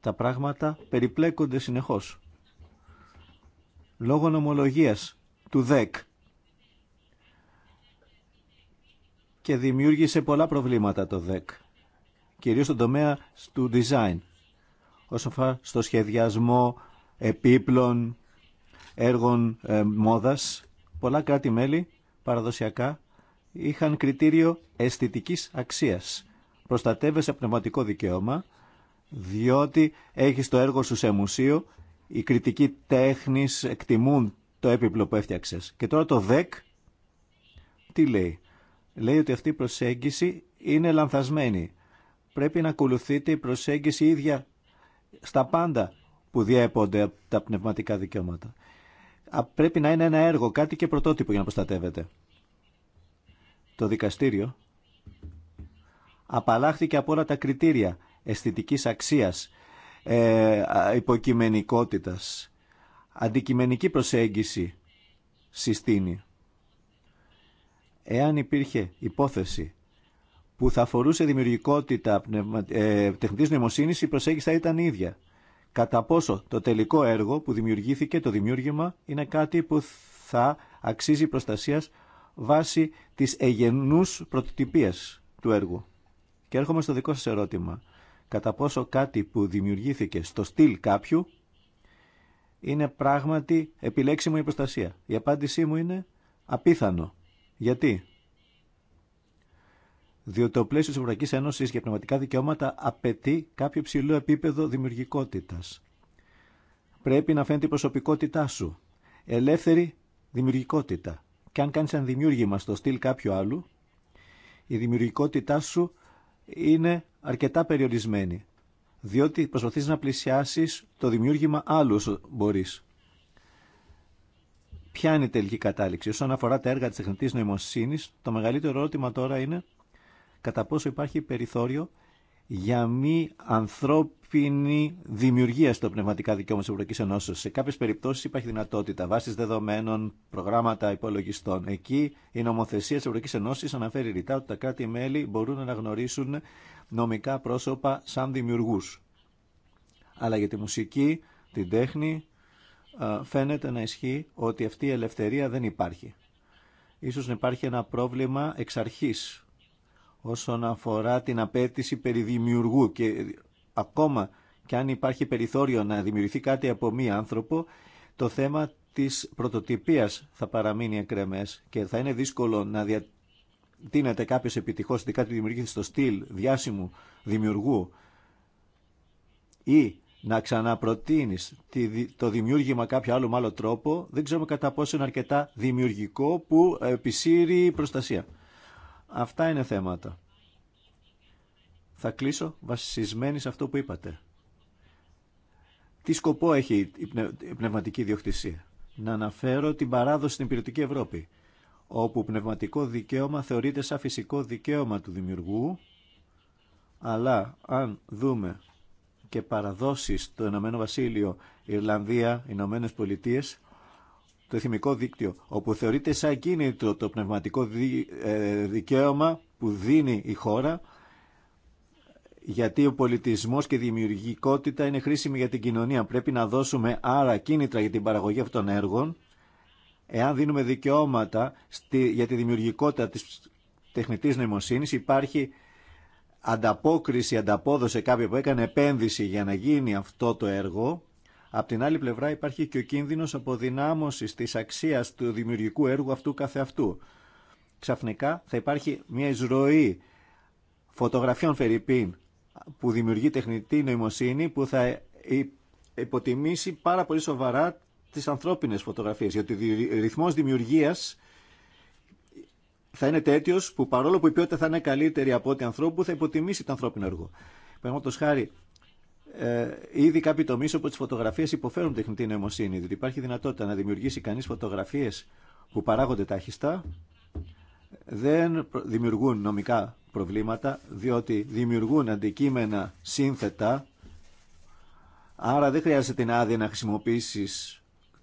τα πράγματα περιπλέκονται συνεχώς. Λόγω νομολογίας του ΔΕΚ και δημιούργησε πολλά προβλήματα το ΔΕΚ, κυρίως στον τομέα του design, όσο στο σχεδιασμό επίπλων έργων ε, μόδας. Πολλά κράτη-μέλη παραδοσιακά είχαν κριτήριο αισθητικής αξίας. Προστατεύεσαι πνευματικό δικαίωμα, διότι έχεις το έργο σου σε μουσείο, οι κριτικοί τέχνης εκτιμούν το έπιπλο που έφτιαξες. Και τώρα το ΔΕΚ τι λέει λέει ότι αυτή η προσέγγιση είναι λανθασμένη. Πρέπει να ακολουθείται η προσέγγιση ίδια στα πάντα που διέπονται από τα πνευματικά δικαιώματα. Πρέπει να είναι ένα έργο, κάτι και πρωτότυπο για να προστατεύεται. Το δικαστήριο απαλλάχθηκε από όλα τα κριτήρια αισθητικής αξίας, ε, υποκειμενικότητας, αντικειμενική προσέγγιση συστήνει. Εάν υπήρχε υπόθεση που θα αφορούσε δημιουργικότητα πνευμα... ε, τεχνητής η προσέγγιση θα ήταν ίδια. Κατά πόσο το τελικό έργο που δημιουργήθηκε, το δημιούργημα, είναι κάτι που θα αξίζει προστασίας βάσει της εγενούς πρωτοτυπίας του έργου. Και έρχομαι στο δικό σας ερώτημα. Κατά πόσο κάτι που δημιουργήθηκε στο στυλ κάποιου είναι πράγματι επιλέξιμο η προστασία. Η απάντησή μου είναι απίθανο. Γιατί? Διότι το πλαίσιο τη Ευρωπαϊκή Ένωση για πνευματικά δικαιώματα απαιτεί κάποιο ψηλό επίπεδο δημιουργικότητα. Πρέπει να φαίνεται η προσωπικότητά σου. Ελεύθερη δημιουργικότητα. Και αν κάνει ένα δημιούργημα στο στυλ κάποιου άλλου, η δημιουργικότητά σου είναι αρκετά περιορισμένη. Διότι προσπαθεί να πλησιάσει το δημιούργημα άλλου όσο μπορεί ποια είναι η τελική κατάληξη. Όσον αφορά τα έργα τη τεχνητής νοημοσύνη, το μεγαλύτερο ερώτημα τώρα είναι κατά πόσο υπάρχει περιθώριο για μη ανθρώπινη δημιουργία στο πνευματικά δικαίωμα τη Ευρωπαϊκή Ενώσεω. Σε κάποιε περιπτώσει υπάρχει δυνατότητα βάσει δεδομένων, προγράμματα υπολογιστών. Εκεί η νομοθεσία τη Ευρωπαϊκή Ενώση αναφέρει ρητά ότι τα κράτη-μέλη μπορούν να αναγνωρίσουν νομικά πρόσωπα σαν δημιουργού. Αλλά για τη μουσική, την τέχνη, φαίνεται να ισχύει ότι αυτή η ελευθερία δεν υπάρχει. Ίσως να υπάρχει ένα πρόβλημα εξ αρχής όσον αφορά την απέτηση περί δημιουργού και ακόμα και αν υπάρχει περιθώριο να δημιουργηθεί κάτι από μία άνθρωπο, το θέμα της πρωτοτυπίας θα παραμείνει εκρεμές και θα είναι δύσκολο να διατείνεται κάποιος επιτυχώς ότι κάτι δημιουργήθηκε στο στυλ διάσημου δημιουργού ή να ξαναπροτείνεις το δημιούργημα κάποιο άλλο με άλλο τρόπο, δεν ξέρουμε κατά πόσο είναι αρκετά δημιουργικό που επισύρει προστασία. Αυτά είναι θέματα. Θα κλείσω βασισμένη σε αυτό που είπατε. Τι σκοπό έχει η πνευματική διοκτησία. Να αναφέρω την παράδοση στην πυροτική Ευρώπη, όπου πνευματικό δικαίωμα θεωρείται σαν φυσικό δικαίωμα του δημιουργού, αλλά αν δούμε και παραδόσεις στο Ηνωμένο Βασίλειο, Ιρλανδία, Ηνωμένε Πολιτείε, το εθνικό δίκτυο, όπου θεωρείται σαν κίνητρο το πνευματικό ε, δικαίωμα που δίνει η χώρα, γιατί ο πολιτισμός και η δημιουργικότητα είναι χρήσιμη για την κοινωνία. Πρέπει να δώσουμε άρα κίνητρα για την παραγωγή αυτών των έργων, εάν δίνουμε δικαιώματα στη, για τη δημιουργικότητα της τεχνητής νοημοσύνης, υπάρχει ανταπόκριση, ανταπόδοση κάποιο που έκανε επένδυση για να γίνει αυτό το έργο. Απ' την άλλη πλευρά υπάρχει και ο κίνδυνος αποδυνάμωσης της αξίας του δημιουργικού έργου αυτού καθεαυτού. Ξαφνικά θα υπάρχει μια εισρωή φωτογραφιών Φερρυπίν που δημιουργεί τεχνητή νοημοσύνη που θα ε, υποτιμήσει πάρα πολύ σοβαρά τις ανθρώπινες φωτογραφίες, γιατί ο ρυθμός δημιουργίας θα είναι τέτοιο που παρόλο που η ποιότητα θα είναι καλύτερη από ό,τι ανθρώπου, θα υποτιμήσει το ανθρώπινο έργο. Παραδείγματο χάρη, ε, ήδη κάποιοι τομεί όπω τι φωτογραφίε υποφέρουν τεχνητή νοημοσύνη, διότι υπάρχει δυνατότητα να δημιουργήσει κανεί φωτογραφίε που παράγονται τάχιστα, δεν δημιουργούν νομικά προβλήματα, διότι δημιουργούν αντικείμενα σύνθετα, άρα δεν χρειάζεται την άδεια να χρησιμοποιήσει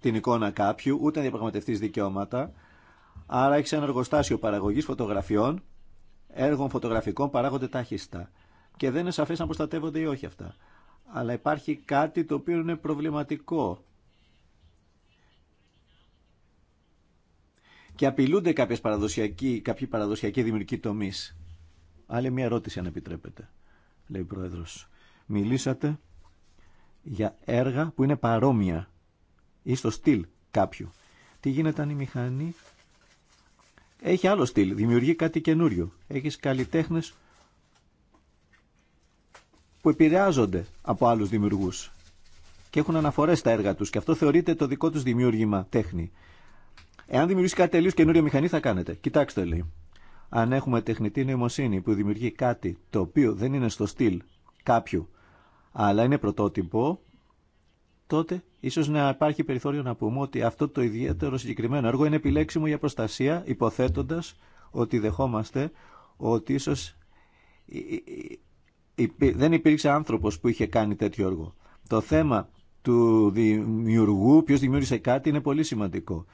την εικόνα κάποιου, ούτε να διαπραγματευτεί δικαιώματα. Άρα έχει ένα εργοστάσιο παραγωγής φωτογραφιών, έργων φωτογραφικών παράγονται τάχιστα. Και δεν είναι σαφέ αν προστατεύονται ή όχι αυτά. Αλλά υπάρχει κάτι το οποίο είναι προβληματικό. Και απειλούνται κάποιες παραδοσιακοί, κάποιοι παραδοσιακοί δημιουργικοί τομείς. Άλλη μια ερώτηση αν επιτρέπετε, λέει ο προεδρο Μιλήσατε για έργα που είναι παρόμοια ή στο στυλ κάποιου. Τι γίνεται αν η μηχανή έχει άλλο στυλ, δημιουργεί κάτι καινούριο. Έχεις καλλιτέχνες που επηρεάζονται από άλλους δημιουργούς και έχουν αναφορές στα έργα τους και αυτό θεωρείται το δικό τους δημιούργημα τέχνη. Εάν δημιουργήσει κάτι τελείω καινούριο μηχανή θα κάνετε. Κοιτάξτε λέει. Αν έχουμε τεχνητή νοημοσύνη που δημιουργεί κάτι το οποίο δεν είναι στο στυλ κάποιου αλλά είναι πρωτότυπο τότε ίσως να υπάρχει περιθώριο να πούμε ότι αυτό το ιδιαίτερο συγκεκριμένο έργο είναι επιλέξιμο για προστασία, υποθέτοντας ότι δεχόμαστε ότι ίσως δεν υπήρξε άνθρωπος που είχε κάνει τέτοιο έργο. Το θέμα του δημιουργού, ποιο δημιούργησε κάτι, είναι πολύ σημαντικό.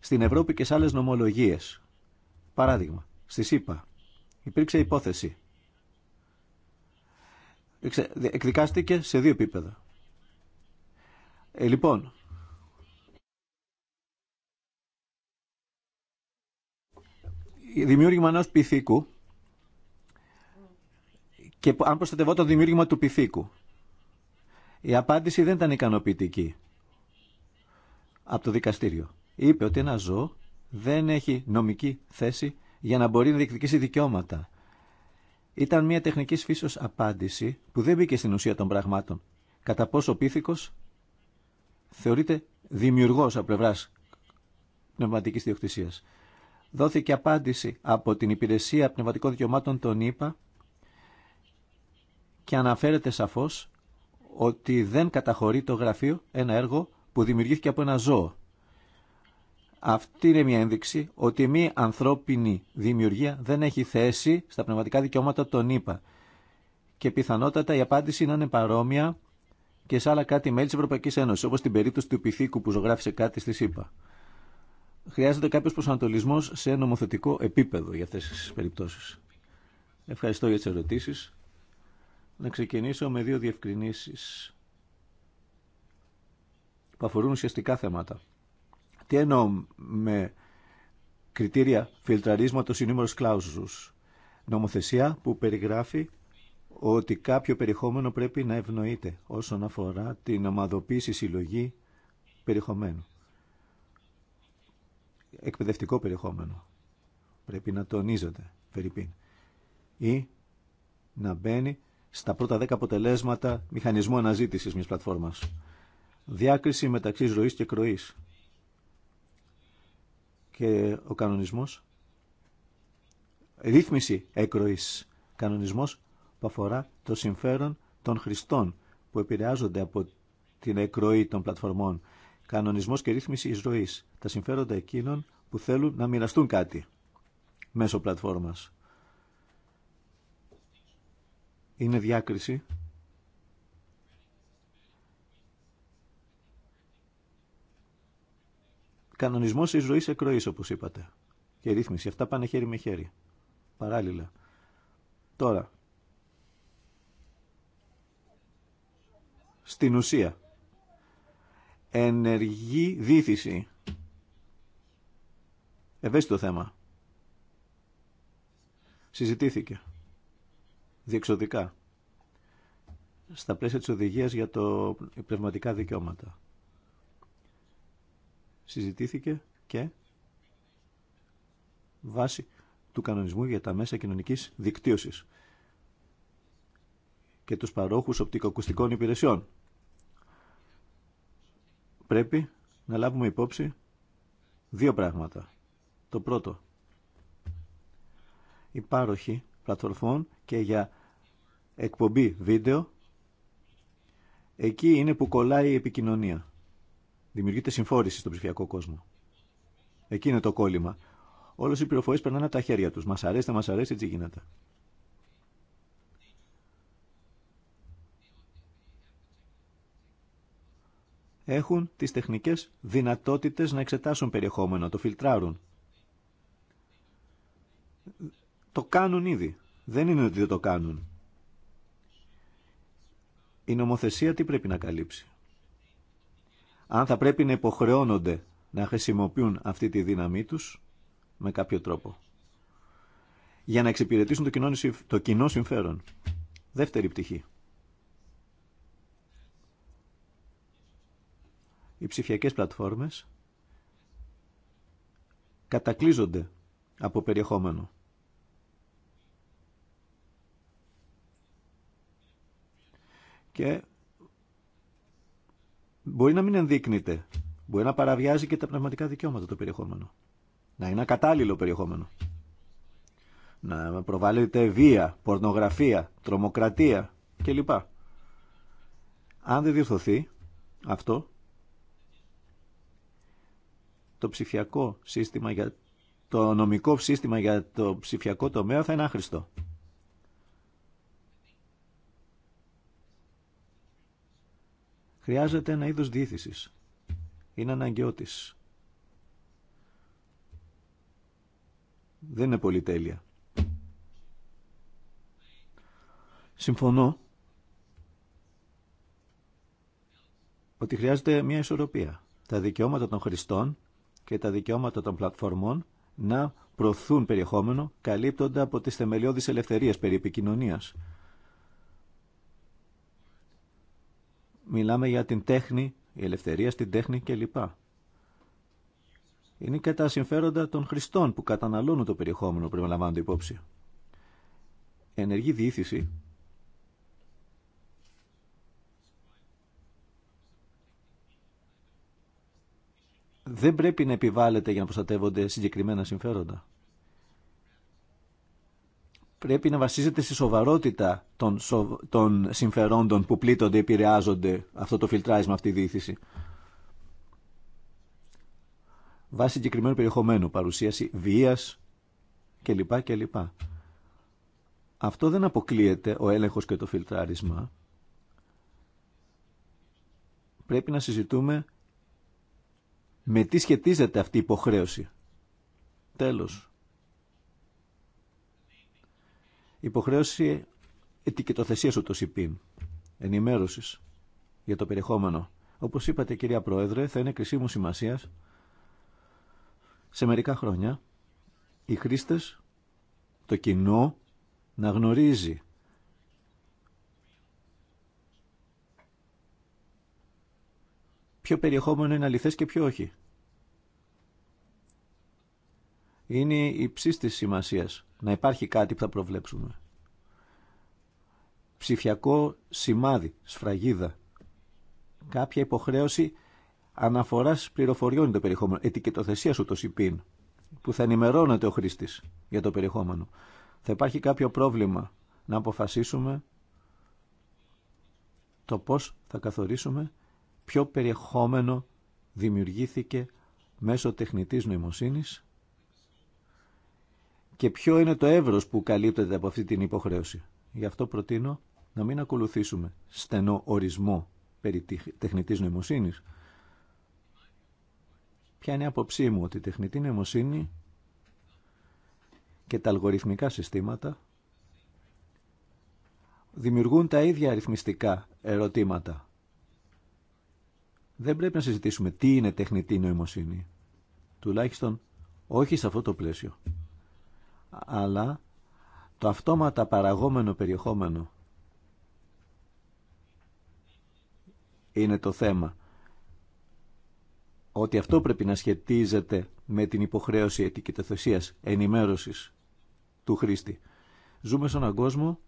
Στην Ευρώπη και σε άλλες νομολογίες. Παράδειγμα, στη ΣΥΠΑ υπήρξε υπόθεση. Εκδικάστηκε σε δύο επίπεδα. Ε, λοιπόν, δημιούργημα ενός πυθίκου και αν προστατευόταν το δημιούργημα του πυθίκου. Η απάντηση δεν ήταν ικανοποιητική από το δικαστήριο. Είπε ότι ένα ζώο δεν έχει νομική θέση για να μπορεί να διεκδικήσει δικαιώματα. Ήταν μια τεχνικής φύσεως απάντηση που δεν μπήκε στην ουσία των πραγμάτων. Κατά πόσο ο θεωρείται δημιουργός από πλευρά πνευματική διοκτησία. Δόθηκε απάντηση από την Υπηρεσία Πνευματικών Δικαιωμάτων των ΗΠΑ και αναφέρεται σαφώς ότι δεν καταχωρεί το γραφείο ένα έργο που δημιουργήθηκε από ένα ζώο. Αυτή είναι μια ένδειξη ότι μια ανθρώπινη δημιουργία δεν έχει θέση στα πνευματικά δικαιώματα των ΗΠΑ. Και πιθανότατα η απάντηση να είναι παρόμοια και σε άλλα κάτι μέλη τη Ευρωπαϊκή Ένωση, όπω στην περίπτωση του Πυθίκου που ζωγράφησε κάτι στη ΣΥΠΑ. Χρειάζεται κάποιο προσανατολισμό σε νομοθετικό επίπεδο για αυτέ τι περιπτώσει. Ευχαριστώ για τι ερωτήσει. Να ξεκινήσω με δύο διευκρινήσει που αφορούν ουσιαστικά θέματα. Τι εννοώ με κριτήρια φιλτραρίσματο ή νούμερο Νομοθεσία που περιγράφει ότι κάποιο περιεχόμενο πρέπει να ευνοείται όσον αφορά την ομαδοποίηση συλλογή περιεχομένου. Εκπαιδευτικό περιεχόμενο. Πρέπει να τονίζεται, Φερρυπίν. Ή να μπαίνει στα πρώτα δέκα αποτελέσματα μηχανισμού αναζήτησης μιας πλατφόρμας. Διάκριση μεταξύ ροής και κροής. Και ο κανονισμός. Ρύθμιση εκροής. Κανονισμός που αφορά το συμφέρον των χρηστών που επηρεάζονται από την εκροή των πλατφορμών. Κανονισμός και ρύθμιση ροής. Τα συμφέροντα εκείνων που θέλουν να μοιραστούν κάτι μέσω πλατφόρμας. Είναι διάκριση. Κανονισμός ροής εκροής όπως είπατε. Και ρύθμιση. Αυτά πάνε χέρι με χέρι. Παράλληλα. Τώρα, στην ουσία. Ενεργή δίθηση. Ευαίσθητο θέμα. Συζητήθηκε. Διεξοδικά. Στα πλαίσια της οδηγίας για το πνευματικά δικαιώματα. Συζητήθηκε και βάση του κανονισμού για τα μέσα κοινωνικής δικτύωσης και τους παρόχους οπτικοακουστικών υπηρεσιών. Πρέπει να λάβουμε υπόψη δύο πράγματα. Το πρώτο, Η παροχή πλατφορφών και για εκπομπή βίντεο, εκεί είναι που κολλάει η επικοινωνία. Δημιουργείται συμφόρηση στον ψηφιακό κόσμο. Εκεί είναι το κόλλημα. Όλε οι πληροφορίε περνάνε από τα χέρια του. Μα αρέσει, δεν μα αρέσει, έτσι γίνεται. έχουν τις τεχνικές δυνατότητες να εξετάσουν περιεχόμενο, το φιλτράρουν. Το κάνουν ήδη. Δεν είναι ότι δεν το κάνουν. Η νομοθεσία τι πρέπει να καλύψει. Αν θα πρέπει να υποχρεώνονται να χρησιμοποιούν αυτή τη δύναμή τους με κάποιο τρόπο. Για να εξυπηρετήσουν το κοινό συμφέρον. Δεύτερη πτυχή. οι ψηφιακές πλατφόρμες κατακλείζονται από περιεχόμενο. Και μπορεί να μην ενδείκνυται. Μπορεί να παραβιάζει και τα πνευματικά δικαιώματα το περιεχόμενο. Να είναι ακατάλληλο περιεχόμενο. Να προβάλλεται βία, πορνογραφία, τρομοκρατία κλπ. Αν δεν διορθωθεί αυτό, το ψηφιακό σύστημα για το νομικό σύστημα για το ψηφιακό τομέα θα είναι άχρηστο. Χρειάζεται ένα είδος διήθησης. Είναι αναγκαιότης. Δεν είναι τέλεια. Συμφωνώ ότι χρειάζεται μια ισορροπία. Τα δικαιώματα των χρηστών και τα δικαιώματα των πλατφορμών να προωθούν περιεχόμενο καλύπτοντα από τις θεμελιώδεις ελευθερίες περί Μιλάμε για την τέχνη, η ελευθερία στην τέχνη κλπ. Είναι και τα συμφέροντα των χρηστών που καταναλώνουν το περιεχόμενο πρέπει να λαμβάνονται υπόψη. Ενεργή διήθηση δεν πρέπει να επιβάλλεται για να προστατεύονται συγκεκριμένα συμφέροντα. Πρέπει να βασίζεται στη σοβαρότητα των, συμφερόντων που πλήττονται, επηρεάζονται αυτό το φιλτράρισμα, αυτή η διήθηση. Βάσει συγκεκριμένου περιεχομένου, παρουσίαση βίας κλπ. κλπ. Αυτό δεν αποκλείεται ο έλεγχος και το φιλτράρισμα. Πρέπει να συζητούμε με τι σχετίζεται αυτή η υποχρέωση. Τέλος. Υποχρέωση ετικετοθεσίας ούτως υπήν. Ενημέρωσης για το περιεχόμενο. Όπως είπατε κυρία Πρόεδρε, θα είναι κρισίμου σημασίας σε μερικά χρόνια οι χρήστες, το κοινό, να γνωρίζει ποιο περιεχόμενο είναι αληθές και ποιο όχι. Είναι υψής της σημασίας να υπάρχει κάτι που θα προβλέψουμε. Ψηφιακό σημάδι, σφραγίδα. Κάποια υποχρέωση αναφοράς πληροφοριών και το περιεχόμενο. Ετικετοθεσία το συμπίν, που θα ενημερώνεται ο χρήστη για το περιεχόμενο. Θα υπάρχει κάποιο πρόβλημα να αποφασίσουμε το πώς θα καθορίσουμε ποιο περιεχόμενο δημιουργήθηκε μέσω τεχνητής νοημοσύνης και ποιο είναι το εύρος που καλύπτεται από αυτή την υποχρέωση. Γι' αυτό προτείνω να μην ακολουθήσουμε στενό ορισμό περί τεχνητής νοημοσύνης. Ποια είναι η άποψή μου ότι η τεχνητή νοημοσύνη και τα αλγοριθμικά συστήματα δημιουργούν τα ίδια αριθμιστικά ερωτήματα δεν πρέπει να συζητήσουμε τι είναι τεχνητή νοημοσύνη. Τουλάχιστον όχι σε αυτό το πλαίσιο. Αλλά το αυτόματα παραγόμενο περιεχόμενο είναι το θέμα. Ότι αυτό πρέπει να σχετίζεται με την υποχρέωση ετικητοθεσίας ενημέρωσης του χρήστη. Ζούμε σε έναν κόσμο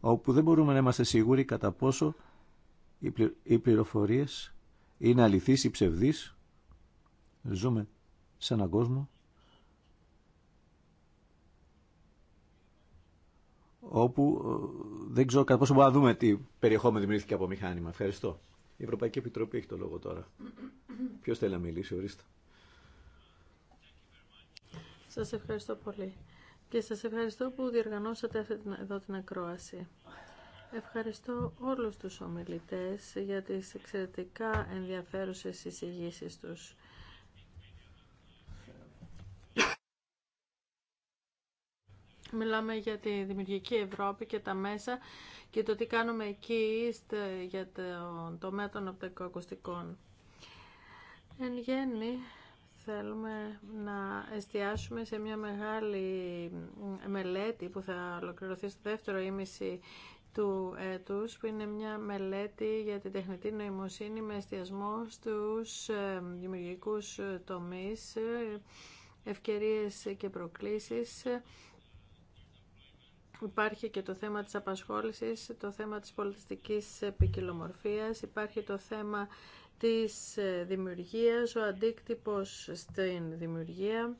όπου δεν μπορούμε να είμαστε σίγουροι κατά πόσο οι πληροφορίες είναι αληθής ή ψευδής. Ζούμε σε έναν κόσμο όπου ε, δεν ξέρω κατά πόσο μπορούμε να δούμε τι περιεχόμενο δημιουργήθηκε από μηχάνημα. Ευχαριστώ. Η Ευρωπαϊκή Επιτροπή έχει το λόγο τώρα. Ποιο θέλει να μιλήσει, ορίστε. Σας ευχαριστώ πολύ. Και σας ευχαριστώ που διοργανώσατε εδώ την ακρόαση. Ευχαριστώ όλους τους ομιλητές για τις εξαιρετικά ενδιαφέρουσες εισηγήσεις τους. Μιλάμε για τη δημιουργική Ευρώπη και τα μέσα και το τι κάνουμε εκεί για το τομέα των οπτικοακουστικών. Εν γέννη, θέλουμε να εστιάσουμε σε μια μεγάλη μελέτη που θα ολοκληρωθεί στο δεύτερο ήμιση του έτους που είναι μια μελέτη για την τεχνητή νοημοσύνη με εστιασμό στους ε, δημιουργικούς ε, τομείς, ε, ευκαιρίες και προκλήσεις. Υπάρχει και το θέμα της απασχόλησης, το θέμα της πολιτιστικής επικοιλωμορφίας υπάρχει το θέμα της δημιουργίας, ο αντίκτυπος στην δημιουργία.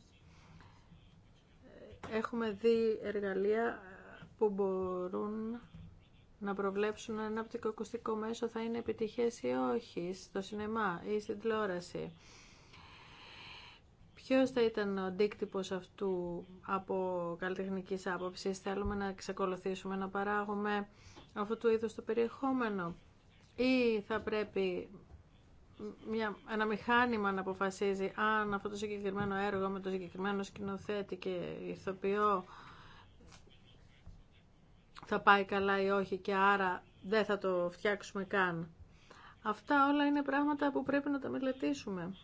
Έχουμε δει εργαλεία που μπορούν να προβλέψουν αν ένα οπτικοακουστικό μέσο θα είναι επιτυχές ή όχι στο σινεμά ή στην τηλεόραση. Ποιος θα ήταν ο αντίκτυπος αυτού από καλλιτεχνικής άποψης. Θέλουμε να ξεκολουθήσουμε να παράγουμε αυτού του είδους το περιεχόμενο ή θα πρέπει μια, ένα μηχάνημα να αποφασίζει αν αυτό το συγκεκριμένο έργο με το συγκεκριμένο σκηνοθέτη και ηθοποιό θα πάει καλά ή όχι και άρα δεν θα το φτιάξουμε καν. Αυτά όλα είναι πράγματα που πρέπει να τα μελετήσουμε.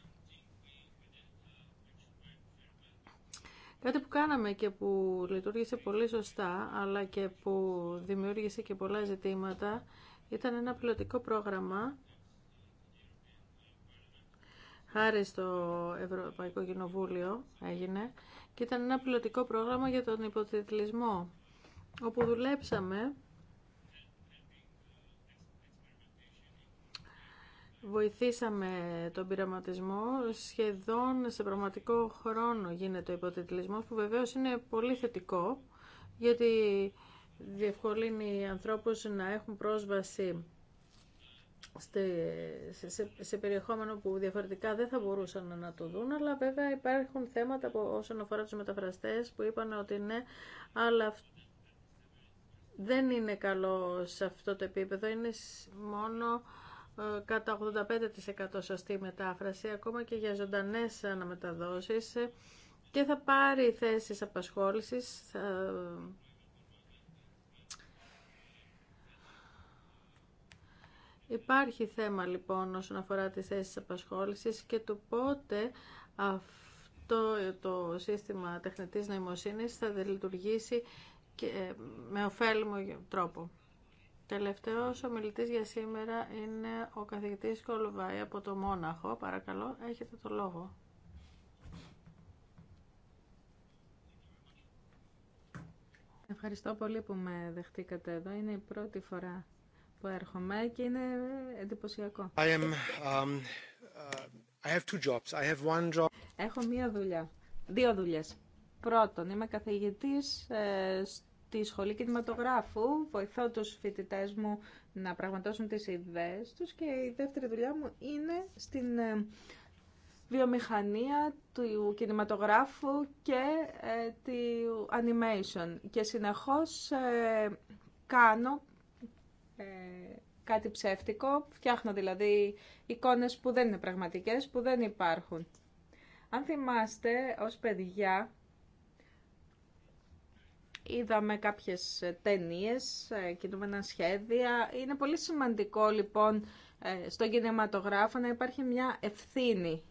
Κάτι που κάναμε και που λειτουργήσε πολύ σωστά, αλλά και που δημιούργησε και πολλά ζητήματα, ήταν ένα πιλωτικό πρόγραμμα, χάρη στο Ευρωπαϊκό Κοινοβούλιο έγινε, και ήταν ένα πιλωτικό πρόγραμμα για τον υποτιτλισμό όπου δουλέψαμε Βοηθήσαμε τον πειραματισμό σχεδόν σε πραγματικό χρόνο γίνεται ο υποτιτλισμός που βεβαίως είναι πολύ θετικό γιατί διευκολύνει οι ανθρώπους να έχουν πρόσβαση σε, περιεχόμενο που διαφορετικά δεν θα μπορούσαν να το δουν, αλλά βέβαια υπάρχουν θέματα που όσον αφορά τους μεταφραστές που είπαν ότι ναι, αλλά αυτό δεν είναι καλό σε αυτό το επίπεδο, είναι μόνο ε, κατά 85% σωστή μετάφραση, ακόμα και για ζωντανές αναμεταδόσεις και θα πάρει θέσεις απασχόλησης. Υπάρχει θέμα λοιπόν όσον αφορά τις θέσεις απασχόλησης και το πότε αυτό το σύστημα τεχνητής νοημοσύνης θα λειτουργήσει και ε, με ωφέλιμο τρόπο. Τελευταίος μιλητής για σήμερα είναι ο καθηγητής Κολουβάη από το Μόναχο. Παρακαλώ, έχετε το λόγο. Ευχαριστώ πολύ που με δεχτήκατε εδώ. Είναι η πρώτη φορά που έρχομαι και είναι εντυπωσιακό. one Έχω μία δουλειά. Δύο δουλειές. Πρώτον, είμαι καθηγητής ε, τη σχολή κινηματογράφου. Βοηθώ τους φοιτητέ μου να πραγματώσουν τις ιδέες τους και η δεύτερη δουλειά μου είναι στην ε, βιομηχανία του κινηματογράφου και ε, του animation. Και συνεχώς ε, κάνω κάτι ψεύτικο, φτιάχνω δηλαδή εικόνες που δεν είναι πραγματικές, που δεν υπάρχουν. Αν θυμάστε, ως παιδιά, Είδαμε κάποιες ταινίες, ε, κινούμενα σχέδια. Είναι πολύ σημαντικό λοιπόν ε, στον κινηματογράφο να υπάρχει μια ευθύνη.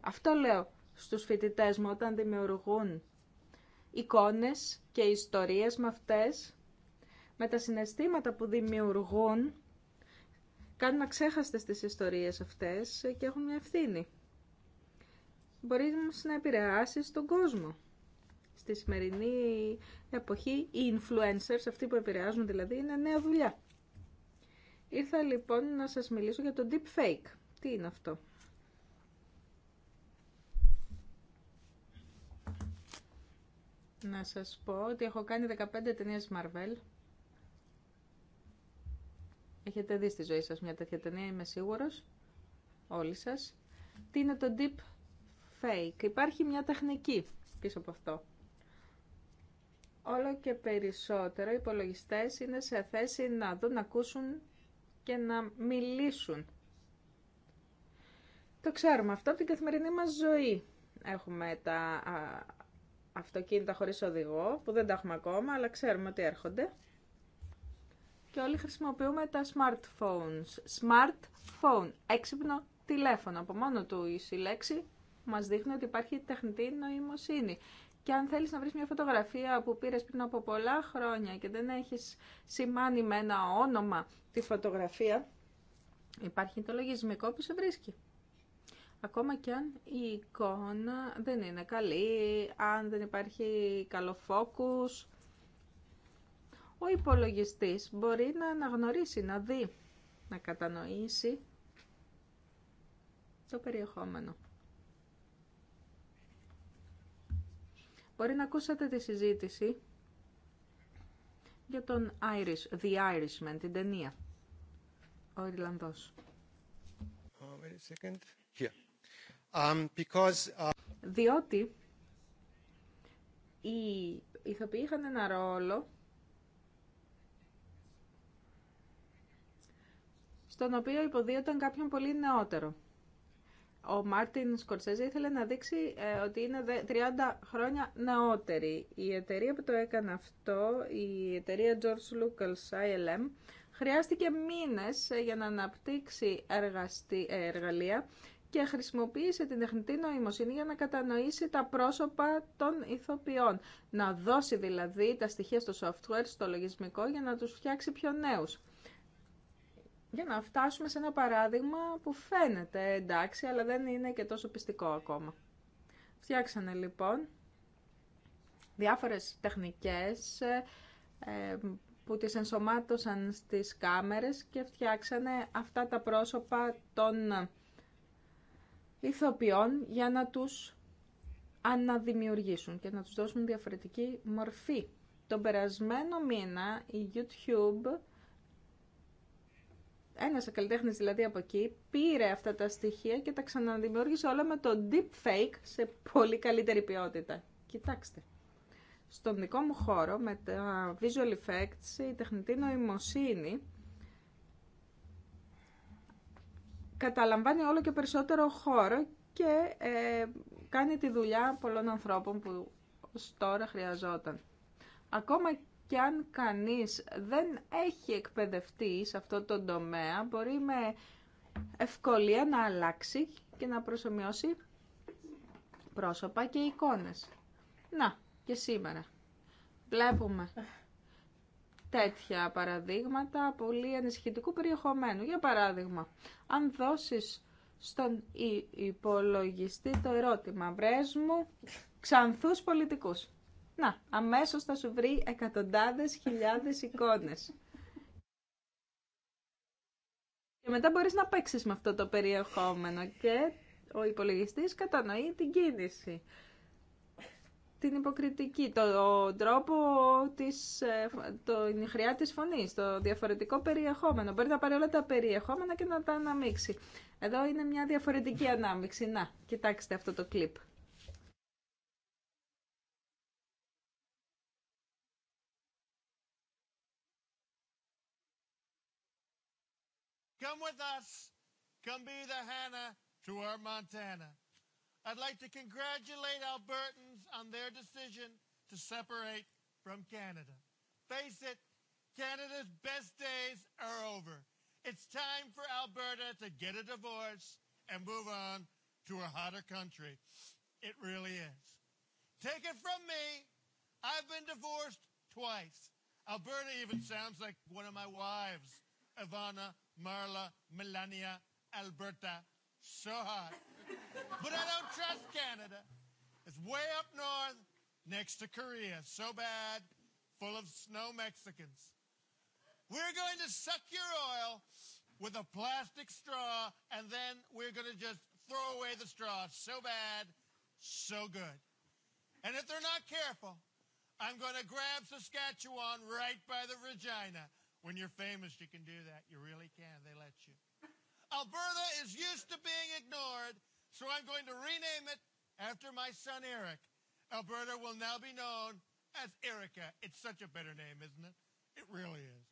Αυτό λέω στους φοιτητές μου όταν δημιουργούν εικόνες και ιστορίες με αυτές, με τα συναισθήματα που δημιουργούν, κάνουν αξέχαστες τις ιστορίες αυτές και έχουν μια ευθύνη. Μπορεί να επηρεάσει τον κόσμο στη σημερινή εποχή οι influencers, αυτοί που επηρεάζουν δηλαδή, είναι νέα δουλειά. Ήρθα λοιπόν να σας μιλήσω για το deepfake. Τι είναι αυτό. Να σας πω ότι έχω κάνει 15 ταινίες Marvel. Έχετε δει στη ζωή σας μια τέτοια ταινία, είμαι σίγουρος. Όλοι σας. Τι είναι το deep fake. Υπάρχει μια τεχνική πίσω από αυτό όλο και περισσότερο οι υπολογιστές είναι σε θέση να δουν, να ακούσουν και να μιλήσουν. Το ξέρουμε αυτό από την καθημερινή μας ζωή. Έχουμε τα αυτοκίνητα χωρίς οδηγό, που δεν τα έχουμε ακόμα, αλλά ξέρουμε ότι έρχονται. Και όλοι χρησιμοποιούμε τα smartphones. Smartphone, έξυπνο τηλέφωνο. Από μόνο του η λέξη μας δείχνει ότι υπάρχει τεχνητή νοημοσύνη. Και αν θέλεις να βρεις μια φωτογραφία που πήρες πριν από πολλά χρόνια και δεν έχεις σημάνει με ένα όνομα τη φωτογραφία, υπάρχει το λογισμικό που σε βρίσκει. Ακόμα και αν η εικόνα δεν είναι καλή, αν δεν υπάρχει καλό focus, ο υπολογιστής μπορεί να αναγνωρίσει, να δει, να κατανοήσει το περιεχόμενο. Μπορεί να ακούσατε τη συζήτηση για τον Irish, The Irishman, την ταινία. Ο Ιρλανδός. Oh, um, uh, Διότι οι ηθοποιοί είχαν ένα ρόλο στον οποίο υποδίωταν κάποιον πολύ νεότερο ο Μάρτιν Σκορσέζε ήθελε να δείξει ε, ότι είναι 30 χρόνια νεότερη. Η εταιρεία που το έκανε αυτό, η εταιρεία George Lucas ILM, χρειάστηκε μήνες ε, για να αναπτύξει εργαστη... Ε, εργαλεία και χρησιμοποίησε την τεχνητή νοημοσύνη για να κατανοήσει τα πρόσωπα των ηθοποιών. Να δώσει δηλαδή τα στοιχεία στο software, στο λογισμικό, για να τους φτιάξει πιο νέους για να φτάσουμε σε ένα παράδειγμα που φαίνεται εντάξει, αλλά δεν είναι και τόσο πιστικό ακόμα. Φτιάξανε λοιπόν διάφορες τεχνικές ε, ε, που τις ενσωμάτωσαν στις κάμερες και φτιάξανε αυτά τα πρόσωπα των ηθοποιών για να τους αναδημιουργήσουν και να τους δώσουν διαφορετική μορφή. Τον περασμένο μήνα η YouTube ένας καλλιτέχνης δηλαδή από εκεί πήρε αυτά τα στοιχεία και τα ξαναδημιούργησε όλα με το deepfake σε πολύ καλύτερη ποιότητα. Κοιτάξτε. Στον δικό μου χώρο με τα visual effects, η τεχνητή νοημοσύνη καταλαμβάνει όλο και περισσότερο χώρο και ε, κάνει τη δουλειά πολλών ανθρώπων που ως τώρα χρειαζόταν. Ακόμα και αν κανείς δεν έχει εκπαιδευτεί σε αυτό το τομέα μπορεί με ευκολία να αλλάξει και να προσωμιώσει πρόσωπα και εικόνες. Να, και σήμερα βλέπουμε τέτοια παραδείγματα πολύ ανησυχητικού περιεχομένου. Για παράδειγμα, αν δώσεις στον υπολογιστή το ερώτημα «Βρες μου ξανθούς πολιτικούς» να, αμέσως θα σου βρει εκατοντάδες χιλιάδες εικόνες. Και μετά μπορείς να παίξεις με αυτό το περιεχόμενο και ο υπολογιστής κατανοεί την κίνηση. Την υποκριτική, Το τρόπο της, ε, το χρειά της φωνής, το διαφορετικό περιεχόμενο. Μπορεί να πάρει όλα τα περιεχόμενα και να τα αναμίξει. Εδώ είναι μια διαφορετική ανάμιξη. Να, κοιτάξτε αυτό το κλιπ. Come with us. Come be the Hannah to our Montana. I'd like to congratulate Albertans on their decision to separate from Canada. Face it, Canada's best days are over. It's time for Alberta to get a divorce and move on to a hotter country. It really is. Take it from me, I've been divorced twice. Alberta even sounds like one of my wives, Ivana Marla, Melania, Alberta. So hot. but I don't trust Canada. It's way up north next to Korea. So bad. Full of snow Mexicans. We're going to suck your oil with a plastic straw, and then we're going to just throw away the straw. So bad, so good. And if they're not careful, I'm going to grab Saskatchewan right by the Regina When you're famous, you can do that. You really can. They let you. Alberta is used to being ignored, so I'm going to rename it after my son Eric. Alberta will now be known as Erica. It's such a better name, isn't it? It really is.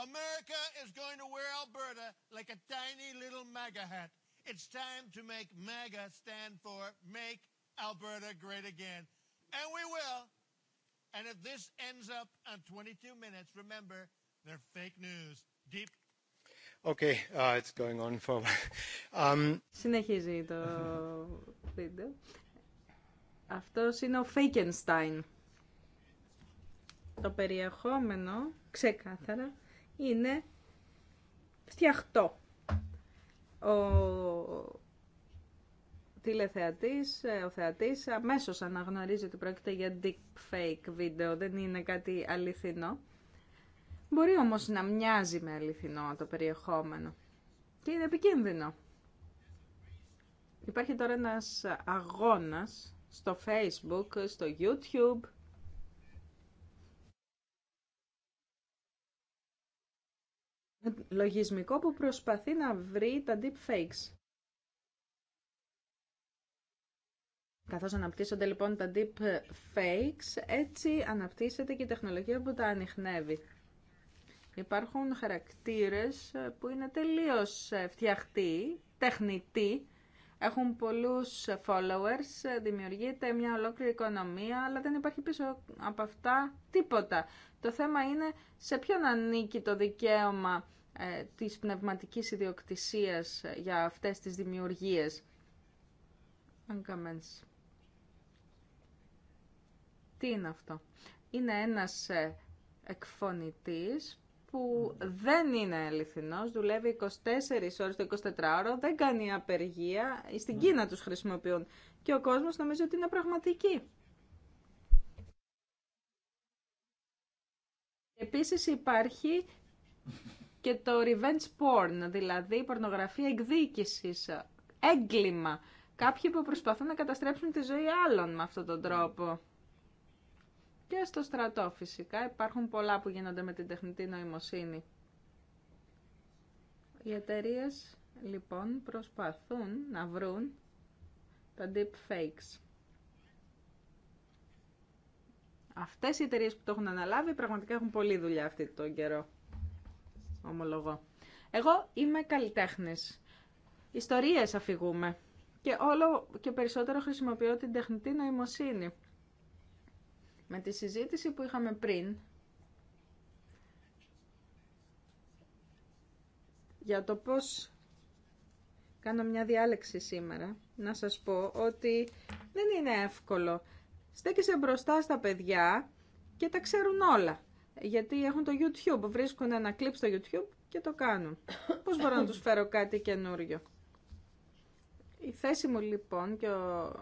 America is going to wear Alberta like a tiny little MAGA hat. It's time to make MAGA stand for Make Alberta Great Again. And we will. And if this ends up on 22 minutes, remember, they're fake news. Deep. Okay, uh, it's going on for. Um... Συνεχίζει το βίντεο. Αυτό είναι ο Φέικενστάιν. Το περιεχόμενο, ξεκάθαρα, είναι φτιαχτό. Ο τηλεθεατής, ε, ο θεατής αμέσως αναγνωρίζει ότι πρόκειται για deepfake βίντεο, δεν είναι κάτι αληθινό. Μπορεί όμως να μοιάζει με αληθινό το περιεχόμενο και είναι επικίνδυνο. Υπάρχει τώρα ένας αγώνας στο facebook, στο youtube, λογισμικό που προσπαθεί να βρει τα deepfakes. Καθώς αναπτύσσονται λοιπόν τα deep fakes, έτσι αναπτύσσεται και η τεχνολογία που τα ανοιχνεύει. Υπάρχουν χαρακτήρες που είναι τελείως φτιαχτοί, τεχνητοί, έχουν πολλούς followers, δημιουργείται μια ολόκληρη οικονομία, αλλά δεν υπάρχει πίσω από αυτά τίποτα. Το θέμα είναι σε ποιον ανήκει το δικαίωμα ε, της πνευματικής ιδιοκτησίας για αυτές τις δημιουργίες. Τι είναι αυτό. Είναι ένας ε, εκφωνητής που δεν είναι αληθινός, δουλεύει 24 ώρες το 24ωρο, δεν κάνει απεργία, στην ναι. Κίνα τους χρησιμοποιούν και ο κόσμος νομίζει ότι είναι πραγματική. Επίσης υπάρχει και το revenge porn, δηλαδή η πορνογραφία εκδίκησης, έγκλημα. Κάποιοι που προσπαθούν να καταστρέψουν τη ζωή άλλων με αυτόν τον τρόπο. Και στο στρατό φυσικά υπάρχουν πολλά που γίνονται με την τεχνητή νοημοσύνη. Οι εταιρείε λοιπόν προσπαθούν να βρουν τα deep fakes. Αυτές οι εταιρείε που το έχουν αναλάβει πραγματικά έχουν πολλή δουλειά αυτή τον καιρό. Ομολογώ. Εγώ είμαι καλλιτέχνης. Ιστορίες αφηγούμε. Και όλο και περισσότερο χρησιμοποιώ την τεχνητή νοημοσύνη με τη συζήτηση που είχαμε πριν για το πώς κάνω μια διάλεξη σήμερα, να σας πω ότι δεν είναι εύκολο. Στέκεσαι μπροστά στα παιδιά και τα ξέρουν όλα. Γιατί έχουν το YouTube, βρίσκουν ένα κλιπ στο YouTube και το κάνουν. Πώς μπορώ να τους φέρω κάτι καινούριο. Η θέση μου λοιπόν και ο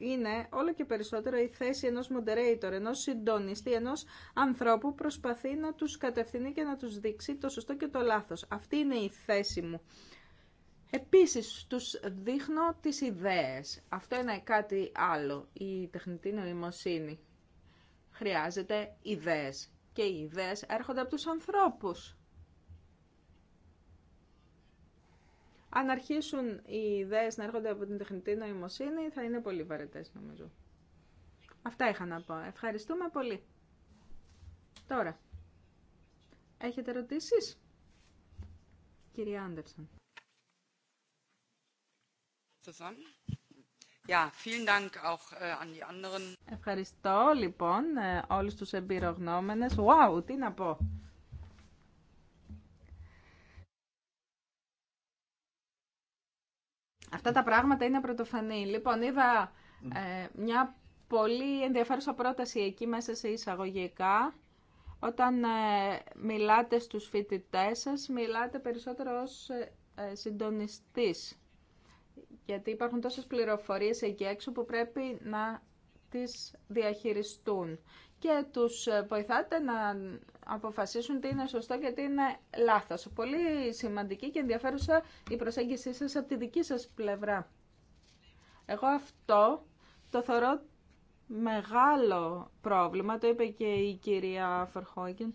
είναι όλο και περισσότερο η θέση ενός moderator, ενός συντονιστή, ενός ανθρώπου που προσπαθεί να τους κατευθυνεί και να τους δείξει το σωστό και το λάθος. Αυτή είναι η θέση μου. Επίσης, τους δείχνω τις ιδέες. Αυτό είναι κάτι άλλο, η τεχνητή νοημοσύνη. Χρειάζεται ιδέες και οι ιδέες έρχονται από τους ανθρώπους. Αν αρχίσουν οι ιδέες να έρχονται από την τεχνητή νοημοσύνη, θα είναι πολύ βαρετές νομίζω. Αυτά είχα να πω. Ευχαριστούμε πολύ. Τώρα, έχετε ερωτήσεις? Κυρία Άντερσον. Äh, Ευχαριστώ λοιπόν ε, όλους τους εμπειρογνώμενες. Wow, τι να πω. Αυτά τα πράγματα είναι πρωτοφανή. Λοιπόν, είδα ε, μια πολύ ενδιαφέρουσα πρόταση εκεί μέσα σε εισαγωγικά. Όταν ε, μιλάτε στους φοιτητές σας, μιλάτε περισσότερο ως ε, συντονιστής. Γιατί υπάρχουν τόσες πληροφορίες εκεί έξω που πρέπει να τις διαχειριστούν και τους ε, βοηθάτε να αποφασίσουν τι είναι σωστό και τι είναι λάθος. Πολύ σημαντική και ενδιαφέρουσα η προσέγγιση σας από τη δική σας πλευρά. Εγώ αυτό το θεωρώ μεγάλο πρόβλημα, το είπε και η κυρία Φερχόγγεν.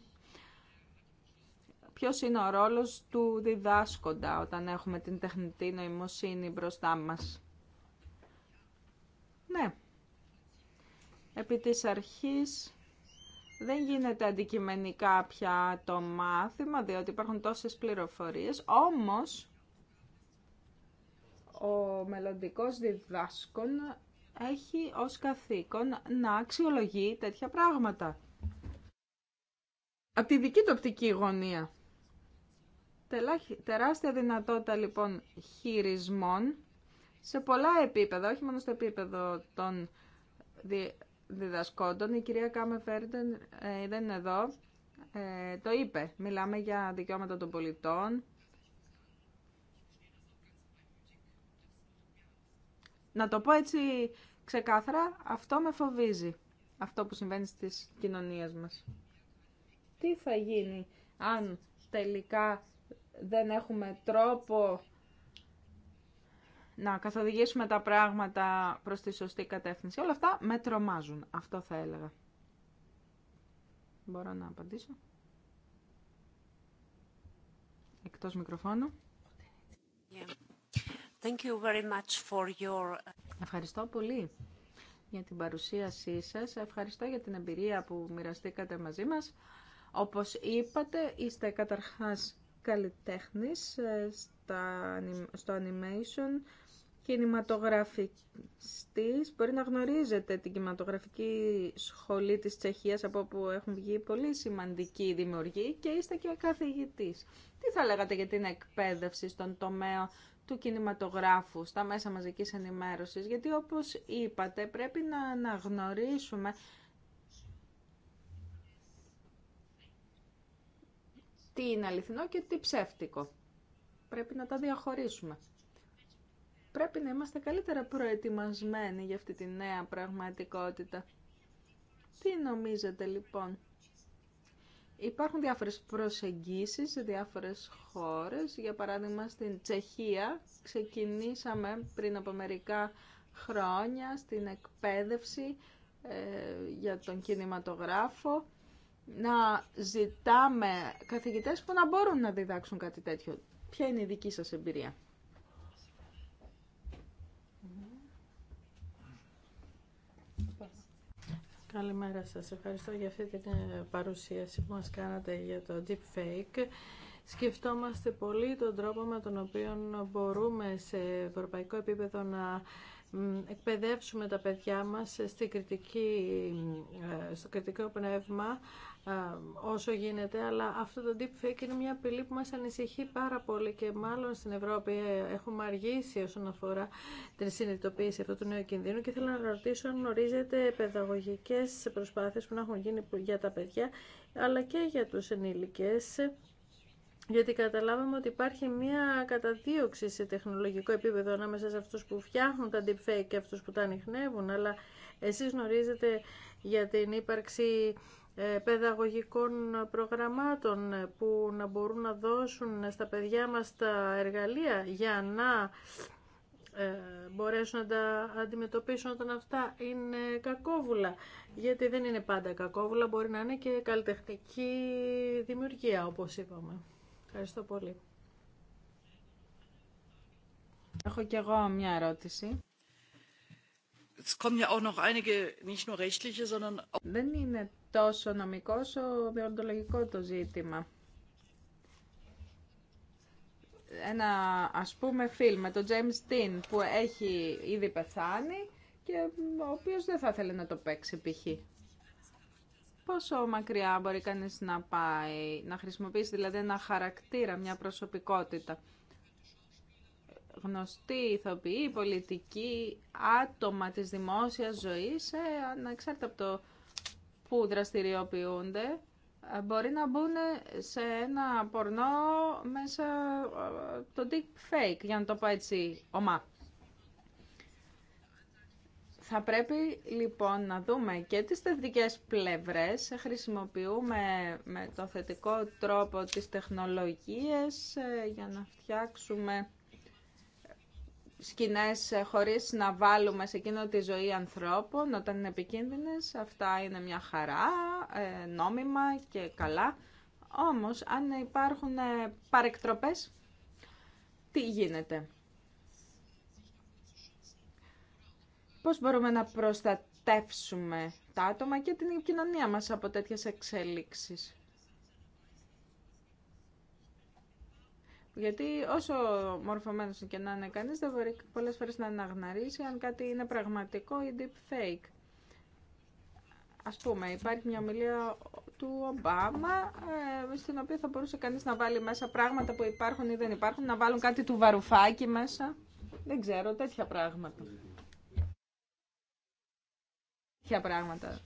Ποιος είναι ο ρόλος του διδάσκοντα όταν έχουμε την τεχνητή νοημοσύνη μπροστά μας. Ναι. Επί της αρχής δεν γίνεται αντικειμενικά πια το μάθημα, διότι υπάρχουν τόσες πληροφορίες, όμως ο μελλοντικός διδάσκων έχει ως καθήκον να αξιολογεί τέτοια πράγματα. Από τη δική του οπτική γωνία. Τεράστια δυνατότητα λοιπόν χειρισμών σε πολλά επίπεδα, όχι μόνο στο επίπεδο των διδασκόντων. Η κυρία Κάμε Φέρντεν ε, δεν είναι εδώ. Ε, το είπε. Μιλάμε για δικαιώματα των πολιτών. Να το πω έτσι ξεκάθαρα, αυτό με φοβίζει. Αυτό που συμβαίνει στις κοινωνίες μας. Τι θα γίνει αν τελικά δεν έχουμε τρόπο να καθοδηγήσουμε τα πράγματα προς τη σωστή κατεύθυνση. Όλα αυτά με τρομάζουν. Αυτό θα έλεγα. Μπορώ να απαντήσω. Εκτός μικροφώνου. for your... Ευχαριστώ πολύ για την παρουσίασή σας. Ευχαριστώ για την εμπειρία που μοιραστήκατε μαζί μας. Όπως είπατε, είστε καταρχάς καλλιτέχνης ε, στο animation κινηματογραφιστής μπορεί να γνωρίζετε την κινηματογραφική σχολή της Τσεχίας από όπου έχουν βγει πολύ σημαντικοί δημιουργοί και είστε και καθηγητής. Τι θα λέγατε για την εκπαίδευση στον τομέα του κινηματογράφου στα μέσα μαζικής ενημέρωσης, γιατί όπως είπατε πρέπει να αναγνωρίσουμε τι είναι αληθινό και τι ψεύτικο. Πρέπει να τα διαχωρίσουμε πρέπει να είμαστε καλύτερα προετοιμασμένοι για αυτή τη νέα πραγματικότητα. Τι νομίζετε λοιπόν. Υπάρχουν διάφορες προσεγγίσεις σε διάφορες χώρες. Για παράδειγμα στην Τσεχία ξεκινήσαμε πριν από μερικά χρόνια στην εκπαίδευση ε, για τον κινηματογράφο να ζητάμε καθηγητές που να μπορούν να διδάξουν κάτι τέτοιο. Ποια είναι η δική σας εμπειρία. Καλημέρα σας. Ευχαριστώ για αυτή την ε, παρουσίαση που μας κάνατε για το deepfake. Σκεφτόμαστε πολύ τον τρόπο με τον οποίο μπορούμε σε ευρωπαϊκό επίπεδο να εκπαιδεύσουμε τα παιδιά μας στη κριτική, ε, στο κριτικό πνεύμα όσο γίνεται, αλλά αυτό το deepfake είναι μια απειλή που μας ανησυχεί πάρα πολύ και μάλλον στην Ευρώπη ε, έχουμε αργήσει όσον αφορά την συνειδητοποίηση αυτού του νέου κινδύνου και θέλω να ρωτήσω αν γνωρίζετε παιδαγωγικές προσπάθειες που να έχουν γίνει για τα παιδιά αλλά και για τους ενήλικες γιατί καταλάβαμε ότι υπάρχει μια καταδίωξη σε τεχνολογικό επίπεδο ανάμεσα σε αυτούς που φτιάχνουν τα deepfake και αυτούς που τα ανοιχνεύουν, αλλά εσείς γνωρίζετε για την ύπαρξη ε, παιδαγωγικών προγραμμάτων που να μπορούν να δώσουν στα παιδιά μας τα εργαλεία για να ε, μπορέσουν να τα αντιμετωπίσουν όταν αυτά είναι κακόβουλα. Γιατί δεν είναι πάντα κακόβουλα, μπορεί να είναι και καλλιτεχνική δημιουργία, όπως είπαμε. Ευχαριστώ πολύ. Έχω κι εγώ μια ερώτηση. Δεν είναι τόσο νομικό όσο διοντολογικό το ζήτημα. Ένα ας πούμε φιλμ με τον James Dean που έχει ήδη πεθάνει και ο οποίος δεν θα θέλει να το παίξει π.χ. Πόσο μακριά μπορεί κανείς να πάει, να χρησιμοποιήσει δηλαδή ένα χαρακτήρα, μια προσωπικότητα. Γνωστοί ηθοποιοί, πολιτικοί, άτομα της δημόσιας ζωής, ε, ανεξάρτητα από το που δραστηριοποιούνται ε, μπορεί να μπουν σε ένα πορνό μέσα ε, το deep fake, για να το πω έτσι ομά. Θα πρέπει λοιπόν να δούμε και τις θετικές πλευρές. Χρησιμοποιούμε με το θετικό τρόπο τις τεχνολογίες ε, για να φτιάξουμε σκηνές χωρίς να βάλουμε σε εκείνο τη ζωή ανθρώπων όταν είναι επικίνδυνες, αυτά είναι μια χαρά, ε, νόμιμα και καλά. Όμως, αν υπάρχουν ε, παρεκτροπές, τι γίνεται. Πώς μπορούμε να προστατεύσουμε τα άτομα και την κοινωνία μας από τέτοιες εξέλιξεις. Γιατί όσο μορφωμένο και να είναι κανεί, δεν μπορεί πολλές φορές να αναγνωρίσει αν κάτι είναι πραγματικό ή deep fake. Α πούμε, υπάρχει μια ομιλία του Ομπάμα, ε, στην οποία θα μπορούσε κανεί να βάλει μέσα πράγματα που υπάρχουν ή δεν υπάρχουν, να βάλουν κάτι του βαρουφάκι μέσα. Δεν ξέρω, τέτοια πράγματα. Τέτοια πράγματα.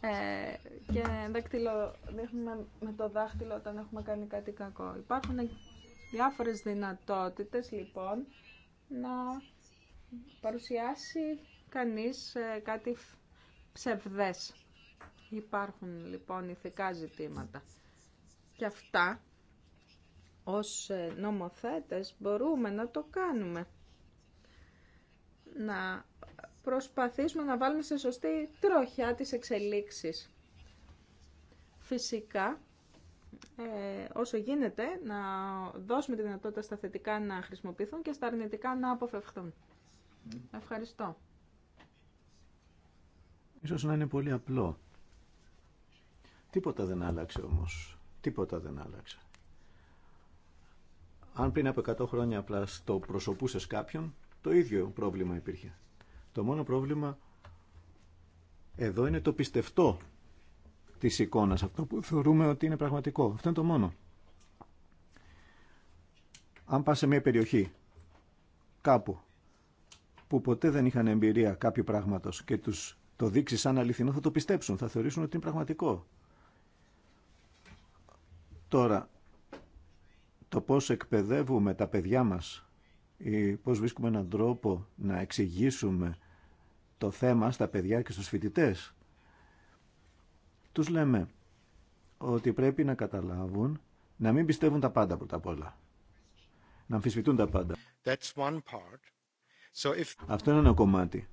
Ε, και δάχτυλο, δείχνουμε με το δάχτυλο όταν έχουμε κάνει κάτι κακό. Υπάρχουν διάφορες δυνατότητες λοιπόν να παρουσιάσει κανείς ε, κάτι ψευδές. Υπάρχουν λοιπόν ηθικά ζητήματα. Και αυτά ως ε, νομοθέτες μπορούμε να το κάνουμε. Να προσπαθήσουμε να βάλουμε σε σωστή τροχιά τις εξελίξεις. Φυσικά ε, όσο γίνεται να δώσουμε τη δυνατότητα στα θετικά να χρησιμοποιηθούν και στα αρνητικά να αποφευχθούν. Ευχαριστώ. Ίσως να είναι πολύ απλό. Τίποτα δεν άλλαξε όμως. Τίποτα δεν άλλαξε. Αν πριν από 100 χρόνια απλά το προσωπούσες κάποιον, το ίδιο πρόβλημα υπήρχε. Το μόνο πρόβλημα εδώ είναι το πιστευτό Τη εικόνας, αυτό που θεωρούμε ότι είναι πραγματικό. Αυτό είναι το μόνο. Αν πας σε μια περιοχή, κάπου, που ποτέ δεν είχαν εμπειρία κάποιου πράγματος και τους το δείξει σαν αληθινό, θα το πιστέψουν, θα θεωρήσουν ότι είναι πραγματικό. Τώρα, το πώς εκπαιδεύουμε τα παιδιά μας ή πώς βρίσκουμε έναν τρόπο να εξηγήσουμε το θέμα στα παιδιά και στους φοιτητές τους λέμε ότι πρέπει να καταλάβουν να μην πιστεύουν τα πάντα πρώτα απ' όλα. Να αμφισβητούν τα πάντα. Αυτό είναι ένα κομμάτι.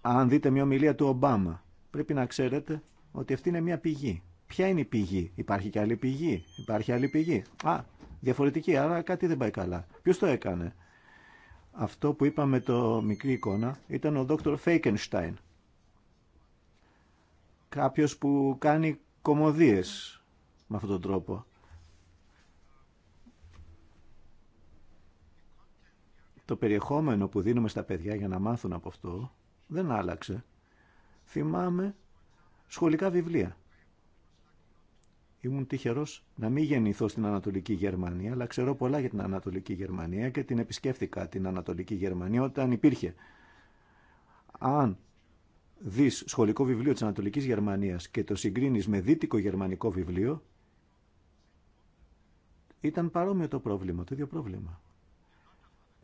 Αν δείτε μια ομιλία του Ομπάμα, πρέπει να ξέρετε ότι αυτή είναι μια πηγή. Ποια είναι η πηγή, υπάρχει και άλλη πηγή, υπάρχει άλλη πηγή. Α, διαφορετική, άρα κάτι δεν πάει καλά. Ποιος το έκανε. Αυτό που είπαμε το μικρή εικόνα ήταν ο δόκτωρ Φέικενστάιν, κάποιος που κάνει κομμωδίες με αυτόν τον τρόπο. Το περιεχόμενο που δίνουμε στα παιδιά για να μάθουν από αυτό δεν άλλαξε. Θυμάμαι σχολικά βιβλία. Ήμουν τυχερός να μην γεννηθώ στην Ανατολική Γερμανία, αλλά ξέρω πολλά για την Ανατολική Γερμανία και την επισκέφθηκα την Ανατολική Γερμανία όταν υπήρχε. Αν Δει σχολικό βιβλίο της Ανατολικής Γερμανίας και το συγκρίνει με δυτικό γερμανικό βιβλίο, ήταν παρόμοιο το πρόβλημα, το ίδιο πρόβλημα.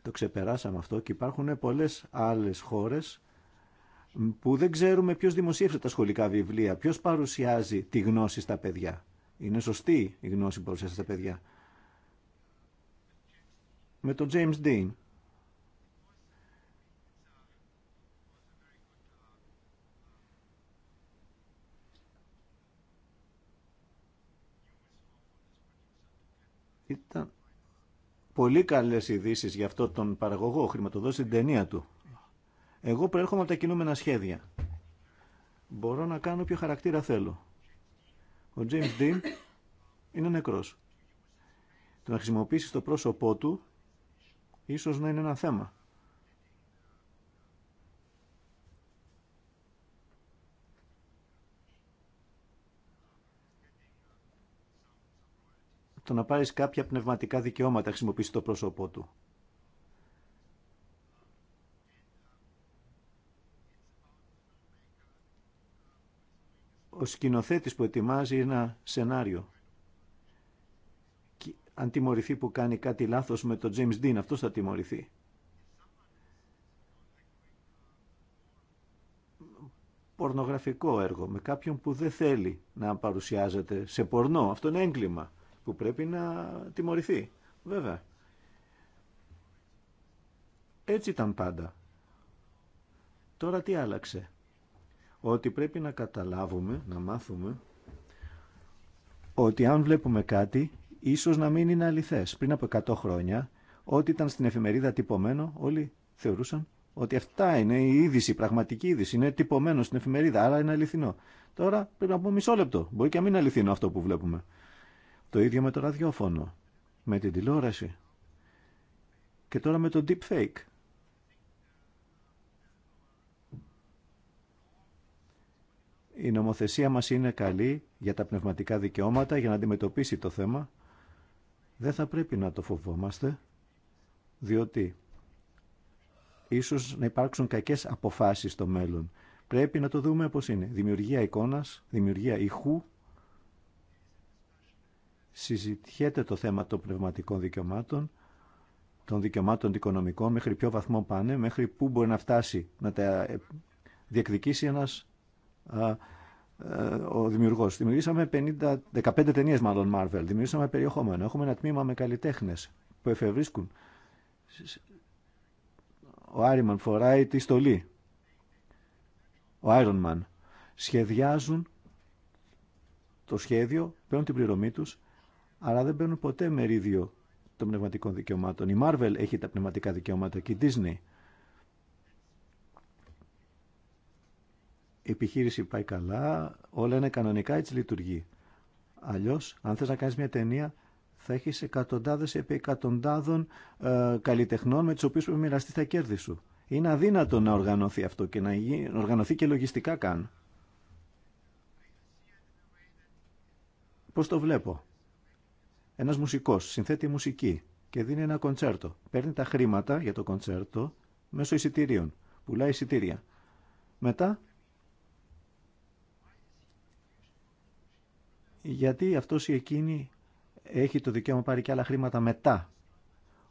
Το ξεπεράσαμε αυτό και υπάρχουν πολλέ άλλες χώρες που δεν ξέρουμε ποιο δημοσίευσε τα σχολικά βιβλία, Ποιο παρουσιάζει τη γνώση στα παιδιά. Είναι σωστή η γνώση που παρουσιάζει στα παιδιά. Με τον James Dean, Ήταν πολύ καλές ειδήσει για αυτό τον παραγωγό, χρηματοδότη την ταινία του. Εγώ προέρχομαι από τα κινούμενα σχέδια. Μπορώ να κάνω ποιο χαρακτήρα θέλω. Ο James Dean είναι νεκρός. Το να χρησιμοποιήσει το πρόσωπό του ίσως να είναι ένα θέμα. το να πάρεις κάποια πνευματικά δικαιώματα χρησιμοποιήσει το πρόσωπό του. Ο σκηνοθέτης που ετοιμάζει ένα σενάριο αν τιμωρηθεί που κάνει κάτι λάθος με τον James Dean, αυτός θα τιμωρηθεί. Πορνογραφικό έργο με κάποιον που δεν θέλει να παρουσιάζεται σε πορνό. Αυτό είναι έγκλημα που πρέπει να τιμωρηθεί. Βέβαια. Έτσι ήταν πάντα. Τώρα τι άλλαξε. Ότι πρέπει να καταλάβουμε, να μάθουμε, ότι αν βλέπουμε κάτι, ίσως να μην είναι αληθές. Πριν από 100 χρόνια, ό,τι ήταν στην εφημερίδα τυπωμένο, όλοι θεωρούσαν ότι αυτά είναι η είδηση, η πραγματική είδηση. Είναι τυπωμένο στην εφημερίδα, άρα είναι αληθινό. Τώρα πρέπει να πούμε μισό λεπτό. Μπορεί και να μην είναι αληθινό αυτό που βλέπουμε. Το ίδιο με το ραδιόφωνο, με την τηλεόραση και τώρα με το deepfake. Η νομοθεσία μας είναι καλή για τα πνευματικά δικαιώματα, για να αντιμετωπίσει το θέμα. Δεν θα πρέπει να το φοβόμαστε, διότι ίσως να υπάρξουν κακές αποφάσεις στο μέλλον. Πρέπει να το δούμε πώς είναι. Δημιουργία εικόνας, δημιουργία ηχού, συζητιέται το θέμα των πνευματικών δικαιωμάτων, των δικαιωμάτων οικονομικών, μέχρι ποιο βαθμό πάνε, μέχρι πού μπορεί να φτάσει να τα διεκδικήσει ένας ε, ο δημιουργός. Δημιουργήσαμε 50, 15 ταινίες μάλλον Marvel, δημιουργήσαμε περιεχόμενο, έχουμε ένα τμήμα με καλλιτέχνες που εφευρίσκουν. Ο Άριμαν φοράει τη στολή, ο Άιρονμαν Σχεδιάζουν το σχέδιο, παίρνουν την πληρωμή τους αλλά δεν παίρνουν ποτέ μερίδιο των πνευματικών δικαιωμάτων. Η Marvel έχει τα πνευματικά δικαιώματα και η Disney. Η επιχείρηση πάει καλά, όλα είναι κανονικά, έτσι λειτουργεί. Αλλιώ, αν θες να κάνεις μια ταινία, θα έχεις εκατοντάδες επί εκατοντάδων ε, καλλιτεχνών με τους οποίους πρέπει να μοιραστεί τα κέρδη σου. Είναι αδύνατο να οργανωθεί αυτό και να οργανωθεί και λογιστικά καν. Πώς το βλέπω. Ένας μουσικός συνθέτει μουσική και δίνει ένα κοντσέρτο. Παίρνει τα χρήματα για το κοντσέρτο μέσω εισιτηρίων. Πουλάει εισιτήρια. Μετά, γιατί αυτός ή εκείνη έχει το δικαίωμα πάρει και άλλα χρήματα μετά.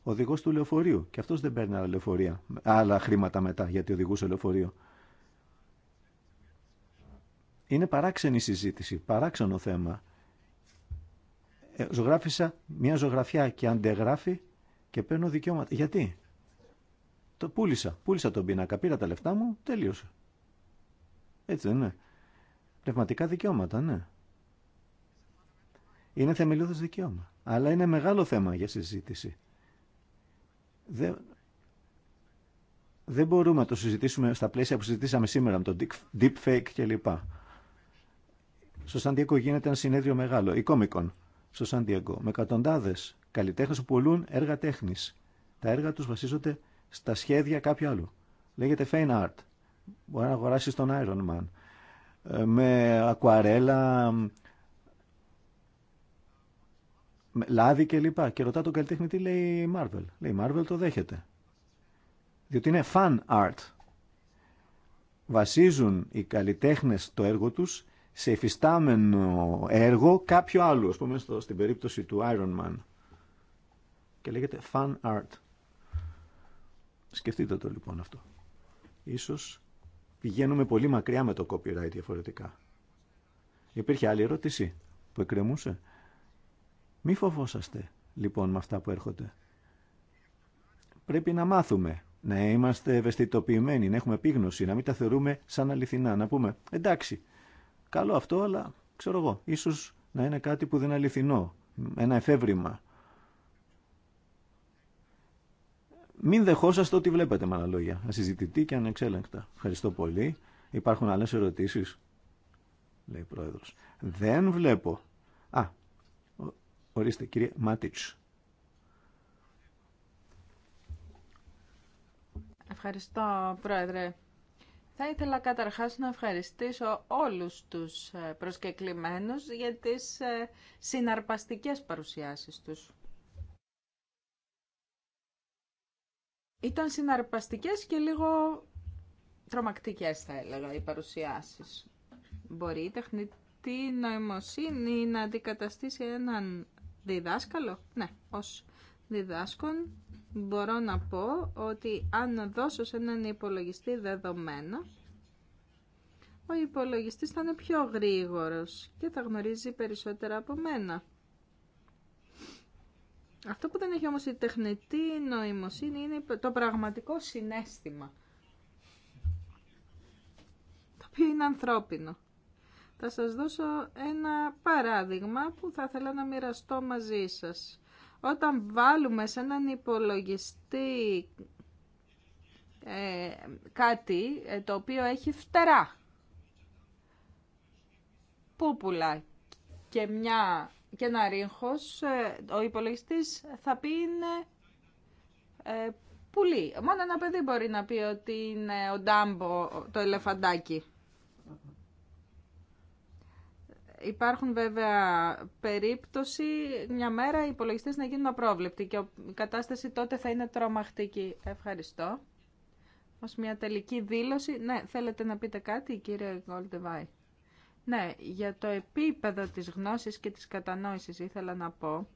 Οδηγό του λεωφορείου. Και αυτό δεν παίρνει άλλα, άλλα χρήματα μετά γιατί οδηγούσε λεωφορείο. Είναι παράξενη συζήτηση, παράξενο θέμα. Ε, ζωγράφισα μια ζωγραφιά και αντεγράφει και παίρνω δικαιώματα. Γιατί? Το πούλησα. Πούλησα τον πίνακα. Πήρα τα λεφτά μου, τελείωσε. Έτσι δεν είναι. Πνευματικά δικαιώματα, ναι. Είναι θεμελιώδες δικαίωμα. Αλλά είναι μεγάλο θέμα για συζήτηση. Δεν, δεν μπορούμε να το συζητήσουμε στα πλαίσια που συζητήσαμε σήμερα με το deepfake κλπ. Στο Σαντιακό γίνεται ένα συνέδριο μεγάλο, η Comic στο Σαντιέγκο με εκατοντάδε καλλιτέχνε που πολλούν έργα τέχνη. Τα έργα του βασίζονται στα σχέδια κάποιου άλλου. Λέγεται fan Art. Μπορεί να αγοράσει τον Iron Man. Ε, με ακουαρέλα, με λάδι κλπ. Και, ρωτά τον καλλιτέχνη τι λέει η Marvel. Λέει η Marvel το δέχεται. Διότι είναι fan art. Βασίζουν οι καλλιτέχνες το έργο τους σε υφιστάμενο έργο κάποιο άλλο, ας πούμε στο, στην περίπτωση του Iron Man. Και λέγεται fan art. Σκεφτείτε το λοιπόν αυτό. Ίσως πηγαίνουμε πολύ μακριά με το copyright διαφορετικά. Υπήρχε άλλη ερώτηση που εκκρεμούσε. Μη φοβόσαστε λοιπόν με αυτά που έρχονται. Πρέπει να μάθουμε, να είμαστε ευαισθητοποιημένοι, να έχουμε επίγνωση, να μην τα θεωρούμε σαν αληθινά, να πούμε εντάξει, Καλό αυτό, αλλά ξέρω εγώ, ίσως να είναι κάτι που δεν είναι αληθινό, ένα εφεύρημα. Μην δεχόσαστε ό,τι βλέπετε, με άλλα λόγια. Ασυζητητή και ανεξέλεγκτα. Ευχαριστώ πολύ. Υπάρχουν άλλες ερωτήσεις, λέει ο Πρόεδρος. Δεν βλέπω. Α, ορίστε, κύριε Μάτιτς. Ευχαριστώ, Πρόεδρε. Θα ήθελα καταρχάς να ευχαριστήσω όλους τους ε, προσκεκλημένους για τις ε, συναρπαστικές παρουσιάσεις τους. Ήταν συναρπαστικές και λίγο τρομακτικές θα έλεγα οι παρουσιάσεις. Μπορεί η τεχνητή νοημοσύνη να αντικαταστήσει έναν διδάσκαλο. Ναι, ως διδάσκον μπορώ να πω ότι αν δώσω σε έναν υπολογιστή δεδομένα, ο υπολογιστής θα είναι πιο γρήγορος και θα γνωρίζει περισσότερα από μένα. Αυτό που δεν έχει όμως η τεχνητή νοημοσύνη είναι το πραγματικό συνέστημα, το οποίο είναι ανθρώπινο. Θα σας δώσω ένα παράδειγμα που θα ήθελα να μοιραστώ μαζί σας. Όταν βάλουμε σε έναν υπολογιστή ε, κάτι ε, το οποίο έχει φτερά, πούπουλα και, μια, και ένα ρίγχος, ε, ο υπολογιστής θα πει είναι πουλί. Μόνο ένα παιδί μπορεί να πει ότι είναι ο Ντάμπο το ελεφαντάκι. Υπάρχουν βέβαια περίπτωση μια μέρα οι υπολογιστέ να γίνουν απρόβλεπτοι και η κατάσταση τότε θα είναι τρομακτική. Ευχαριστώ. Ως μια τελική δήλωση. Ναι, θέλετε να πείτε κάτι κύριε Γκολτεβάη. Ναι, για το επίπεδο της γνώσης και της κατανόησης ήθελα να πω.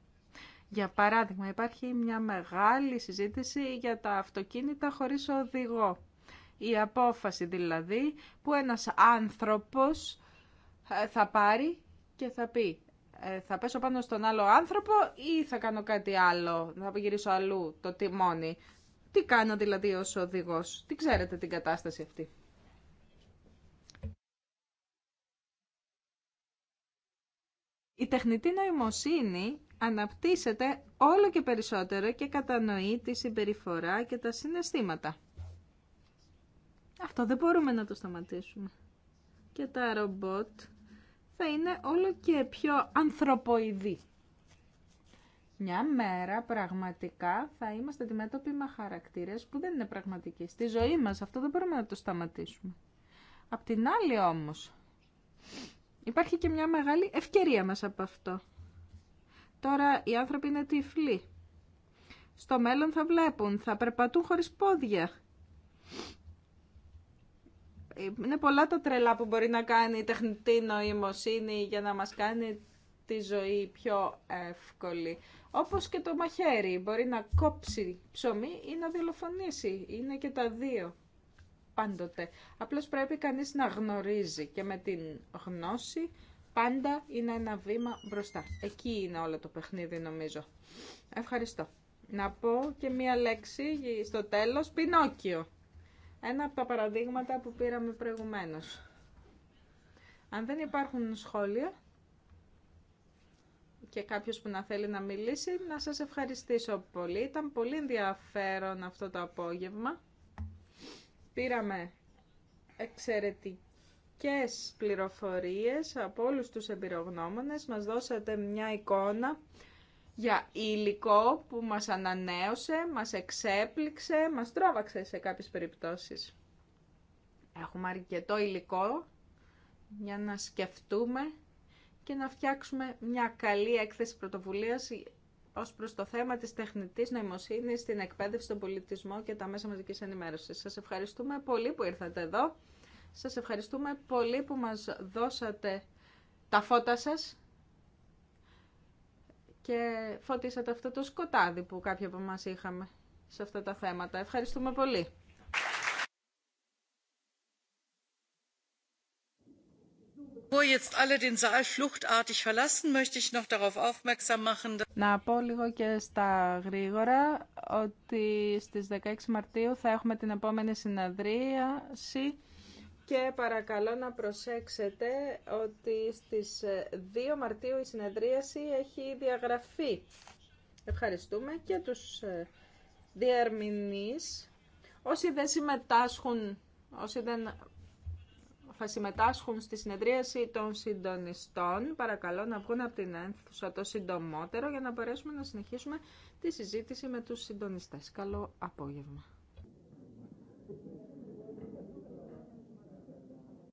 Για παράδειγμα, υπάρχει μια μεγάλη συζήτηση για τα αυτοκίνητα χωρίς οδηγό. Η απόφαση δηλαδή που ένας άνθρωπος ε, θα πάρει και θα πει ε, θα πέσω πάνω στον άλλο άνθρωπο ή θα κάνω κάτι άλλο, θα γυρίσω αλλού το τιμόνι. Τι κάνω δηλαδή ως οδηγός, τι ξέρετε την κατάσταση αυτή. Η τεχνητή νοημοσύνη αναπτύσσεται όλο και περισσότερο και κατανοεί τη συμπεριφορά και τα συναισθήματα. Αυτό δεν μπορούμε να το σταματήσουμε. Και τα ρομπότ θα είναι όλο και πιο ανθρωποειδή. Μια μέρα πραγματικά θα είμαστε αντιμέτωποι με χαρακτήρες που δεν είναι πραγματικοί. Στη ζωή μας αυτό δεν μπορούμε να το σταματήσουμε. Απ' την άλλη όμως, υπάρχει και μια μεγάλη ευκαιρία μας από αυτό. Τώρα οι άνθρωποι είναι τυφλοί. Στο μέλλον θα βλέπουν, θα περπατούν χωρίς πόδια. Είναι πολλά τα τρελά που μπορεί να κάνει η τεχνητή νοημοσύνη για να μας κάνει τη ζωή πιο εύκολη. Όπως και το μαχαίρι μπορεί να κόψει ψωμί ή να δολοφονήσει. Είναι και τα δύο πάντοτε. Απλώς πρέπει κανείς να γνωρίζει και με την γνώση πάντα είναι ένα βήμα μπροστά. Εκεί είναι όλο το παιχνίδι νομίζω. Ευχαριστώ. Να πω και μία λέξη στο τέλος. Πινόκιο ένα από τα παραδείγματα που πήραμε προηγουμένως. Αν δεν υπάρχουν σχόλια και κάποιος που να θέλει να μιλήσει, να σας ευχαριστήσω πολύ. Ήταν πολύ ενδιαφέρον αυτό το απόγευμα. Πήραμε εξαιρετικές πληροφορίες από όλους τους εμπειρογνώμονες. Μας δώσατε μια εικόνα για υλικό που μας ανανέωσε, μας εξέπληξε, μας τρόβαξε σε κάποιες περιπτώσεις. Έχουμε αρκετό υλικό για να σκεφτούμε και να φτιάξουμε μια καλή έκθεση πρωτοβουλίας ως προς το θέμα της τεχνητής νοημοσύνης, την εκπαίδευση, τον πολιτισμό και τα μέσα μαζικής ενημέρωσης. Σας ευχαριστούμε πολύ που ήρθατε εδώ. Σας ευχαριστούμε πολύ που μας δώσατε τα φώτα σας και φωτίσατε αυτό το σκοτάδι που κάποιοι από εμάς είχαμε σε αυτά τα θέματα. Ευχαριστούμε πολύ. Να πω λίγο και στα γρήγορα ότι στις 16 Μαρτίου θα έχουμε την επόμενη συναδρίαση και παρακαλώ να προσέξετε ότι στις 2 Μαρτίου η συνεδρίαση έχει διαγραφεί. Ευχαριστούμε και τους ε, διερμηνείς. Όσοι δεν συμμετάσχουν, όσοι δεν θα συμμετάσχουν στη συνεδρίαση των συντονιστών, παρακαλώ να βγουν από την ένθουσα το συντομότερο για να μπορέσουμε να συνεχίσουμε τη συζήτηση με τους συντονιστές. Καλό απόγευμα.